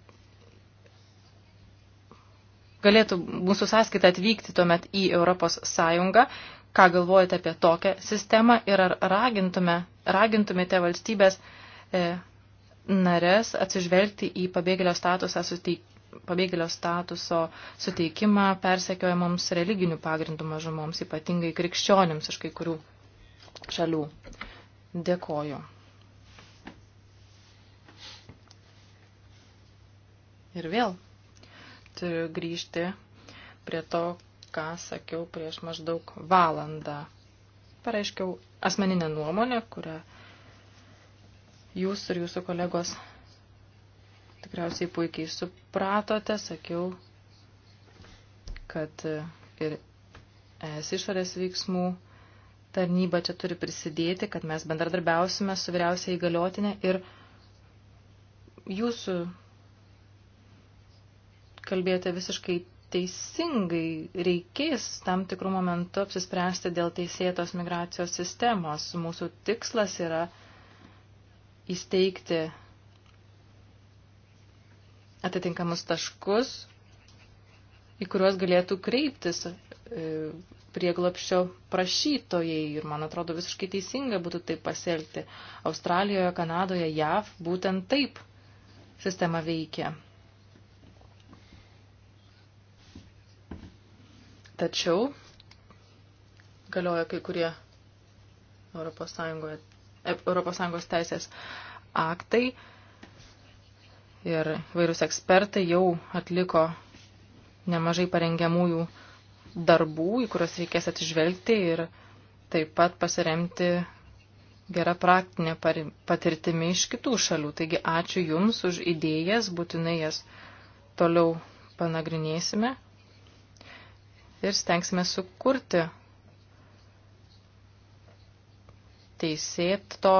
galėtų mūsų sąskaita atvykti tuomet į Europos Sąjungą. Ką galvojate apie tokią sistemą ir ar ragintume, ragintumėte valstybės e, nares atsižvelgti į pabėgėlio statusą suteik, pabėgėlio statuso suteikimą persekiojamoms religinių pagrindų mažumoms, ypatingai krikščionims iš kai kurių šalių. Dėkoju. Ir vėl turiu grįžti prie to, ką sakiau prieš maždaug valandą. Pareiškiau asmeninę nuomonę, kurią jūs ir jūsų kolegos Tikriausiai puikiai supratote, sakiau, kad ir es išorės veiksmų tarnyba čia turi prisidėti, kad mes bendradarbiausime su vyriausiai įgaliotinė ir jūsų kalbėjote visiškai teisingai, reikės tam tikrų momentų apsispręsti dėl teisėtos migracijos sistemos. Mūsų tikslas yra įsteigti atitinkamus taškus, į kuriuos galėtų kreiptis e, prieglopščio prašytojai. Ir man atrodo visiškai teisinga būtų taip pasielgti. Australijoje, Kanadoje, JAV būtent taip sistema veikia. Tačiau galioja kai kurie ES, ES teisės aktai ir vairūs ekspertai jau atliko nemažai parengiamųjų darbų, į kuriuos reikės atsižvelgti ir taip pat pasiremti gerą praktinę patirtimį iš kitų šalių. Taigi ačiū Jums už idėjas, būtinai jas toliau panagrinėsime ir stengsime sukurti teisėto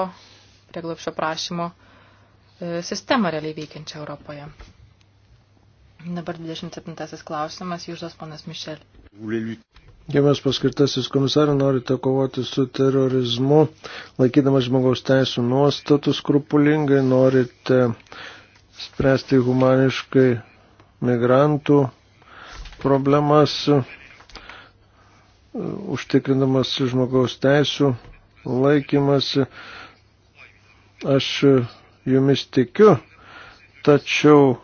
prieglopšio prašymo E, sistemą realiai veikiančią Europoje. Dabar 27 klausimas, jūsas panas Mišel. Gimęs paskirtasis komisarė norite kovoti su terorizmu, laikydamas žmogaus teisų nuostatų skrupulingai, norite spręsti humaniškai migrantų problemas, užtikrindamas žmogaus teisų laikymasi. Aš jumis tikiu, tačiau,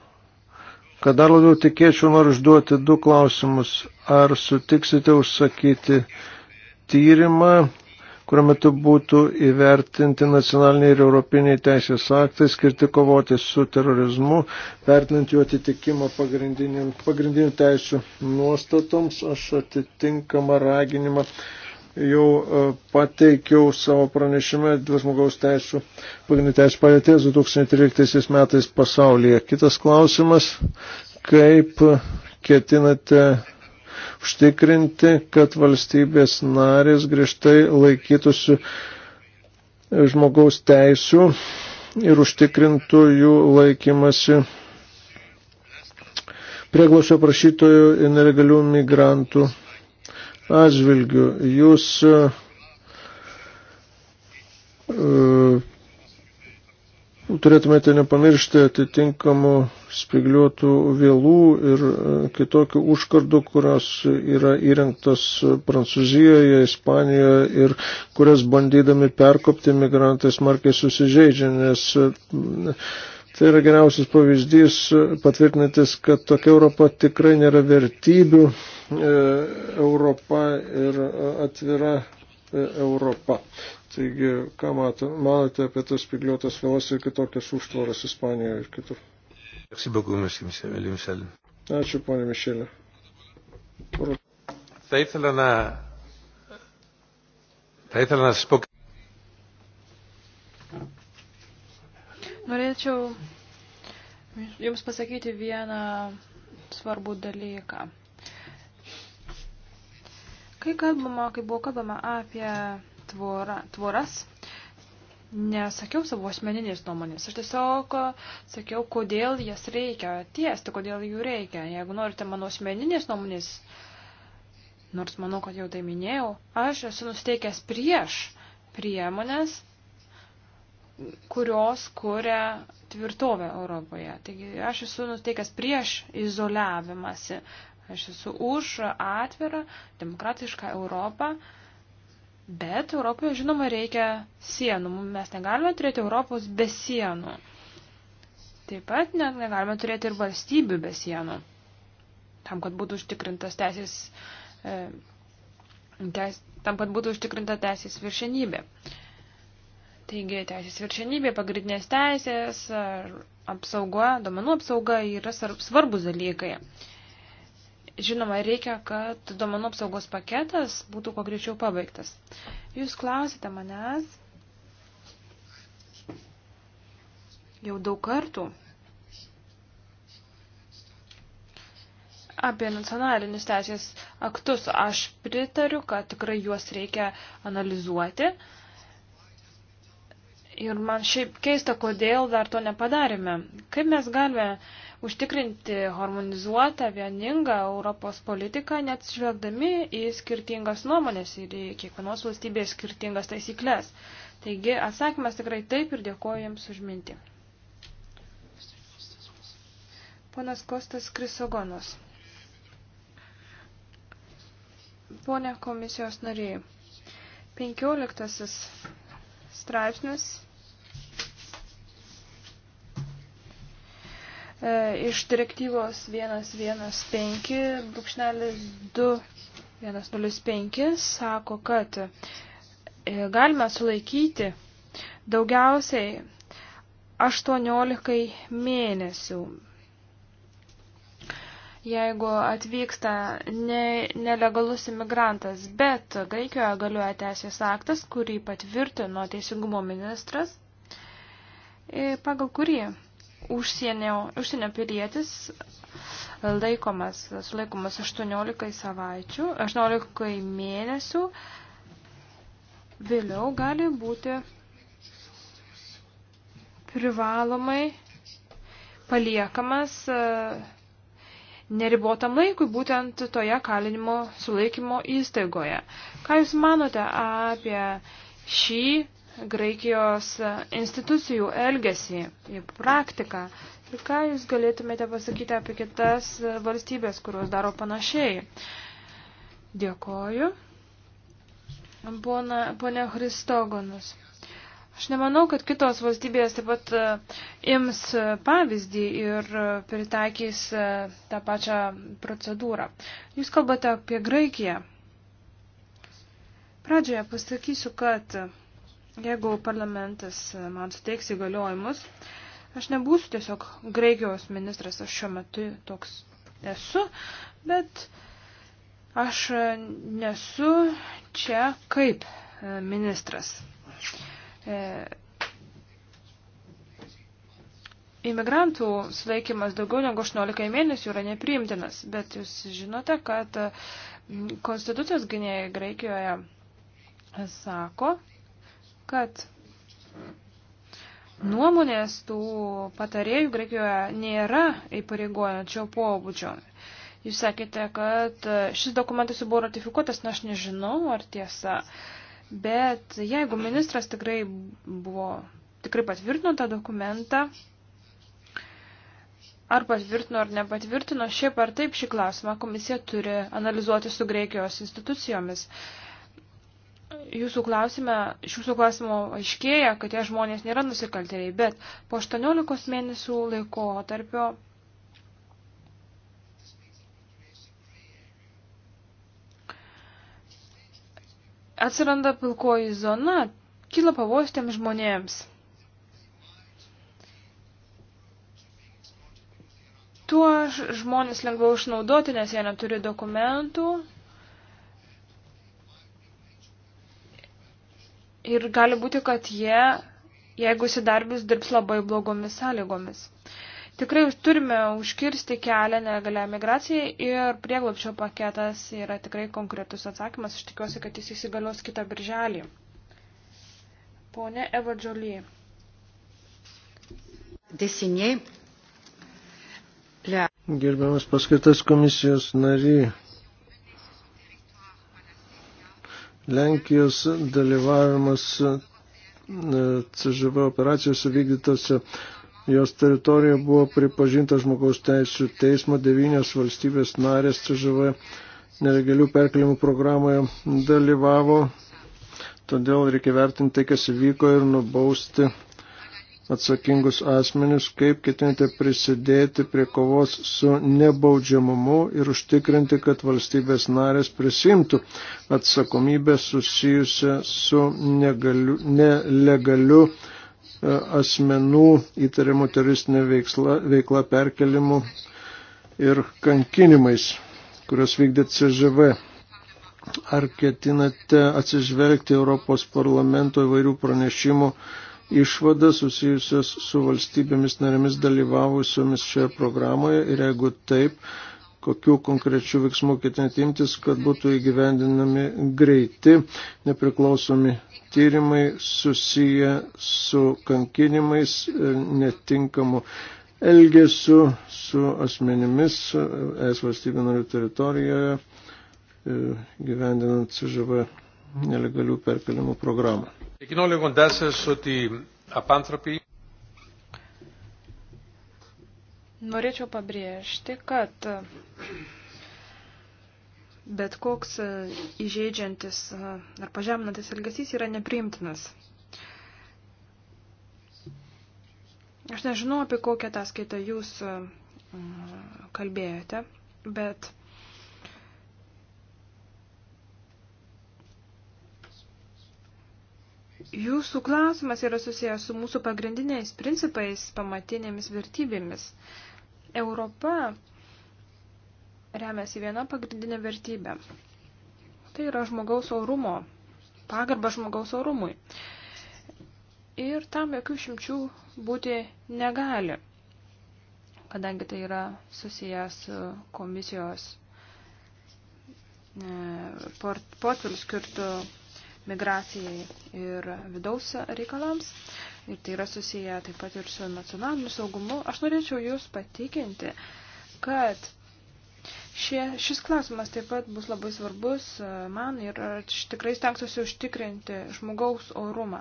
kad dar labiau tikėčiau, noriu užduoti du klausimus. Ar sutiksite užsakyti tyrimą, kuriuo metu būtų įvertinti nacionaliniai ir europiniai teisės aktai skirti kovoti su terorizmu, vertinant jų atitikimą pagrindinių teisų nuostatoms, aš atitinkamą raginimą jau e, pateikiau savo pranešime dėl žmogaus teisų, pagrindinių teisų padėties 2013 metais pasaulyje. Kitas klausimas, kaip ketinate užtikrinti, kad valstybės narės griežtai laikytųsi žmogaus teisų ir užtikrintų jų laikymasi prieglosio prašytojų ir nelegalių migrantų atžvilgių. Jūs uh, turėtumėte nepamiršti atitinkamų spigliuotų vėlų ir e, kitokių užkardų, kurios yra įrengtos Prancūzijoje, Ispanijoje ir kurias bandydami perkopti migrantai smarkiai susižeidžia, nes e, tai yra geriausias pavyzdys patvirtinantis, kad tokia Europa tikrai nėra vertybių E, Europa ir e, atvira e, Europa. Taigi, ką mato, manote apie tas spigliuotas vielas ir kitokias užtvaras Ispanijoje ir kitur? Ačiū, ponė Mišelė. Θα ήθελα να, θα ήθελα να σας πω... Norėčiau Jums pasakyti vieną svarbų dalyką. Kai kalbama, kai buvo kalbama apie tvora, tvoras, nesakiau savo asmeninės nuomonės. Aš tiesiog sakiau, kodėl jas reikia tiesti, kodėl jų reikia. Jeigu norite mano asmeninės nuomonės, nors manau, kad jau tai minėjau, aš esu nusteikęs prieš priemonės, kurios kuria tvirtovę Europoje. Taigi aš esu nusteikęs prieš izoliavimąsi Aš esu už atvirą, demokratišką Europą, bet Europoje, žinoma, reikia sienų. Mes negalime turėti Europos be sienų. Taip pat net negalime turėti ir valstybių be sienų, tam, kad būtų užtikrintas teisės, e, teis, tam, kad būtų užtikrinta teisės viršenybė. Taigi, teisės viršenybė, pagrindinės teisės, apsauga, domenų apsauga yra svarbus dalykai. Žinoma, reikia, kad domenų apsaugos paketas būtų kuo greičiau pabaigtas. Jūs klausite manęs jau daug kartų apie nacionalinius teisės aktus. Aš pritariu, kad tikrai juos reikia analizuoti. Ir man šiaip keista, kodėl dar to nepadarėme. Kaip mes galime užtikrinti harmonizuotą, vieningą Europos politiką, net žvelgdami į skirtingas nuomonės ir į kiekvienos valstybės skirtingas taisyklės. Taigi atsakymas tikrai taip ir dėkoju Jums užminti. Ponas Kostas Krisogonas. Pone komisijos nariai, 15 straipsnis E, iš direktyvos 115.2105 sako, kad e, galime sulaikyti daugiausiai 18 mėnesių. Jeigu atvyksta ne, nelegalus imigrantas, bet Graikijoje galioja teisės aktas, kurį patvirtino Teisingumo ministras, e, pagal kurį užsienio, užsienio pilietis laikomas, sulaikomas 18 savaičių, 18 mėnesių, vėliau gali būti privalomai paliekamas e, neribotam laikui būtent toje kalinimo sulaikymo įstaigoje. Ką Jūs manote apie šį Graikijos institucijų elgesį, į praktiką. Ir tai ką jūs galėtumėte pasakyti apie kitas valstybės, kurios daro panašiai? Dėkoju. Bona, ponia Hristogonus. Aš nemanau, kad kitos valstybės taip pat e, ims e, pavyzdį ir e, pritaikys tą pačią procedūrą. Jūs kalbate apie Graikiją. Pradžioje pasakysiu, kad Jeigu parlamentas man suteiks įgaliojimus, aš nebūsiu tiesiog Graikijos ministras, aš šiuo metu toks esu, bet aš nesu čia kaip ministras. E, imigrantų sulaikimas daugiau negu 18 mėnesių yra nepriimtinas, bet jūs žinote, kad konstitucijos gynėjai Graikijoje sako, kad nuomonės tų patarėjų Graikijoje nėra įpareigojančio pobūdžio. Jūs sakėte, kad šis dokumentas jau buvo ratifikuotas, na aš nežinau, ar tiesa. Bet jeigu ministras tikrai buvo, tikrai patvirtino tą dokumentą, ar patvirtino ar nepatvirtino, šiaip ar taip šį klausimą komisija turi analizuoti su Graikijos institucijomis. Uh, jūsų klausime, iš jūsų klausimo aiškėja, kad tie žmonės nėra nusikaltėliai, bet po 18 mėnesių laiko tarpio atsiranda pilkoji zona, kyla pavojus tiem žmonėms. Tuo žmonės lengviau išnaudoti, nes jie neturi dokumentų, ir gali būti, kad jie, jeigu įsidarbys, dirbs labai blogomis sąlygomis. Tikrai turime užkirsti kelią nelegalią migraciją ir prieglopčio paketas yra tikrai konkretus atsakymas. Aš tikiuosi, kad jis įsigalios kitą birželį. Pone Eva Džoly. Gerbiamas paskirtas komisijos nariai, Lenkijos dalyvavimas e, CŽV operacijose vykdytose jos teritorija buvo pripažinta žmogaus teisų teismo devynios valstybės narės CŽV nelegalių perkelimų programoje dalyvavo, todėl reikia vertinti tai, kas įvyko ir nubausti atsakingus asmenius, kaip ketinate prisidėti prie kovos su nebaudžiamumu ir užtikrinti, kad valstybės narės prisimtų atsakomybę susijusią su negaliu, nelegaliu e, asmenų įtariamų teroristinė veikla, veikla perkelimu ir kankinimais, kurios vykdė CŽV. Ar ketinate atsižvelgti Europos parlamento įvairių pranešimų išvadas susijusias su valstybėmis narėmis dalyvavusiomis šioje programoje ir jeigu taip, kokių konkrečių veiksmų ketinti imtis, kad būtų įgyvendinami greiti nepriklausomi tyrimai susiję su kankinimais, netinkamu elgesiu su asmenimis es valstybių narių teritorijoje e, gyvendinant CŽV nelegalių perkelimų programą. Εκείνο λέγοντάς σας ότι απάνθρωποι Norėčiau pabrėžti, kad bet koks įžeidžiantis ar pažeminantis elgesys yra nepriimtinas. Aš nežinau, apie kokią ataskaitą jūs kalbėjote, bet Jūsų klausimas yra susijęs su mūsų pagrindiniais principais, pamatinėmis vertybėmis. Europa remiasi viena pagrindinė vertybė. Tai yra žmogaus orumo, pagarba žmogaus orumui. Ir tam jokių šimčių būti negali, kadangi tai yra susijęs komisijos e, portfelių skirtų migracijai ir vidaus reikalams. Ir tai yra susiję taip pat ir su nacionaliniu saugumu. Aš norėčiau Jūs patikinti, kad šie, šis klausimas taip pat bus labai svarbus e, man ir aš tikrai stengsiuosi užtikrinti žmogaus orumą.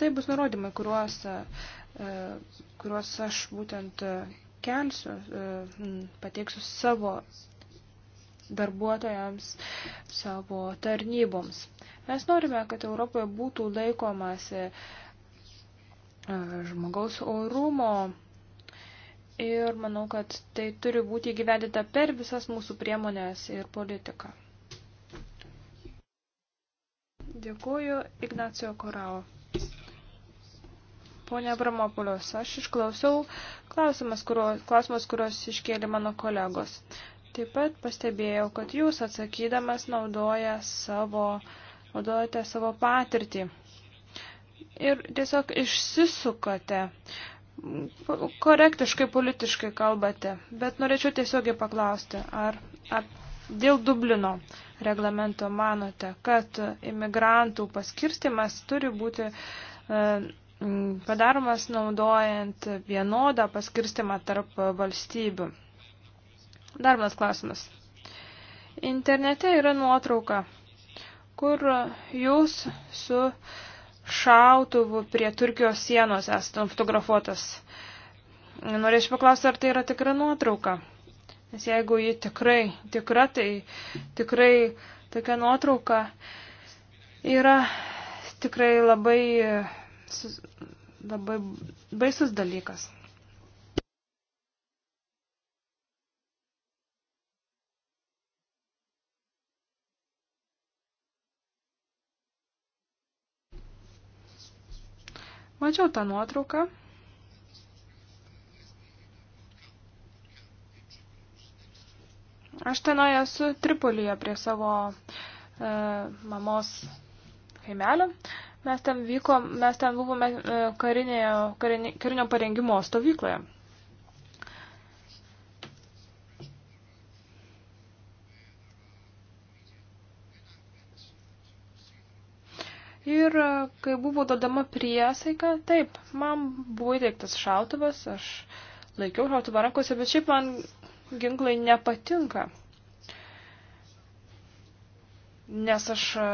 Tai bus nurodymai, kuriuos, e, e, kuriuos aš būtent kelsiu, pateiksiu savo darbuotojams, savo tarnyboms. Mes norime, kad Europoje būtų laikomasi e, žmogaus orumo ir manau, kad tai turi būti įgyvendita per visas mūsų priemonės ir politiką. Dėkuoju Ignacio Korao. Pone Abramopolios, aš išklausiau klausimas, kurio, klausimas, kurios iškėlė mano kolegos. Taip pat pastebėjau, kad jūs atsakydamas naudoja savo uh, naudojate savo patirtį ir tiesiog išsisukate, korektiškai politiškai kalbate, bet norėčiau tiesiogiai paklausti, ar ap, dėl Dublino reglamento manote, kad imigrantų paskirstimas turi būti e, padaromas naudojant vienodą paskirstimą tarp valstybių. Dar vienas klausimas. Internete yra nuotrauka kur jūs su šautuvu prie Turkijos sienos esate fotografuotas. Norėčiau paklausti, ar tai yra tikra nuotrauka. Nes jeigu ji tikrai, tikra, tai tikrai tokia nuotrauka yra tikrai labai, labai baisus dalykas. Mačiau tą nuotrauką. Aš tenai esu Tripolyje prie savo e, mamos kaimelio. Mes ten, vyko, mes ten buvome e, karinėje, karinė, karinio parengimo stovykloje. Ir e, kai buvo dodama priesaika, taip, man buvo įteiktas šautuvas, aš laikiau šautuvą rankose, bet šiaip man ginklai nepatinka. Nes aš e,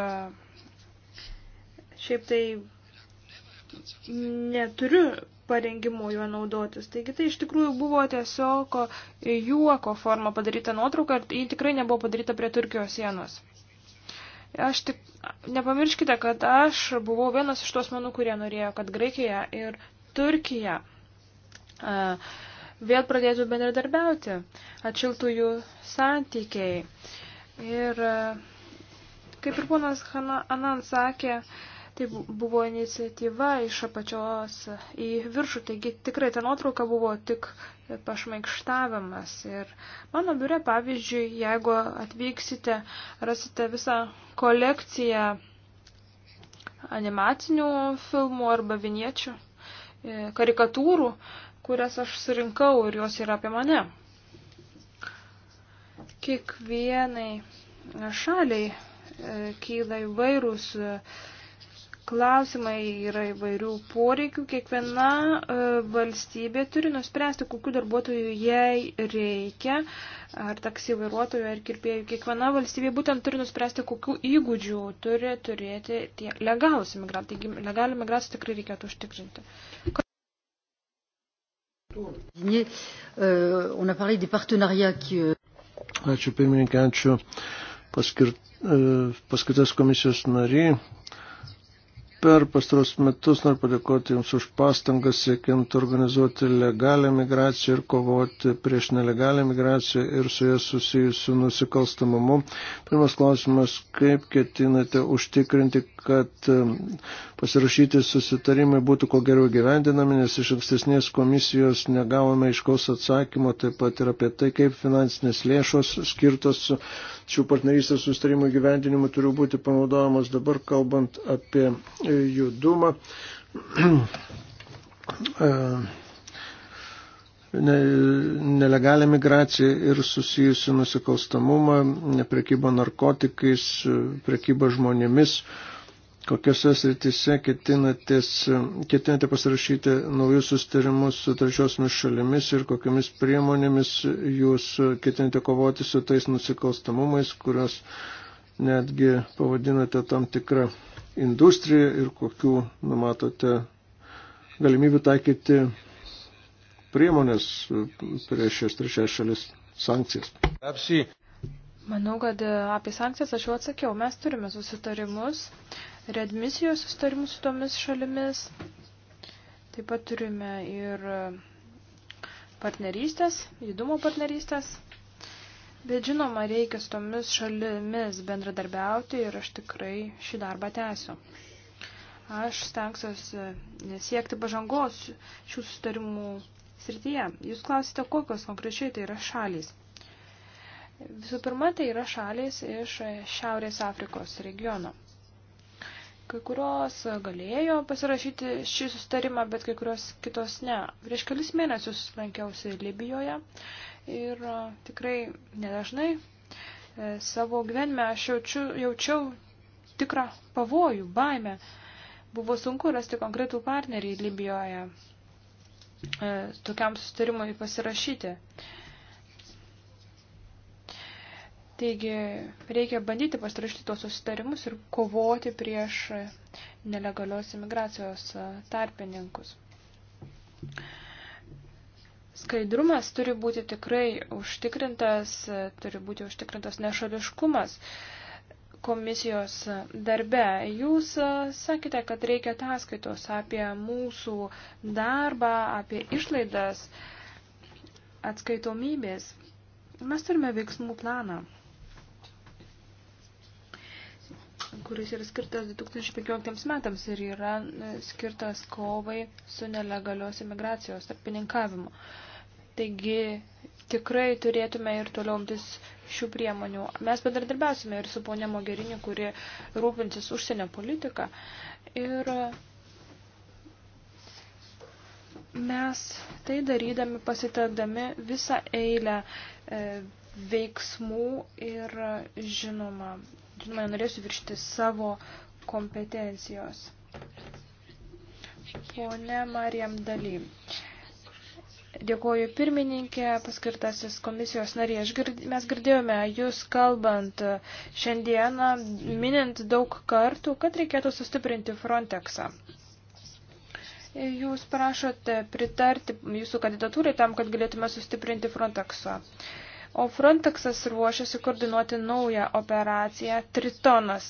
šiaip tai neturiu parengimo juo naudotis. Taigi tai iš tikrųjų buvo tiesiog juoko forma padaryta nuotrauka ir tai tikrai nebuvo padaryta prie Turkijos sienos. Aš tik, nepamirškite, kad aš buvau vienas iš tos menų, kurie norėjo, kad Graikija ir Turkija uh, vėl pradėtų bendradarbiauti, atšiltų jų santykiai. Ir uh, kaip ir ponas Anan sakė, uh, Tai buvo iniciatyva iš apačios į viršų, taigi tikrai ta nuotrauka buvo tik pašmaikštavimas. Ir mano biure, pavyzdžiui, jeigu atvyksite, rasite visą kolekciją animacinių filmų arba viniečių, e, karikatūrų, kurias aš surinkau ir jos yra apie mane. Kiekvienai šaliai e, kyla įvairūs uh, klausimai, yra įvairių poreikių. Kiekviena e, valstybė turi nuspręsti, kokiu darbuotojų jai reikia, ar taksi vairuotojų, ar kirpėjų. Kiekviena valstybė būtent turi nuspręsti, kokiu įgūdžių turi turėti tie legalus imigrantai. Taigi legalių migracijų tikrai reikėtų užtikrinti. Euh, euh, ačiū pirmininkė, ačiū paskirt, euh, paskirtas komisijos nariai per pastaros metus noriu padėkoti Jums už pastangas siekiant organizuoti legalią migraciją ir kovoti prieš nelegalią migraciją ir su jie susijusiu nusikalstamumu. Pirmas klausimas, kaip ketinate užtikrinti, kad pasirašyti susitarimai būtų kuo geriau gyvendinami, nes iš ankstesnės komisijos negavome iškaus atsakymo taip pat ir apie tai, kaip finansinės lėšos skirtos šių partnerystės susitarimų gyvendinimu turi būti panaudojamos dabar, kalbant apie e, judumą. [clears throat] E, ne, nelegalią migraciją ir susijusių nusikalstamumą, prekybą narkotikais, e, prekybą žmonėmis kokiuose sritise ketinate pasirašyti naujus sustarimus su trečiosiomis šalimis ir kokiamis priemonėmis jūs ketinate kovoti su tais nusikalstamumais, kurios netgi pavadinate tam tikrą industriją ir kokių numatote galimybių taikyti priemonės prieš šias trečias šalis sankcijas. Manau, kad apie sankcijas aš jau atsakiau. Mes turime susitarimus redmisijos sustarimus su tomis šalimis. Taip pat turime ir e, partnerystės, judumo partnerystės. Bet žinoma, reikia su tomis šalimis bendradarbiauti ir aš tikrai šį darbą tęsiu. Aš stengsiuosi siekti pažangos šių sustarimų srityje. Jūs klausite, kokios konkrečiai tai yra šalys. Visų pirma, tai yra šalys iš Šiaurės Afrikos regiono. Kai kurios galėjo pasirašyti šį sustarimą, bet kai kurios kitos ne. Prieš kelis mėnesius lankiausi Libijoje ir tikrai nedažnai e, savo gyvenime aš jaučiu, jaučiau tikrą pavojų, baimę. Buvo sunku rasti konkretų partnerį Libijoje e, tokiam sustarimui pasirašyti. Taigi reikia bandyti pasirašyti tuos susitarimus ir kovoti prieš nelegalios imigracijos tarpininkus. Skaidrumas turi būti tikrai užtikrintas, turi būti užtikrintas nešališkumas komisijos darbe. Jūs sakėte, kad reikia ataskaitos apie mūsų darbą, apie išlaidas, atskaitomybės. Mes turime veiksmų planą. kuris yra skirtas 2015 metams ir yra e, skirtas kovai su nelegalios imigracijos tarpininkavimu. Taigi tikrai turėtume ir toliau imtis šių priemonių. Mes bendradarbiausime ir su ponė Mogerinė, kuri rūpinsis užsienio politiką. Ir mes tai darydami pasitardami visą eilę e, veiksmų ir žinoma žinoma, nenorėsiu viršti savo kompetencijos. Pone Marijam Daly. Dėkuoju pirmininkė, paskirtasis komisijos narė. Gird, mes girdėjome jūs kalbant šiandieną, minint daug kartų, kad reikėtų sustiprinti Frontexą. Jūs prašote pritarti jūsų kandidatūrai tam, kad galėtume sustiprinti Frontexą. Uh, o Frontexas ruošiasi koordinuoti naują operaciją Tritonas.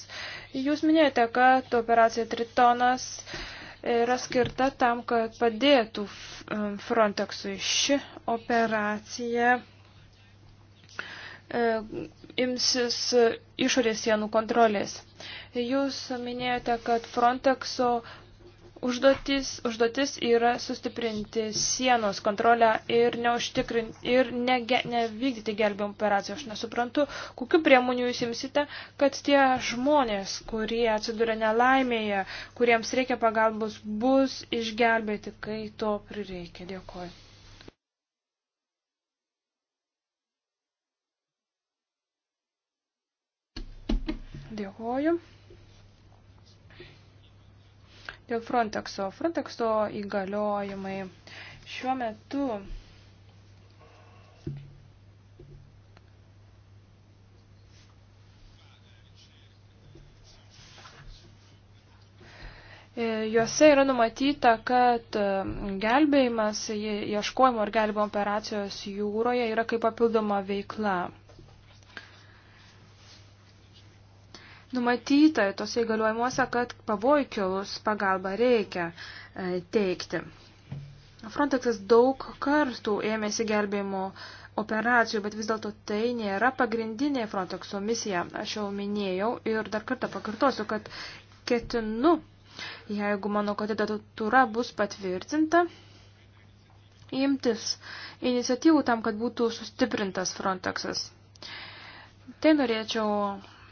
Jūs minėjote, kad operacija Tritonas yra skirta tam, kad padėtų e, Frontexui ši operacija e, imsis išorės sienų kontrolės. Jūs minėjote, kad Frontexo Užduotis, užduotis yra sustiprinti sienos kontrolę ir, ir nege, nevykdyti gelbėjimo operacijų. Aš nesuprantu, kokiu priemonių jūs imsite, kad tie žmonės, kurie atsiduria nelaimėje, kuriems reikia pagalbos, bus išgelbėti, kai to prireikia. Dėkuoju. Dėkuoju. Dėl Frontexo. Frontexo įgaliojimai. Šiuo metu Juose yra numatyta, kad gelbėjimas, ieškojimo ir gelbėjimo operacijos jūroje yra kaip papildoma veikla. numatyta tose įgaliojimuose, kad pavojų kilus pagalbą reikia e, teikti. Frontexas daug kartų ėmėsi gelbėjimo operacijų, bet vis dėlto tai nėra pagrindinė Frontexo misija. Aš jau minėjau ir dar kartą pakartosiu, kad ketinu, jeigu mano kandidatūra bus patvirtinta, imtis iniciatyvų tam, kad būtų sustiprintas Frontexas. Tai norėčiau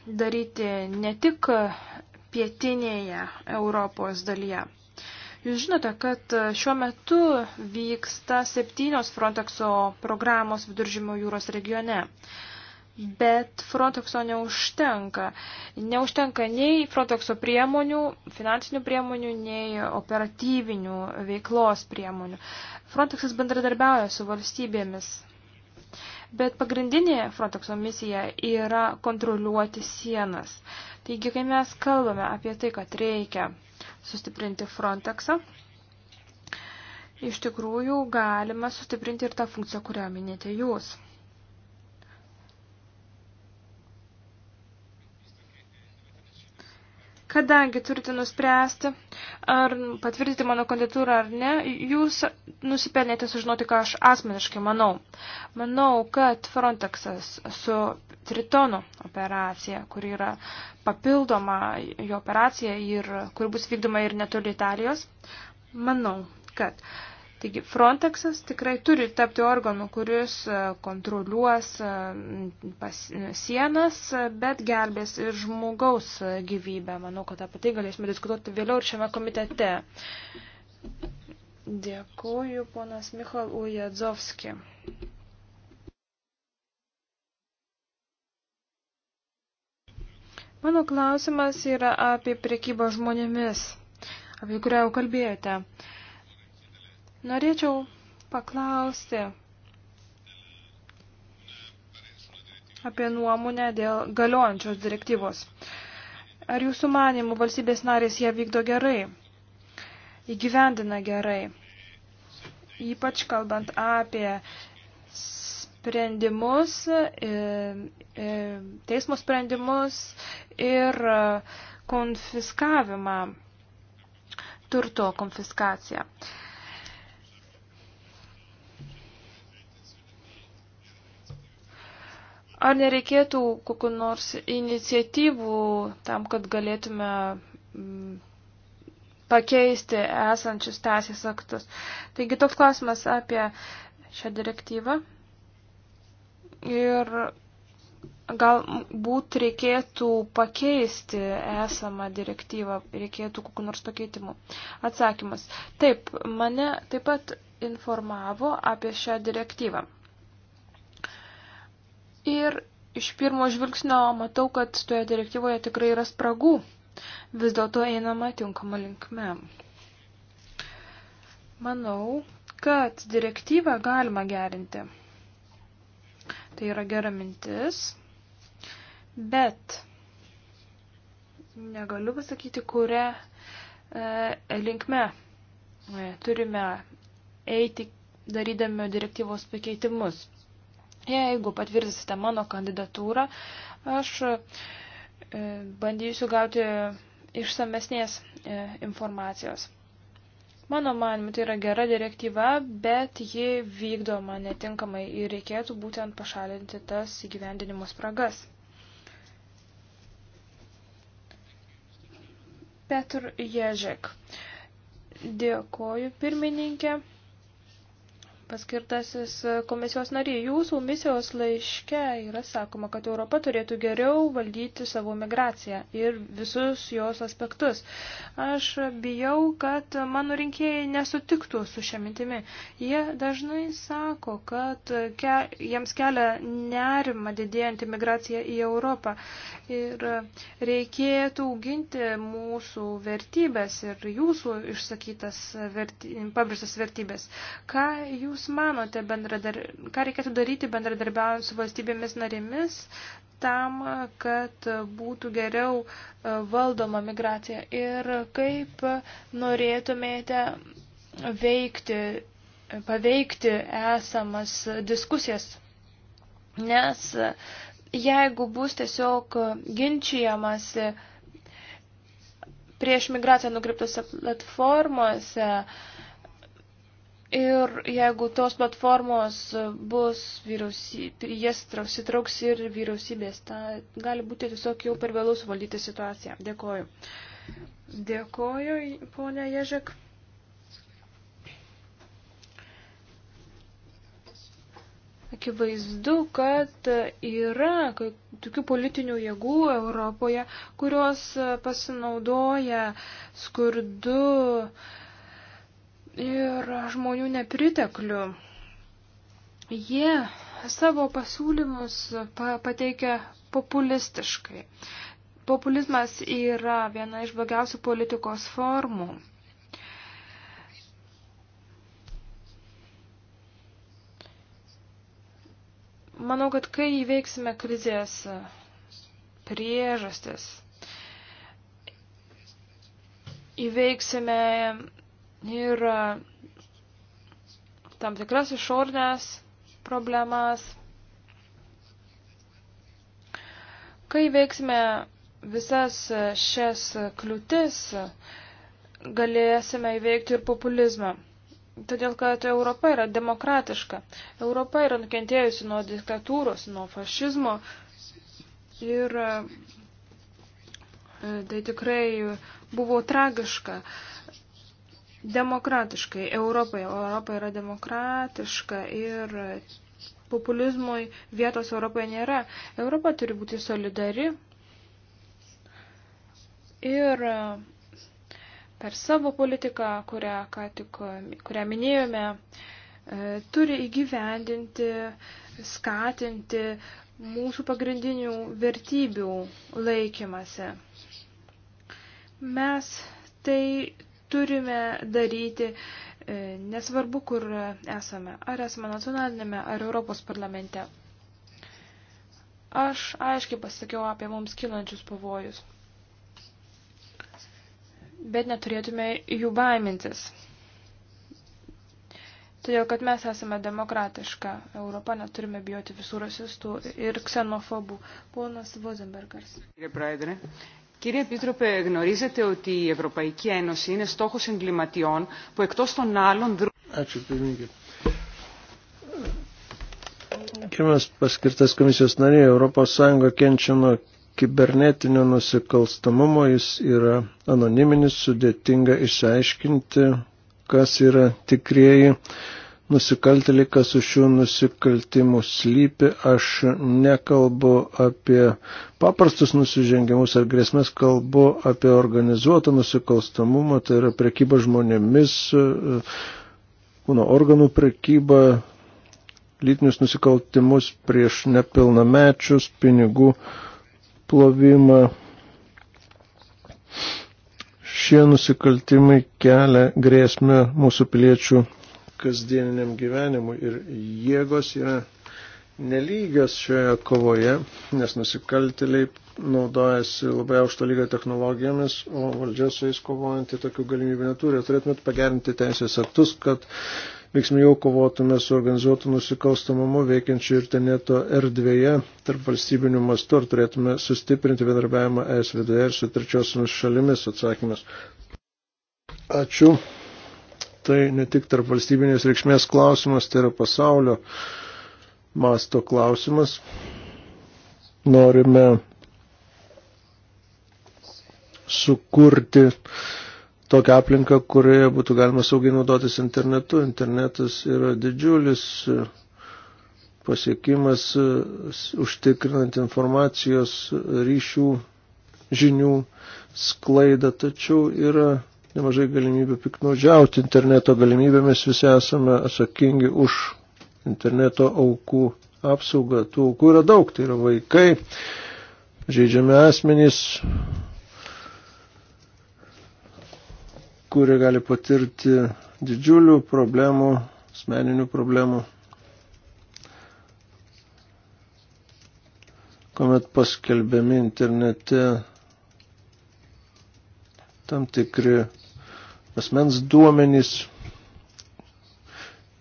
daryti ne tik pietinėje Europos dalyje. Jūs žinote, kad šiuo metu vyksta septynios Frontexo programos viduržymio jūros regione. Bet Frontexo neužtenka. Neužtenka nei Frontexo priemonių, finansinių priemonių, nei operatyvinių veiklos priemonių. Frontexas bendradarbiauja su valstybėmis Bet pagrindinė Frontexo misija yra kontroliuoti sienas. Taigi, kai mes kalbame apie tai, kad reikia sustiprinti Frontexą, iš tikrųjų galima sustiprinti ir tą funkciją, kurią minėte jūs. Kadangi turite nuspręsti, ar patvirtinti mano kandidatūrą ar ne, jūs nusipelnėte sužinoti, ką aš asmeniškai manau. Manau, kad Frontexas su Tritono operacija, kuri yra papildoma jo operacija ir kuri bus vykdoma ir netoli Italijos, manau, kad uh, Taigi Frontexas tikrai turi tapti organu, kuris e, kontroliuos e, pas, sienas, e, bet gelbės ir žmogaus gyvybę. Manau, kad apie tai galėsime diskutuoti vėliau ir šiame komitete. Dėkuoju, ponas Michal Ujadzovski. Mano klausimas yra apie priekybą žmonėmis, apie kurią jau kalbėjote. Uh, Norėčiau paklausti apie nuomonę dėl galiojančios direktyvos. Ar jūsų manimų valstybės narės ją vykdo gerai, įgyvendina gerai, ypač kalbant apie sprendimus, e, e, teismo sprendimus ir konfiskavimą, turto konfiskaciją. Ar nereikėtų kokiu nors iniciatyvų tam, kad galėtume mm, pakeisti esančius teisės aktus? Taigi toks klausimas apie šią direktyvą. Ir galbūt reikėtų pakeisti esamą direktyvą, reikėtų kokiu nors pakeitimu. Atsakymas. Taip, mane taip pat informavo apie šią direktyvą. Ir iš pirmo žvilgsnio matau, kad toje direktyvoje tikrai yra spragų. Vis dėlto einama tinkama linkme. Manau, kad direktyvą galima gerinti. Tai yra gera mintis, bet negaliu pasakyti, kurią e, linkme e, turime eiti darydami direktyvos pakeitimus. Jeigu patvirtinsite mano kandidatūrą, aš e, bandysiu gauti išsamesnės e, informacijos. Mano manimu, tai yra gera direktyva, bet ji vykdoma netinkamai ir reikėtų būtent pašalinti tas įgyvendinimo spragas. Petr Ježek. Dėkoju pirmininkė paskirtasis e, komisijos nariai, jūsų misijos laiške yra sakoma, kad Europa turėtų geriau valdyti savo migraciją ir visus jos aspektus. Aš bijau, kad mano rinkėjai nesutiktų su šia mintimi. Jie dažnai sako, kad ke, jiems kelia nerima didėjantį migraciją į Europą ir reikėtų auginti mūsų vertybės ir jūsų išsakytas verty, pabrėžtas vertybės. Ką jūs Jūs manote, bendradar... ką reikėtų daryti bendradarbiaujant su valstybėmis narėmis tam, kad būtų geriau e, valdoma migracija ir kaip norėtumėte veikti, paveikti esamas diskusijas? Nes jeigu bus tiesiog ginčijamasi prieš migraciją nukreiptose platformose, uh, Ir jeigu tos platformos bus vyriausybė, jas sitrauks ir vyriausybės, ta gali būti tiesiog jau per vėlus valdyti situaciją. Dėkoju. Dėkoju, ponia Ježek. Akivaizdu, kad yra tokių politinių jėgų Europoje, kurios pasinaudoja skurdu, uh, ir žmonių nepriteklių. Jie savo pasiūlymus pateikia populistiškai. Populizmas yra viena iš blogiausių politikos formų. Manau, kad kai įveiksime krizės priežastis, įveiksime ir e, tam tikras išornės problemas. Kai veiksime visas šias kliūtis, galėsime įveikti ir populizmą. Todėl, kad Europa yra demokratiška. Europa yra nukentėjusi nuo diktatūros, nuo fašizmo. Ir e, tai tikrai buvo tragiška. Uh, demokratiškai Europai. Europa yra demokratiška ir populizmui vietos Europoje nėra. Europa turi būti solidari ir e, per savo politiką, kurią, ką tik, kurią minėjome, e, turi įgyvendinti, skatinti mūsų pagrindinių vertybių laikymasi. Mes tai turime daryti, e, nesvarbu, kur esame, ar esame nacionalinėme, ar Europos parlamente. Aš aiškiai pasakiau apie mums kilančius pavojus, bet neturėtume jų baimintis. Todėl, kad mes esame demokratiška Europa, neturime bijoti visų rasistų ir ksenofobų. Ponas Vozenbergas. Κύριε Επίτροπε, γνωρίζετε ότι η Ευρωπαϊκή Ένωση είναι στόχος εγκληματιών που εκτός των άλλων δρούν... Ačiū, pirmininkė. Kirmas paskirtas komisijos narė, Europos Sąjunga kenčia nuo kibernetinio nusikalstamumo, jis yra anoniminis, sudėtinga išsiaiškinti, kas yra tikrieji nusikaltėlį, kas už šių nusikaltimų slypi. Aš nekalbu apie paprastus nusižengimus ar grėsmės, kalbu apie organizuotą nusikalstamumą, tai yra prekyba žmonėmis, kūno organų prekyba, lytinius nusikaltimus prieš nepilnamečius, pinigų plovimą. Šie nusikaltimai kelia grėsmę mūsų piliečių kasdieniniam gyvenimui ir jėgos yra nelygios šioje kovoje, nes nusikaltėliai naudojasi labai aukšto lygio technologijomis, o valdžia su jais kovojant į tokių galimybių neturi. Turėtumėt pagerinti teisės aktus, kad veiksmingiau kovotume su organizuotu nusikalstamumu veikiančiu interneto erdvėje tarp valstybinių mastų ir turėtume sustiprinti bendarbiavimą ES viduje ir su trečiosiomis šalimis atsakymas. Ačiū tai ne tik tarp valstybinės reikšmės klausimas, tai yra pasaulio masto klausimas. Norime sukurti tokią aplinką, kurioje būtų galima saugiai naudotis internetu. Internetas yra didžiulis pasiekimas užtikrinant informacijos ryšių žinių sklaidą, tačiau yra nemažai galimybių piknaudžiauti interneto galimybėmis. Visi esame atsakingi už interneto aukų apsaugą. Tų aukų yra daug, tai yra vaikai, žaidžiami asmenys, kurie gali patirti didžiulių problemų, asmeninių problemų. kuomet paskelbiami internete tam tikri asmens duomenys.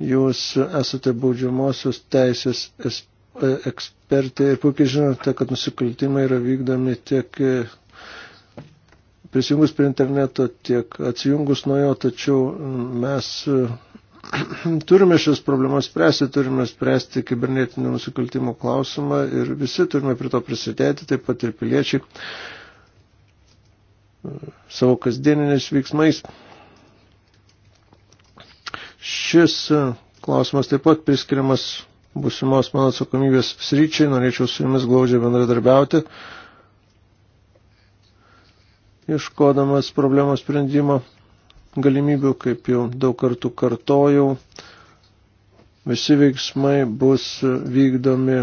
Jūs esate baudžiamosios teisės e, ekspertai ir puikiai žinote, kad nusikaltimai yra vykdomi tiek e, prisijungus prie interneto, tiek atsijungus nuo jo, tačiau mes e, [clears throat] turime šias problemas spręsti, turime spręsti kibernetinio nusikaltimo klausimą ir visi turime prie to prisidėti, taip pat ir piliečiai savo kasdieniniais veiksmais. Šis e, klausimas taip pat priskiriamas būsimos mano atsakomybės sryčiai, norėčiau su jumis glaudžiai bendradarbiauti, ieškodamas problemos sprendimo galimybių, kaip jau daug kartų kartojau, visi veiksmai bus vykdomi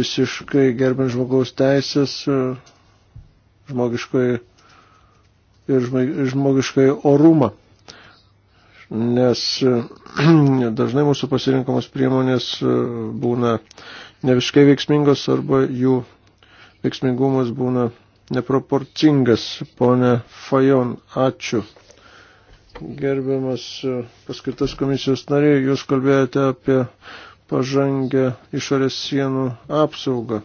visiškai gerbint žmogaus teisės, e, žmogiškai ir žmogiškai orumą nes [clears throat] dažnai mūsų pasirinkamos priemonės e, būna neviškai veiksmingos arba jų veiksmingumas būna neproporcingas. Pone Fajon, ačiū. Gerbiamas e, paskirtas komisijos nariai, jūs kalbėjote apie pažangę išorės sienų apsaugą.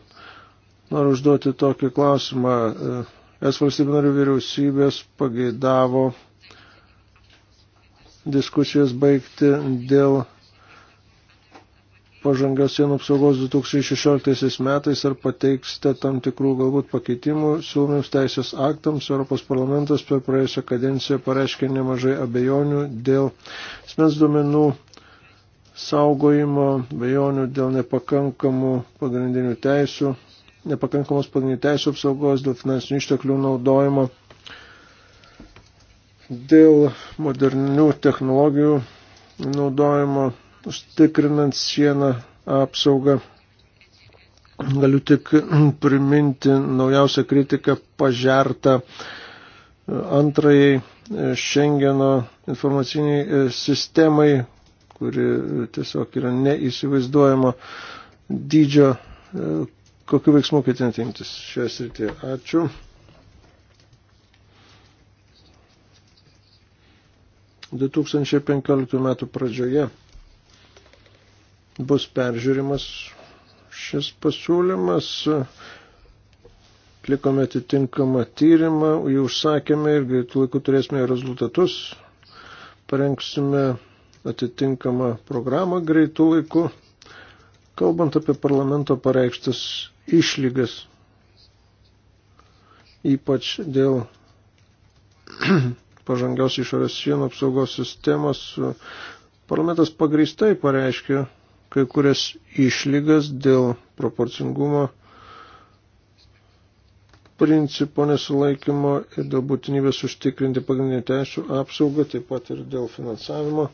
Noriu užduoti tokį klausimą. E, es valstybių narių vyriausybės pageidavo diskusijas baigti dėl pažangios sienų apsaugos 2016 metais ar pateiksite tam tikrų galbūt pakeitimų siūlymiams teisės aktams. Europos parlamentas per praėjusią kadenciją pareiškė nemažai abejonių dėl smės duomenų saugojimo, abejonių dėl nepakankamų pagrindinių teisų, nepakankamos pagrindinių teisų apsaugos, dėl finansinių išteklių naudojimo dėl modernių technologijų naudojimo, užtikrinant sieną apsaugą. Galiu tik priminti naujausią kritiką pažertą antrajai Schengeno informaciniai sistemai, kuri tiesiog yra neįsivaizduojama dydžio, kokiu veiksmu ketinti imtis šioje srityje. Ačiū. 2015 metų pradžioje bus peržiūrimas šis pasiūlymas. Atlikome atitinkamą tyrimą, jį užsakėme ir greitų laikų turėsime rezultatus. Parengsime atitinkamą programą greitų laikų. Kalbant apie parlamento pareikštas išlygas, ypač dėl pažangios išorės sienų apsaugos sistemos, parlamentas pagrįstai pareiškė kai kurias išlygas dėl proporcingumo principo nesilaikymo ir dėl būtinybės užtikrinti pagrindinį teisų apsaugą, taip pat ir dėl finansavimo.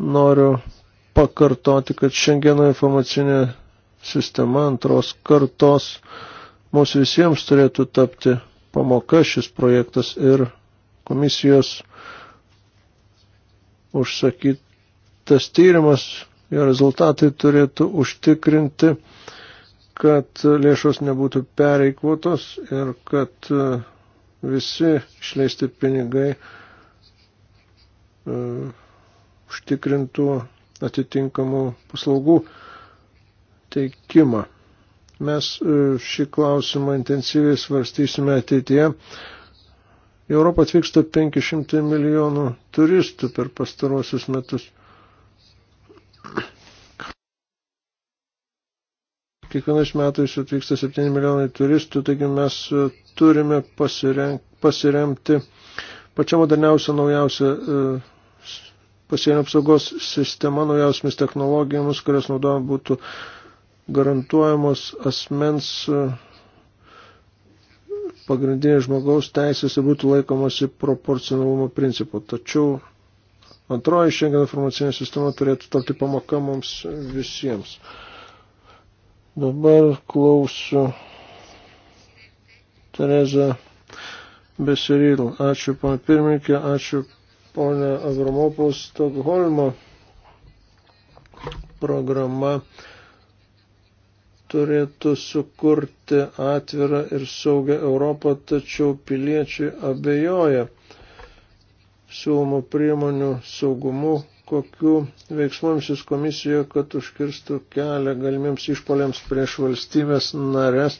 Noriu pakartoti, kad šiandieno informacinė sistema antros kartos mums visiems turėtų tapti pamoka šis projektas ir komisijos užsakytas tyrimas, jo rezultatai turėtų užtikrinti, kad lėšos nebūtų pereikvotos ir kad e, visi išleisti pinigai uh, užtikrintų atitinkamų paslaugų teikimą. Mes e, šį klausimą intensyviai svarstysime ateityje, Į Europą atvyksta 500 milijonų turistų per pastaruosius metus. Kiekvienais metais atvyksta 7 milijonai turistų, taigi mes turime pasiremti pačią moderniausią, naujausią e, pasienio apsaugos sistema naujausiamis technologijomis, kurias naudojama būtų garantuojamos asmens pagrindinės žmogaus teisėse būtų laikomasi proporcionalumo principų. Tačiau antroji šiandien informacinė sistema turėtų tapti pamoka mums visiems. Dabar klausiu Tereza Besiril. Ačiū, pana pirmininkė, ačiū, pana Avramopos Stokholmo programa turėtų sukurti atvirą ir saugę Europą, tačiau piliečiai abejoja siūlomų priemonių saugumu, kokiu veiksmams jis komisijoje, kad užkirstų kelią galimiems išpoliams prieš valstybės narės,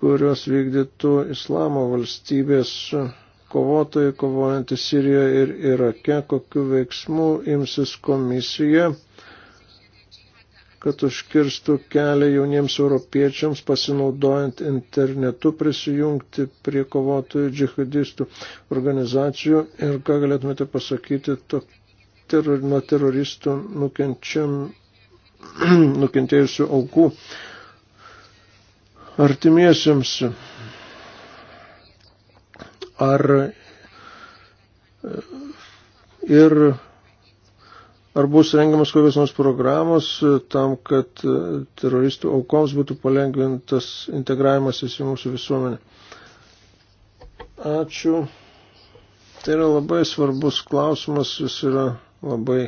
kurios vykdytų islamo valstybės kovotojai kovojantys Sirijoje ir Irake, kokiu veiksmu imsis komisija kad užkirstų kelią jauniems europiečiams pasinaudojant internetu prisijungti prie kovotojų džihadistų organizacijų ir ką galėtumėte pasakyti to, teror, nuo teroristų nukenčiam, [clears throat] nukentėjusių aukų artimiesiems. Ar e, ir Ar bus rengiamas kokios nors programos e, tam, kad e, teroristų aukoms būtų palengvintas integravimas į mūsų visuomenę? Ačiū. Tai yra labai svarbus klausimas, jis yra labai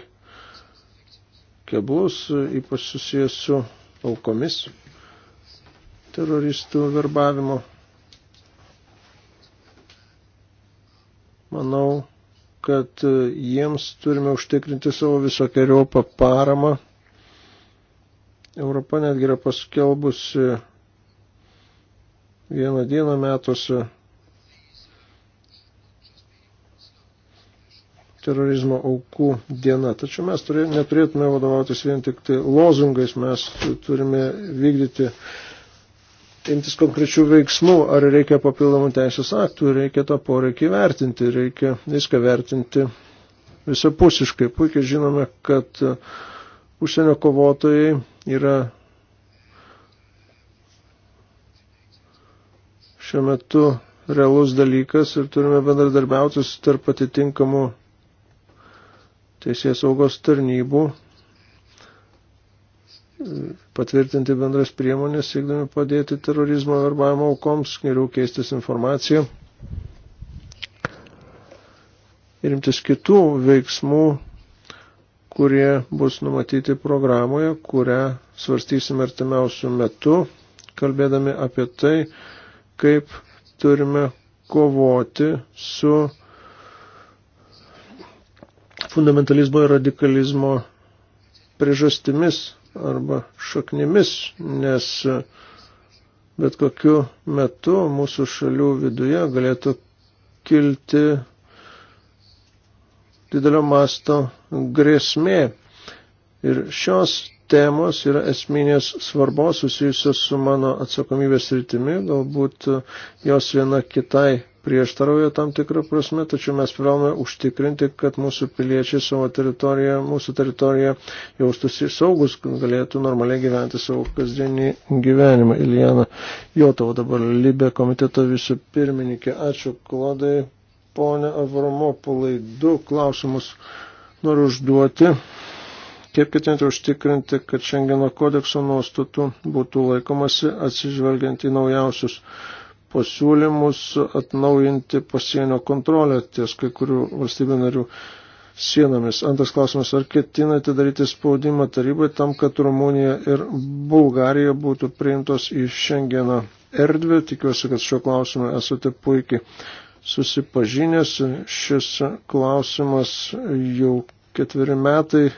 keblus, e, ypač susijęs su aukomis teroristų verbavimo. Manau, kad e, jiems turime užtikrinti savo visokiojopą paramą. Europa netgi yra paskelbusi vieną dieną metuose terorizmo aukų diena. Tačiau mes turė, neturėtume vadovautis vien tik tai lozungais, mes turime vykdyti uh, imtis konkrečių veiksmų, ar reikia papildomų teisės aktų, reikia tą poreikį vertinti, reikia viską vertinti visapusiškai. Puikiai žinome, kad e, užsienio kovotojai yra šiuo metu realus dalykas ir turime bendradarbiauti su tarp atitinkamų teisės saugos tarnybų patvirtinti bendras priemonės, siekdami padėti terorizmo verbavimo aukoms, geriau keistis informaciją ir imtis kitų veiksmų, kurie bus numatyti programoje, kurią svarstysime artimiausių metų, kalbėdami apie tai, kaip turime kovoti su fundamentalizmo ir radikalizmo priežastimis arba šaknimis, nes bet kokiu metu mūsų šalių viduje galėtų kilti didelio masto grėsmė. Ir šios temos yra esminės svarbos susijusios su mano atsakomybės rytimi, galbūt jos viena kitai prieštarauja tam tikrą prasme, tačiau mes privalome užtikrinti, kad mūsų piliečiai savo teritoriją, mūsų teritoriją jaustųsi saugus, kad galėtų normaliai gyventi savo kasdienį gyvenimą. Ilijana Jotova dabar Libė komiteto visų pirmininkė. Ačiū, Klodai. Pone Avromopulai, du klausimus noriu užduoti. Kaip ketinti užtikrinti, kad Šengeno kodekso nuostatų būtų laikomasi atsižvelgiant į naujausius pasiūlymus atnaujinti pasienio kontrolę ties kai kurių valstybių narių sienomis. Antras klausimas, ar ketinate daryti spaudimą tarybai tam, kad Rumunija ir Bulgarija būtų priimtos į Šengeno erdvę? Tikiuosi, kad šiuo klausimu esate puikiai susipažinęs. Šis klausimas jau ketveri metai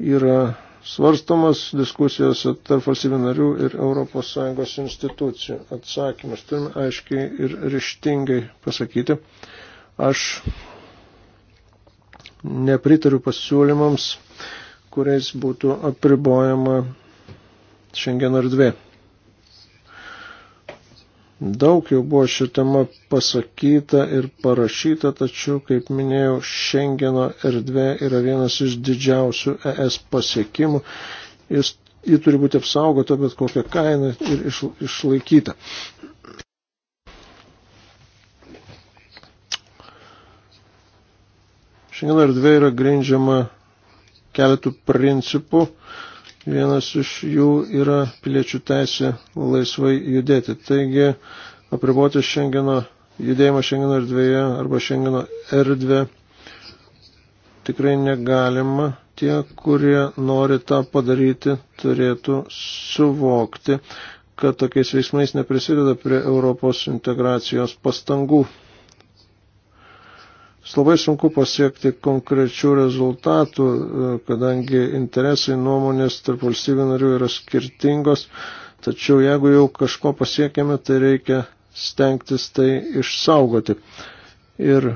yra svarstomas diskusijose tarp valstybių narių ir ES institucijų. Atsakymas turime aiškiai ir ryštingai pasakyti. Aš nepritariu pasiūlymams, kuriais būtų apribojama šiandien erdvė. Daug jau buvo šitama pasakyta ir parašyta, tačiau, kaip minėjau, Šengeno erdvė yra vienas iš didžiausių ES pasiekimų. Jis, jį turi būti apsaugota bet kokią kainą ir iš, išlaikyta. Šengeno erdvė yra grindžiama keletų principų. Vienas iš jų yra piliečių teisė laisvai judėti. Taigi, apriboti šengeno, judėjimą šengeno erdvėje arba šengeno erdvę tikrai negalima. Tie, kurie nori tą padaryti, turėtų suvokti, kad tokiais veiksmais neprisideda prie Europos integracijos pastangų labai sunku pasiekti konkrečių rezultatų, e, kadangi interesai nuomonės tarp valstybių narių yra skirtingos, tačiau jeigu jau kažko pasiekėme, tai reikia stengtis tai išsaugoti. Ir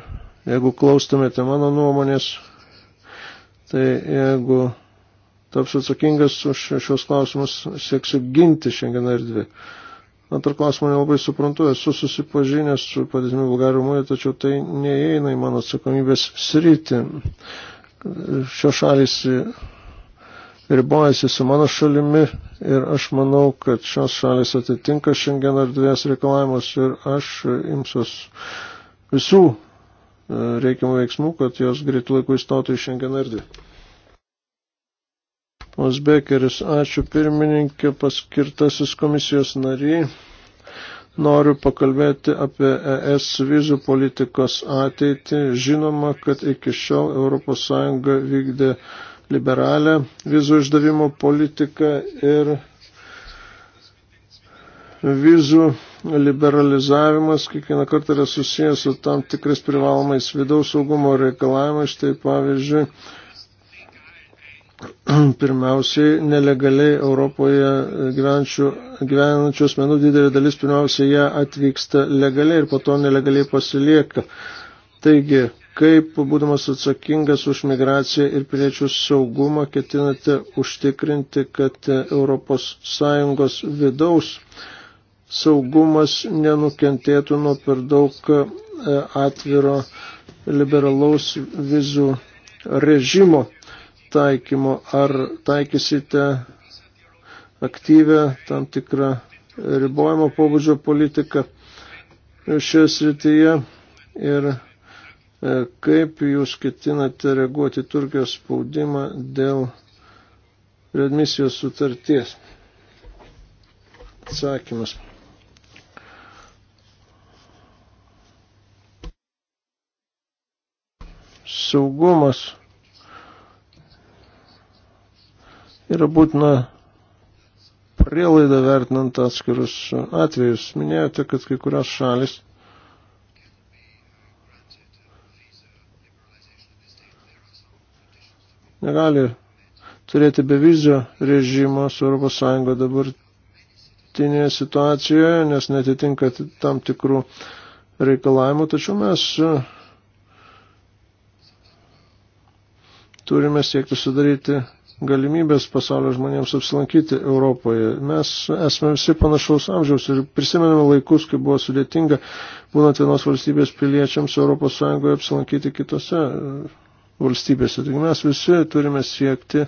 jeigu klaustumėte mano nuomonės, tai jeigu tapsiu atsakingas už šios klausimus, sieksiu ginti šiandieną erdvį. Antrą klausimą nelabai suprantu, esu susipažinęs su padėtimi Bulgarijoje, tačiau tai neįeina į mano atsakomybės sritį. Šios šalis ribojasi su mano šalimi ir aš manau, kad šios šalis atitinka šiandien erdvės reikalavimus ir aš imsiuos visų e, reikiamų veiksmų, kad jos greitų laikų įstotų į šiandien erdvę. Ponas Bekeris, ačiū pirmininkė, paskirtasis komisijos nariai. Noriu pakalbėti apie ES vizų politikos ateitį. Žinoma, kad iki šiol ES vykdė liberalę vizų išdavimo politiką ir vizų liberalizavimas kiekvieną kartą yra susijęs su tam tikrais privalomais vidaus saugumo reikalavimais. Štai pavyzdžiui, pirmiausiai nelegaliai Europoje gyvenančių, gyvenančių asmenų didelė dalis pirmiausiai ją atvyksta legaliai ir po to nelegaliai pasilieka. Taigi, kaip būdamas atsakingas už migraciją ir piliečių saugumą ketinate užtikrinti, kad ES vidaus saugumas nenukentėtų nuo per daug e, atviro liberalaus vizų režimo taikymo, ar taikysite aktyvę tam tikrą ribojimo pobūdžio politiką šioje srityje ir e, kaip jūs ketinate reaguoti Turkijos spaudimą dėl readmisijos sutarties. Atsakymas. Saugumas yra būtina prielaida vertinant atskirus atvejus. Minėjote, kad kai kurios šalis negali turėti bevizio režimo su ES dabartinėje situacijoje, nes netitinka tam tikrų reikalavimų, tačiau mes turime siekti sudaryti galimybės pasaulio žmonėms apsilankyti Europoje. Mes esame visi panašaus amžiaus ir prisimename laikus, kai buvo sudėtinga, būnant vienos valstybės piliečiams ES apsilankyti kitose valstybėse. Taigi mes visi turime siekti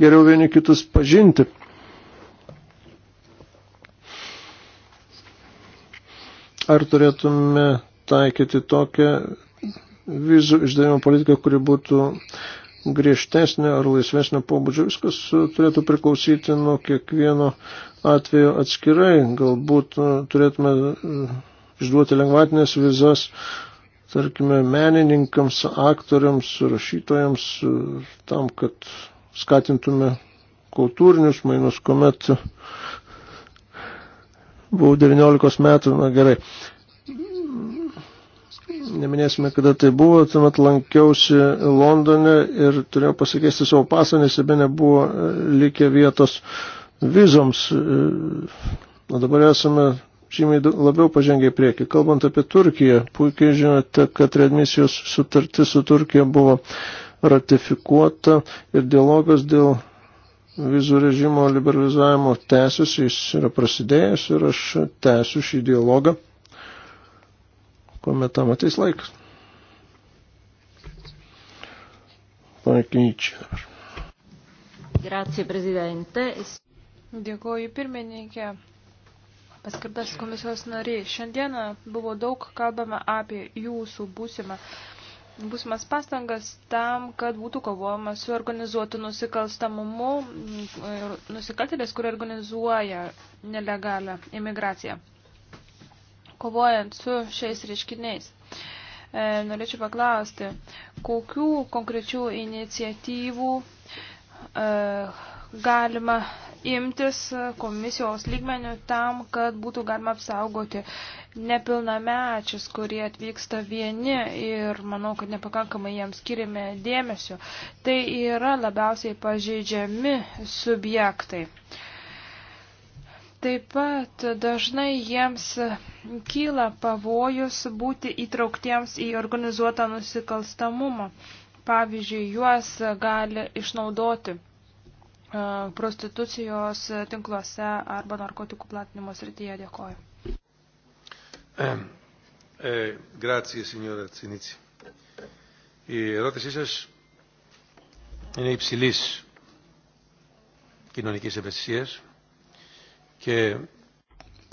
geriau vieni kitus pažinti. Ar turėtume taikyti tokią vizų išdavimo politiką, kuri būtų uh, griežtesnio ar laisvesnio pobūdžio. Viskas e, turėtų priklausyti nuo kiekvieno atveju atskirai. Galbūt e, turėtume e, išduoti lengvatinės vizas, tarkime, menininkams, aktoriams, rašytojams, tam, kad skatintume kultūrinius mainus, kuomet buvau 19 metų, na gerai neminėsime, kada tai buvo, tuomet lankiausi Londone ir turėjau pasikeisti savo pasą, nes jame nebuvo e, likę vietos vizoms. E, o dabar esame žymiai labiau pažengę į priekį. Kalbant apie Turkiją, puikiai žinote, kad readmisijos sutartis su Turkija buvo ratifikuota ir dialogas dėl vizų režimo liberalizavimo tęsiasi, jis yra prasidėjęs ir aš tęsiu šį dialogą kuomet tam ateis laikas. Pankyčiai dabar. Grazie, prezidente. Dėkoju pirmininkė. Paskirtas komisijos nariai. Šiandieną buvo daug kalbama apie jūsų būsimą būsimas pastangas tam, kad būtų kovojama su organizuotu nusikalstamumu ir nusikaltėlės, kurie organizuoja nelegalią imigraciją kovojant su šiais reiškiniais. E, norėčiau paklausti, kokių konkrečių iniciatyvų e, galima imtis komisijos lygmenių tam, kad būtų galima apsaugoti nepilnamečius, kurie atvyksta vieni ir manau, kad nepakankamai jiems skiriame dėmesio. Tai yra labiausiai pažeidžiami subjektai. Uh, Taip pat dažnai jiems kyla pavojus būti įtrauktiems į organizuotą nusikalstamumą. Pavyzdžiui, juos gali išnaudoti e, prostitucijos tinkluose arba narkotikų platinimo srityje. Dėkoju. E, grazie, signora Cinici. Η ερώτησή σας είναι υψηλής κοινωνικής ευαισθησίας Και...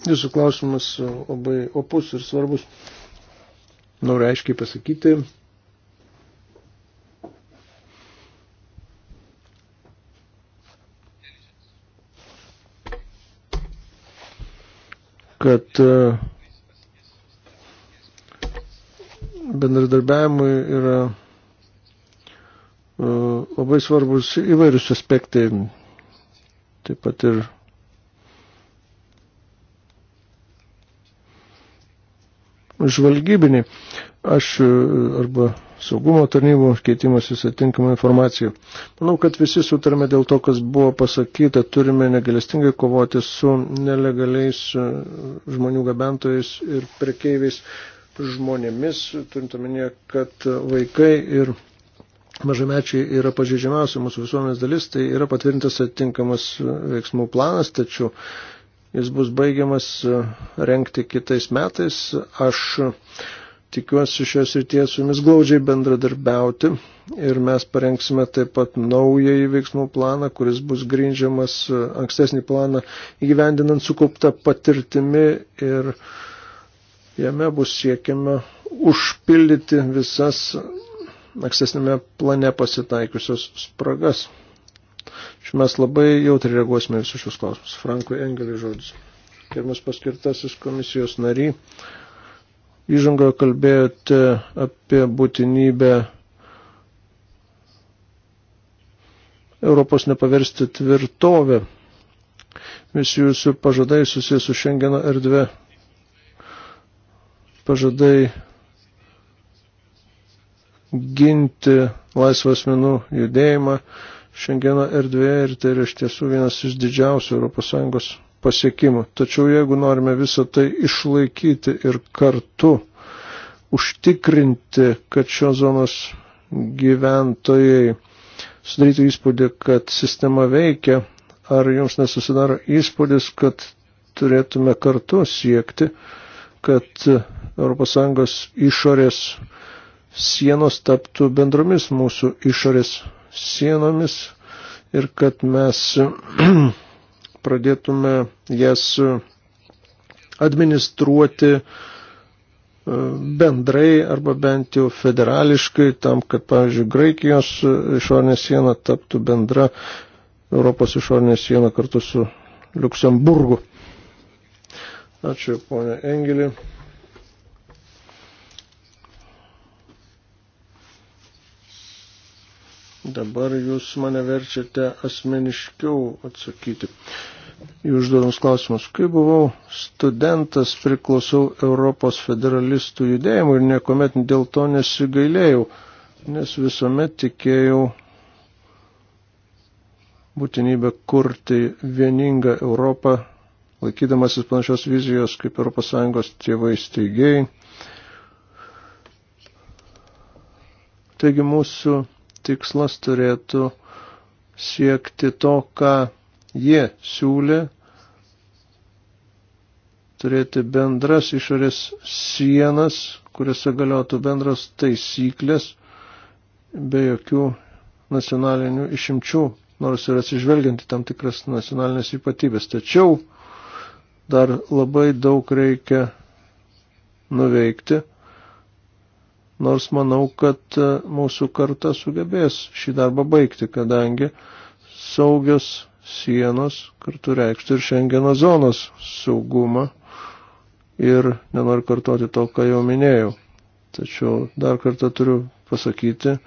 Jūsų klausimas labai opus ir svarbus. Noriu aiškiai pasakyti, kad e, bendradarbiavimui yra e, labai svarbus įvairius aspektai, taip pat ir žvalgybinį. Aš e, arba saugumo tarnybų keitimasis atinkama informacija. Manau, kad visi sutarėme dėl to, kas buvo pasakyta, turime negalestingai kovoti su nelegaliais e, žmonių gabentojais ir prekeiviais žmonėmis, turint omenyje, kad vaikai ir mažamečiai yra pažeidžiamiausia mūsų visuomenės dalis, tai yra patvirtintas atitinkamas e, veiksmų planas, tačiau Jis bus baigiamas e, renkti kitais metais. Aš tikiuosi šios ryties su jumis glaudžiai bendradarbiauti ir mes parengsime taip pat naująjį veiksmų planą, kuris bus grindžiamas e, ankstesnį planą įgyvendinant sukauptą patirtimi ir jame bus siekiama užpildyti visas ankstesnėme plane pasitaikiusios spragas. Šiuo mes labai jautri reaguosime visus šius klausimus. Frankui Engeliui žodis. Pirmas paskirtasis komisijos nary. Įžangoje kalbėjote apie būtinybę Europos nepaversti tvirtovę. Visi jūsų pažadai susijęs su Šengeno erdve. Pažadai ginti laisvas minų judėjimą, Šengeno erdvėje ir tai yra iš tiesų vienas iš didžiausių ES pasiekimų. Tačiau jeigu norime visą tai išlaikyti ir kartu užtikrinti, kad šios zonos gyventojai sudarytų įspūdį, kad sistema veikia, ar jums nesusidaro įspūdis, kad turėtume kartu siekti, kad ES išorės sienos taptų bendromis mūsų išorės sienomis ir kad mes [clears throat] pradėtume jas administruoti e, bendrai arba bent jau federališkai, tam, kad, pavyzdžiui, Graikijos išorinė siena taptų bendra Europos išorinė siena kartu su Luksemburgu. Ačiū, ponė Engelė. Dabar jūs mane verčiate asmeniškiau atsakyti. Jūs duodamus klausimus. Kai buvau studentas, priklausau Europos federalistų judėjimui ir niekuomet dėl to nesigailėjau, nes visuomet tikėjau būtinybę kurti vieningą Europą, laikydamasis panašios vizijos kaip ES tėvai steigėjai. Taigi mūsų tikslas turėtų siekti to, ką jie siūlė, turėti bendras išorės sienas, kuriuose galiotų bendros taisyklės be jokių nacionalinių išimčių, nors ir atsižvelgianti tam tikras nacionalinės ypatybės. Tačiau dar labai daug reikia nuveikti nors manau, kad e, mūsų karta sugebės šį darbą baigti, kadangi saugios sienos kartu reikštų ir Šengeno zonos saugumą ir nenoriu kartoti to, ką jau minėjau. Tačiau dar kartą turiu pasakyti,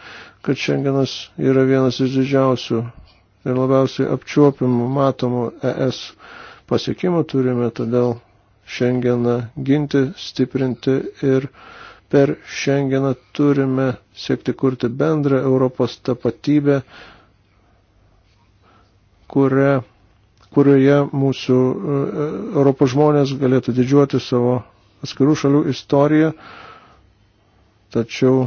kad Šengenas yra vienas iš didžiausių ir labiausiai apčiuopimų matomų ES pasiekimų turime, todėl Šengeną ginti, stiprinti ir per šiandieną turime siekti kurti bendrą Europos tapatybę, kuria, kurioje mūsų e, Europos žmonės galėtų didžiuoti savo atskirų šalių istoriją, tačiau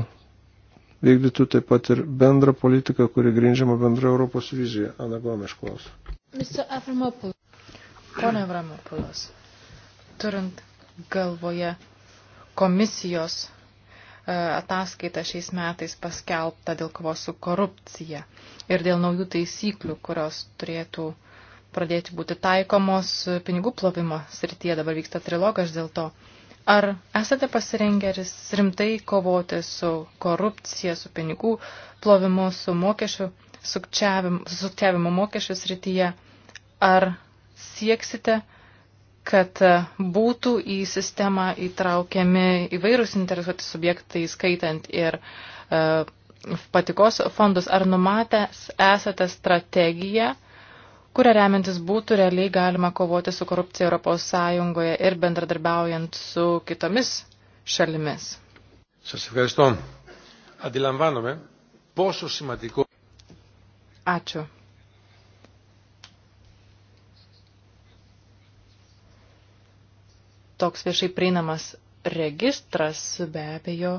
vykdytų taip pat ir bendrą politiką, kuri grindžiama bendra Europos vizija. Ana Gomes klausia. Mr. Avramopoulos. Pone Avramopoulos, turint galvoje komisijos e, ataskaitą šiais metais paskelbtą dėl kovos su korupcija ir dėl naujų taisyklių, kurios turėtų pradėti būti taikomos pinigų plovimo srityje. Dabar vyksta trilogas dėl to. Ar esate pasirengę rimtai kovoti su korupcija, su pinigų plovimu, su mokesčių sukčiavimu, sukčiavimu mokesčių srityje? Ar sieksite kad e, būtų į sistemą įtraukiami įvairūs interesuoti subjektai, skaitant ir e, patikos fondus. Ar numatęs esate strategiją, kuria remiantis būtų realiai galima kovoti su korupcija Europos Sąjungoje ir bendradarbiaujant su kitomis šalimis? Ačiū. toks viešai prieinamas registras be abejo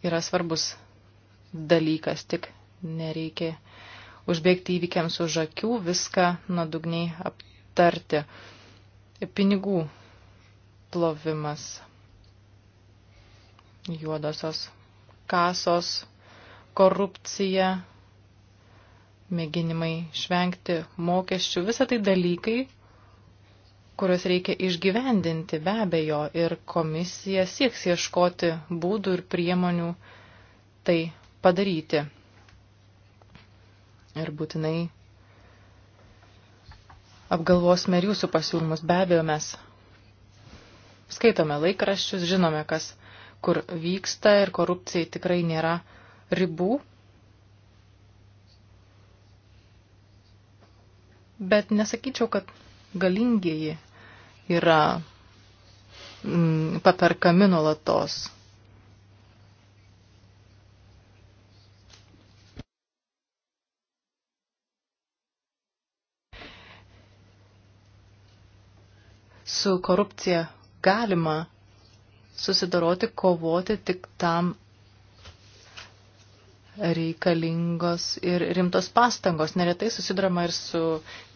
yra svarbus dalykas, tik nereikia užbėgti įvykiams už akių, viską nuodugniai aptarti. Pinigų plovimas, juodosios kasos, korupcija, mėginimai išvengti mokesčių, visą tai dalykai, kurias reikia išgyvendinti be abejo ir komisija sieks ieškoti būdų ir priemonių tai padaryti. Ir būtinai apgalvosime ir jūsų pasiūlymus. Be abejo, mes skaitome laikraščius, žinome, kas kur vyksta ir korupcijai tikrai nėra ribų. Bet nesakyčiau, kad galingieji yra mm, paperkami nuolatos. Su korupcija galima susidoroti, kovoti tik tam reikalingos ir rimtos pastangos. Neretai susidurama ir su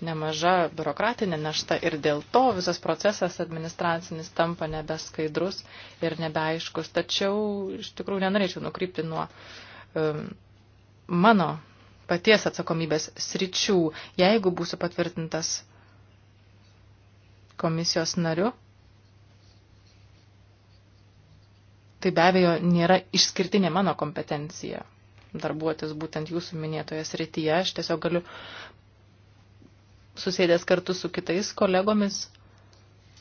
nemaža biurokratinė našta ir dėl to visas procesas administracinis tampa nebeskaidrus ir nebeaiškus. Tačiau iš tikrųjų nenorėčiau nukrypti nuo um, mano paties atsakomybės sričių. Jeigu būsiu patvirtintas komisijos nariu, tai be abejo nėra išskirtinė mano kompetencija darbuotis būtent jūsų minėtoje srityje. Aš tiesiog galiu susėdęs kartu su kitais kolegomis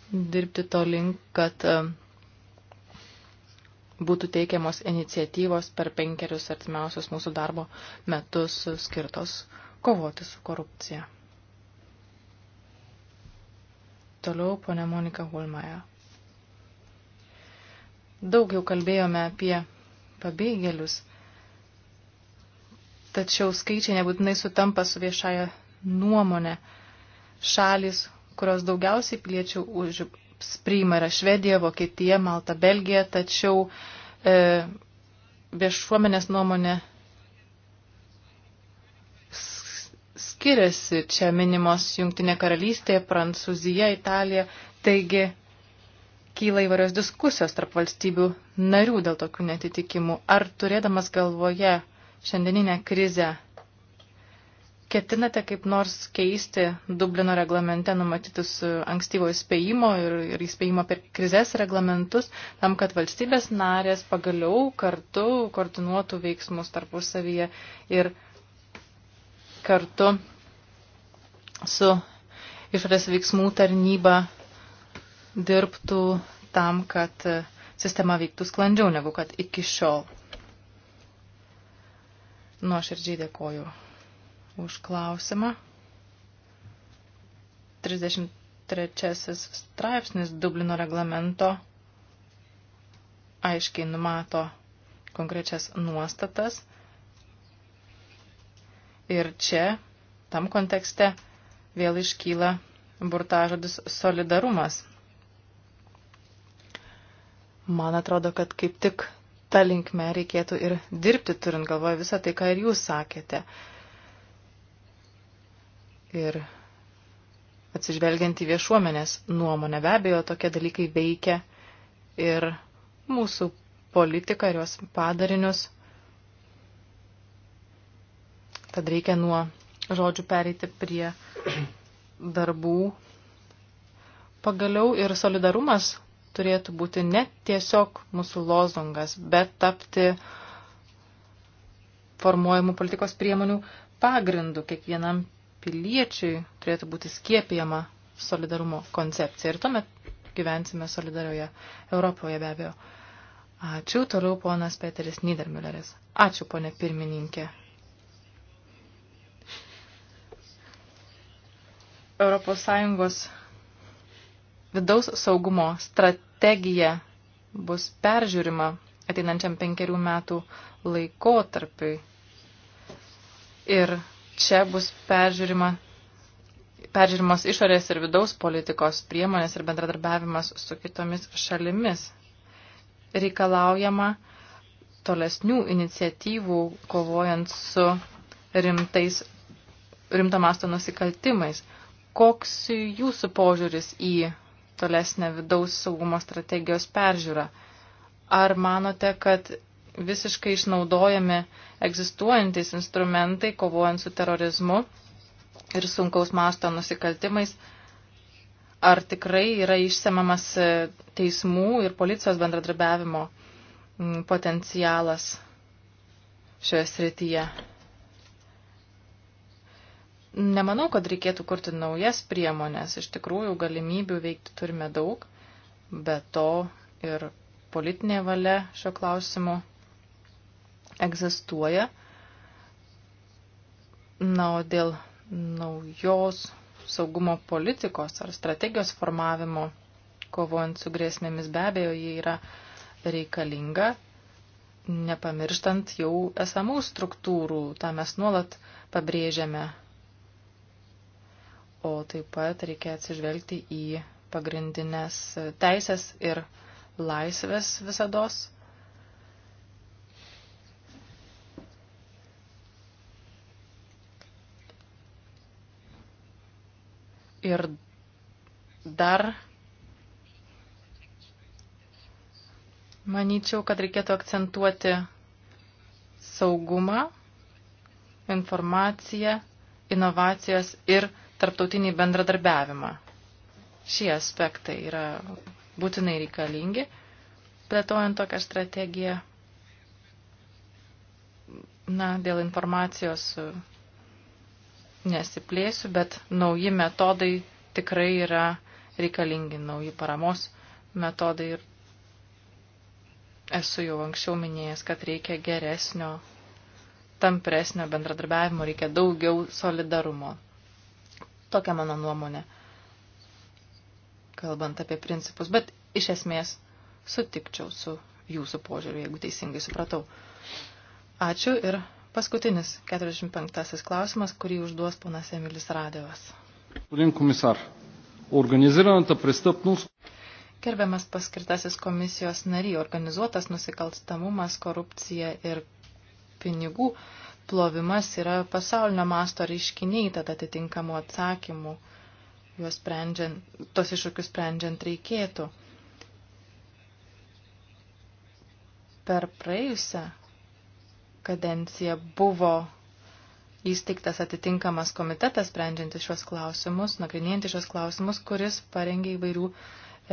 dirbti to link, kad e, būtų teikiamos iniciatyvos per penkerius artimiausius mūsų darbo metus skirtos kovoti su korupcija. Toliau ponia Monika Hulmaja. Daug jau kalbėjome apie pabėgėlius tačiau skaičiai nebūtinai sutampa su viešaja nuomonė. Šalis, kurios daugiausiai piliečių priima yra Švedija, Vokietija, Malta, Belgija, tačiau e, viešuomenės nuomonė skiriasi čia minimos Jungtinė karalystė, Prancūzija, Italija, taigi kyla įvairios diskusijos tarp valstybių narių dėl tokių netitikimų. Ar turėdamas galvoje šiandieninę krizę, ketinate kaip nors keisti Dublino reglamente numatytus e, ankstyvo įspėjimo ir, ir įspėjimo per krizės reglamentus, tam, kad valstybės narės pagaliau kartu koordinuotų veiksmus tarpusavyje ir kartu su išorės veiksmų tarnyba dirbtų tam, kad e, sistema veiktų sklandžiau negu kad iki šiol. Nuoširdžiai dėkoju už klausimą. 33 straipsnis Dublino reglamento aiškiai numato konkrečias nuostatas. Ir čia, tam kontekste, vėl iškyla burtažodis solidarumas. Man atrodo, kad kaip tik ta linkme reikėtų ir dirbti, turint galvoje visą tai, ką ir jūs sakėte. Ir atsižvelgiant į viešuomenės nuomonę, be abejo, tokie dalykai veikia ir mūsų politiką ir jos padarinius. Tad reikia nuo žodžių pereiti prie darbų. Pagaliau ir solidarumas turėtų būti ne tiesiog mūsų lozungas, bet tapti formuojamų politikos priemonių pagrindu kiekvienam piliečiui turėtų būti skiepijama solidarumo koncepcija. Ir tuomet gyvensime solidarioje Europoje be abejo. Ačiū, toliau ponas Peteris Niedermülleris. Ačiū, ponė pirmininkė. Europos Sąjungos vidaus saugumo strategija bus peržiūrima ateinančiam penkerių metų laikotarpiui. Ir čia bus peržiūrima, peržiūrimos išorės ir vidaus politikos priemonės ir bendradarbiavimas su kitomis šalimis. Reikalaujama tolesnių iniciatyvų kovojant su rimtais, rimto masto nusikaltimais. Koks jūsų požiūris į tolesnę vidaus saugumo strategijos peržiūrą. Ar manote, kad visiškai išnaudojami egzistuojantis instrumentai kovojant su terorizmu ir sunkaus masto nusikaltimais? Ar tikrai yra išsemamas e, teismų ir policijos bendradarbiavimo potencialas šioje srityje? Nemanau, kad reikėtų kurti naujas priemonės. Iš tikrųjų, galimybių veikti turime daug, bet to ir politinė valia šio klausimu egzistuoja. Na, o dėl naujos saugumo politikos ar strategijos formavimo, kovojant su grėsmėmis, be abejo, jie yra reikalinga, nepamirštant jau esamų struktūrų, tą mes nuolat pabrėžiame o taip pat reikia atsižvelgti į pagrindinės teisės ir laisvės visados. Ir dar manyčiau, kad reikėtų akcentuoti saugumą, informaciją, inovacijas ir tarptautinį bendradarbiavimą. Šie aspektai yra būtinai reikalingi, plėtojant tokią strategiją. Na, dėl informacijos e, nesiplėsiu, bet nauji metodai tikrai yra reikalingi, nauji paramos metodai ir esu jau anksčiau minėjęs, kad reikia geresnio, tampresnio bendradarbiavimo, reikia daugiau solidarumo. Tokia mano nuomonė, kalbant apie principus. Bet iš esmės sutikčiau su jūsų požiūriu, jeigu teisingai supratau. Ačiū ir paskutinis 45 klausimas, kurį užduos ponas Emilis Radevas. Господин комисар, организираната престъпност. Gerbiamas paskirtasis komisijos nariai, organizuotas nusikalstamumas, korupcija ir pinigų plovimas yra pasaulinio masto reiškiniai, tad atitinkamų atsakymų juos sprendžiant, tos iššūkius sprendžiant reikėtų. Per praėjusią kadenciją buvo įsteigtas atitinkamas komitetas sprendžiantis šios klausimus, nagrinėjantis šios klausimus, kuris parengė įvairių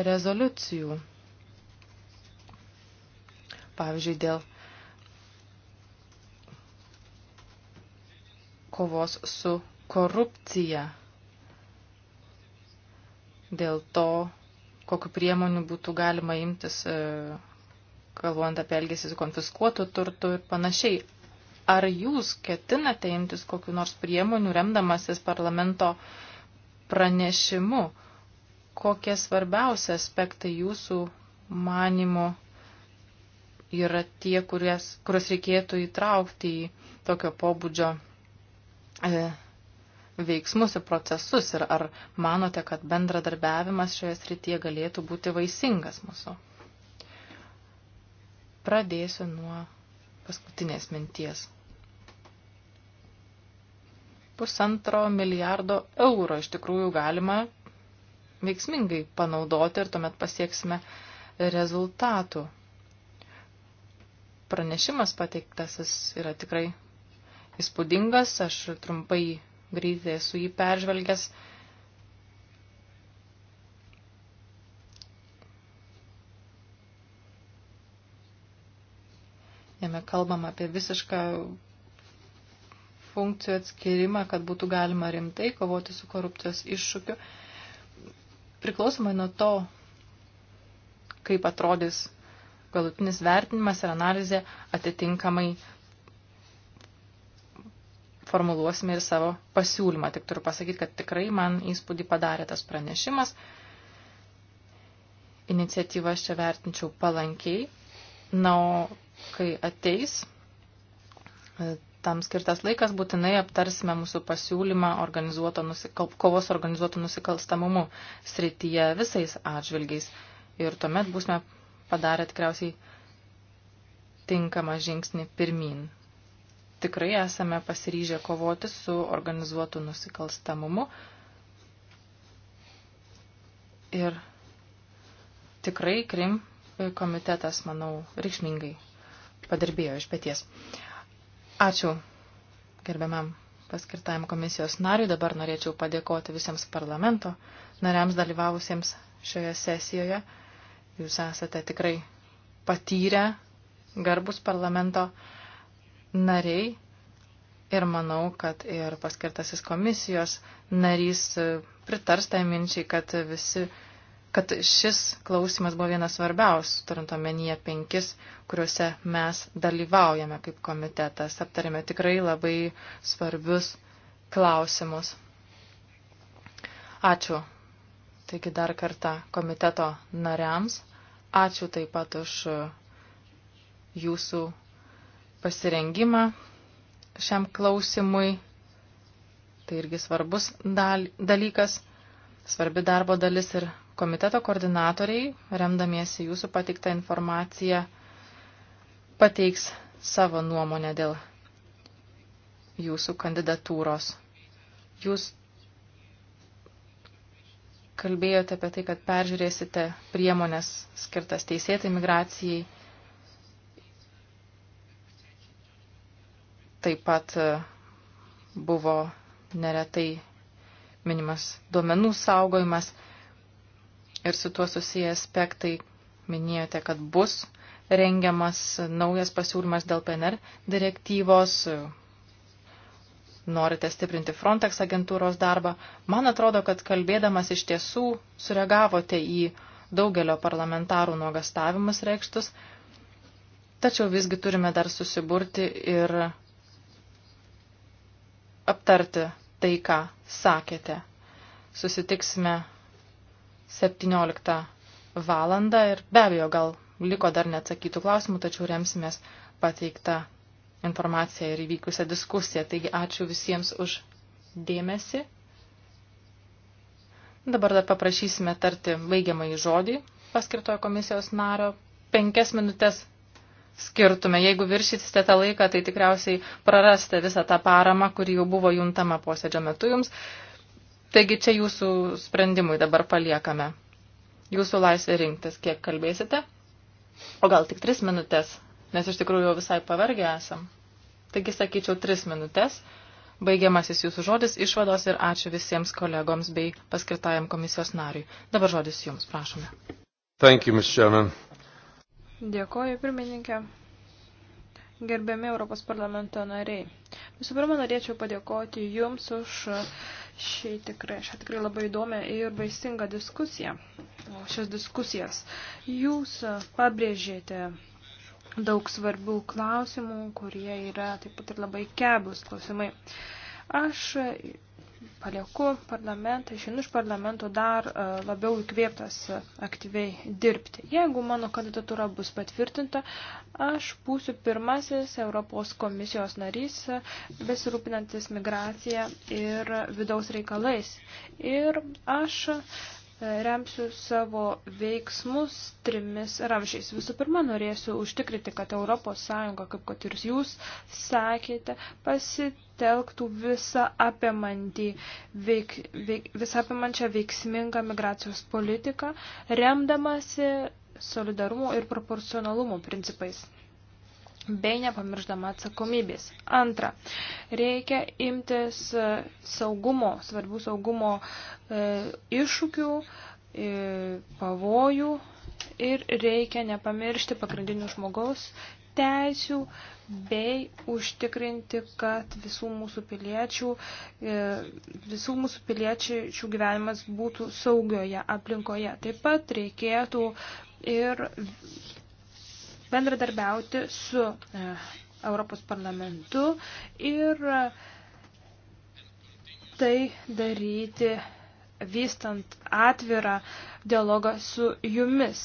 rezoliucijų. Pavyzdžiui, dėl kovos su korupcija. Dėl to, kokiu priemonių būtų galima imtis, kalbant e, apie elgesį su konfiskuotu turtu ir panašiai. Ar jūs ketinate imtis kokiu nors priemonių remdamasis parlamento pranešimu? Kokie svarbiausi aspektai jūsų manimo yra tie, kurias, kurios reikėtų įtraukti į tokio pobūdžio E, veiksmus ir procesus ir ar manote, kad bendradarbiavimas šioje srityje galėtų būti vaisingas mūsų? Pradėsiu nuo paskutinės minties. Pusantro milijardo eurų iš tikrųjų galima veiksmingai panaudoti ir tuomet pasieksime rezultatų. Pranešimas pateiktasis yra tikrai įspūdingas, aš trumpai greitai esu jį peržvelgęs. Jame kalbam apie visišką funkcijų atskirimą, kad būtų galima rimtai kovoti su korupcijos iššūkiu. Priklausomai nuo to, kaip atrodys galutinis vertinimas ir analizė, atitinkamai formuluosime ir savo pasiūlymą. Tik turiu pasakyti, kad tikrai man įspūdį padarė tas pranešimas. Iniciatyvą aš čia vertinčiau palankiai. Na, o kai ateis e, tam skirtas laikas, būtinai aptarsime mūsų pasiūlymą organizuoto nusikal... kovos organizuoto nusikalstamumu srityje visais atžvilgiais. Ir tuomet būsime padarę tikriausiai tinkamą žingsnį pirmin tikrai esame pasiryžę kovoti su organizuotu nusikalstamumu. Ir tikrai Krim komitetas, manau, reikšmingai padirbėjo iš pėties. Ačiū gerbiamam paskirtajam komisijos nariui. Dabar norėčiau padėkoti visiems parlamento nariams dalyvavusiems šioje sesijoje. Jūs esate tikrai patyrę garbus parlamento nariai ir manau, kad ir paskirtasis komisijos narys e, pritars tai minčiai, kad visi kad šis klausimas buvo vienas svarbiausių, turint omenyje penkis, kuriuose mes dalyvaujame kaip komitetas, aptarėme tikrai labai svarbius klausimus. Ačiū. Taigi dar kartą komiteto nariams. Ačiū taip pat už e, jūsų pasirengimą šiam klausimui. Tai irgi svarbus dal, dalykas, svarbi darbo dalis ir komiteto koordinatoriai, remdamiesi jūsų patiktą informaciją, pateiks savo nuomonę dėl jūsų kandidatūros. Jūs kalbėjote apie tai, kad peržiūrėsite priemonės skirtas teisėtai migracijai taip pat e, buvo neretai minimas duomenų saugojimas ir su tuo susiję aspektai. Minėjote, kad bus rengiamas naujas pasiūlymas dėl PNR direktyvos, norite stiprinti Frontex agentūros darbą. Man atrodo, kad kalbėdamas iš tiesų sureagavote į daugelio parlamentarų nuogastavimus reikštus, tačiau visgi turime dar susiburti ir aptarti tai, ką sakėte. Susitiksime 17 valandą ir be abejo gal liko dar neatsakytų klausimų, tačiau remsimės pateiktą informaciją ir įvykusią diskusiją. Taigi ačiū visiems už dėmesį. Dabar dar paprašysime tarti baigiamąjį žodį paskirtojo komisijos nario. Penkias minutės skirtume. Jeigu viršysite tą laiką, tai tikriausiai prarasite visą tą paramą, kuri jau buvo juntama posėdžio metu jums. Taigi čia jūsų sprendimui dabar paliekame. Jūsų laisvė rinktis, kiek kalbėsite. O gal tik tris minutės, nes iš tikrųjų jau visai pavargę esam. Taigi sakyčiau tris minutės. Baigiamasis jūsų žodis, išvados ir ačiū visiems kolegoms bei paskirtajam komisijos nariui. Dabar žodis jums, prašome. Thank you, Ms. Chairman. Dėkoju, pirmininkė. Gerbiami Europos parlamento nariai. Visų pirma, norėčiau padėkoti Jums už šį tikrai, šią tikrai labai įdomią ir vaisingą diskusiją. Šias diskusijas. Jūs pabrėžėte daug svarbių klausimų, kurie yra taip pat ir labai kebus klausimai. Aš palieku parlamentą, išinu iš parlamento dar e, labiau įkvėptas e, aktyviai dirbti. Jeigu mano kandidatūra bus patvirtinta, aš būsiu pirmasis Europos komisijos narys, e, besirūpinantis migraciją ir vidaus reikalais. Ir aš remsiu savo veiksmus trimis ramšiais. Visų pirma, norėsiu užtikrinti, kad ES, kaip kad ir jūs sakėte, pasitelktų visą apimantį, veik, veik, visą apimančią veiksmingą migracijos politiką, remdamasi solidarumo ir proporcionalumo principais bei nepamirždama atsakomybės. Antra, reikia imtis e, saugumo, svarbių saugumo e, iššūkių, e, pavojų ir reikia nepamiršti pagrindinių žmogaus teisių bei užtikrinti, kad visų mūsų piliečių, e, visų mūsų piliečių gyvenimas būtų saugioje aplinkoje. Taip pat reikėtų ir bendradarbiauti su e, Europos parlamentu ir e, tai daryti vystant atvirą dialogą su jumis.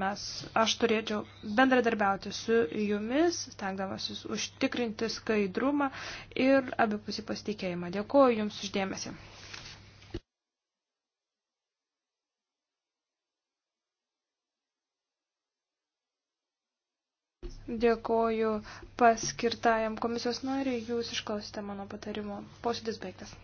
Mes, aš turėčiau bendradarbiauti su jumis, stengdamasis užtikrinti skaidrumą ir abipusį pasitikėjimą. Dėkuoju Jums uždėmesi. Dėkoju paskirtajam komisijos nariui, jūs išklausite mano patarimo. Posėdis baigtas.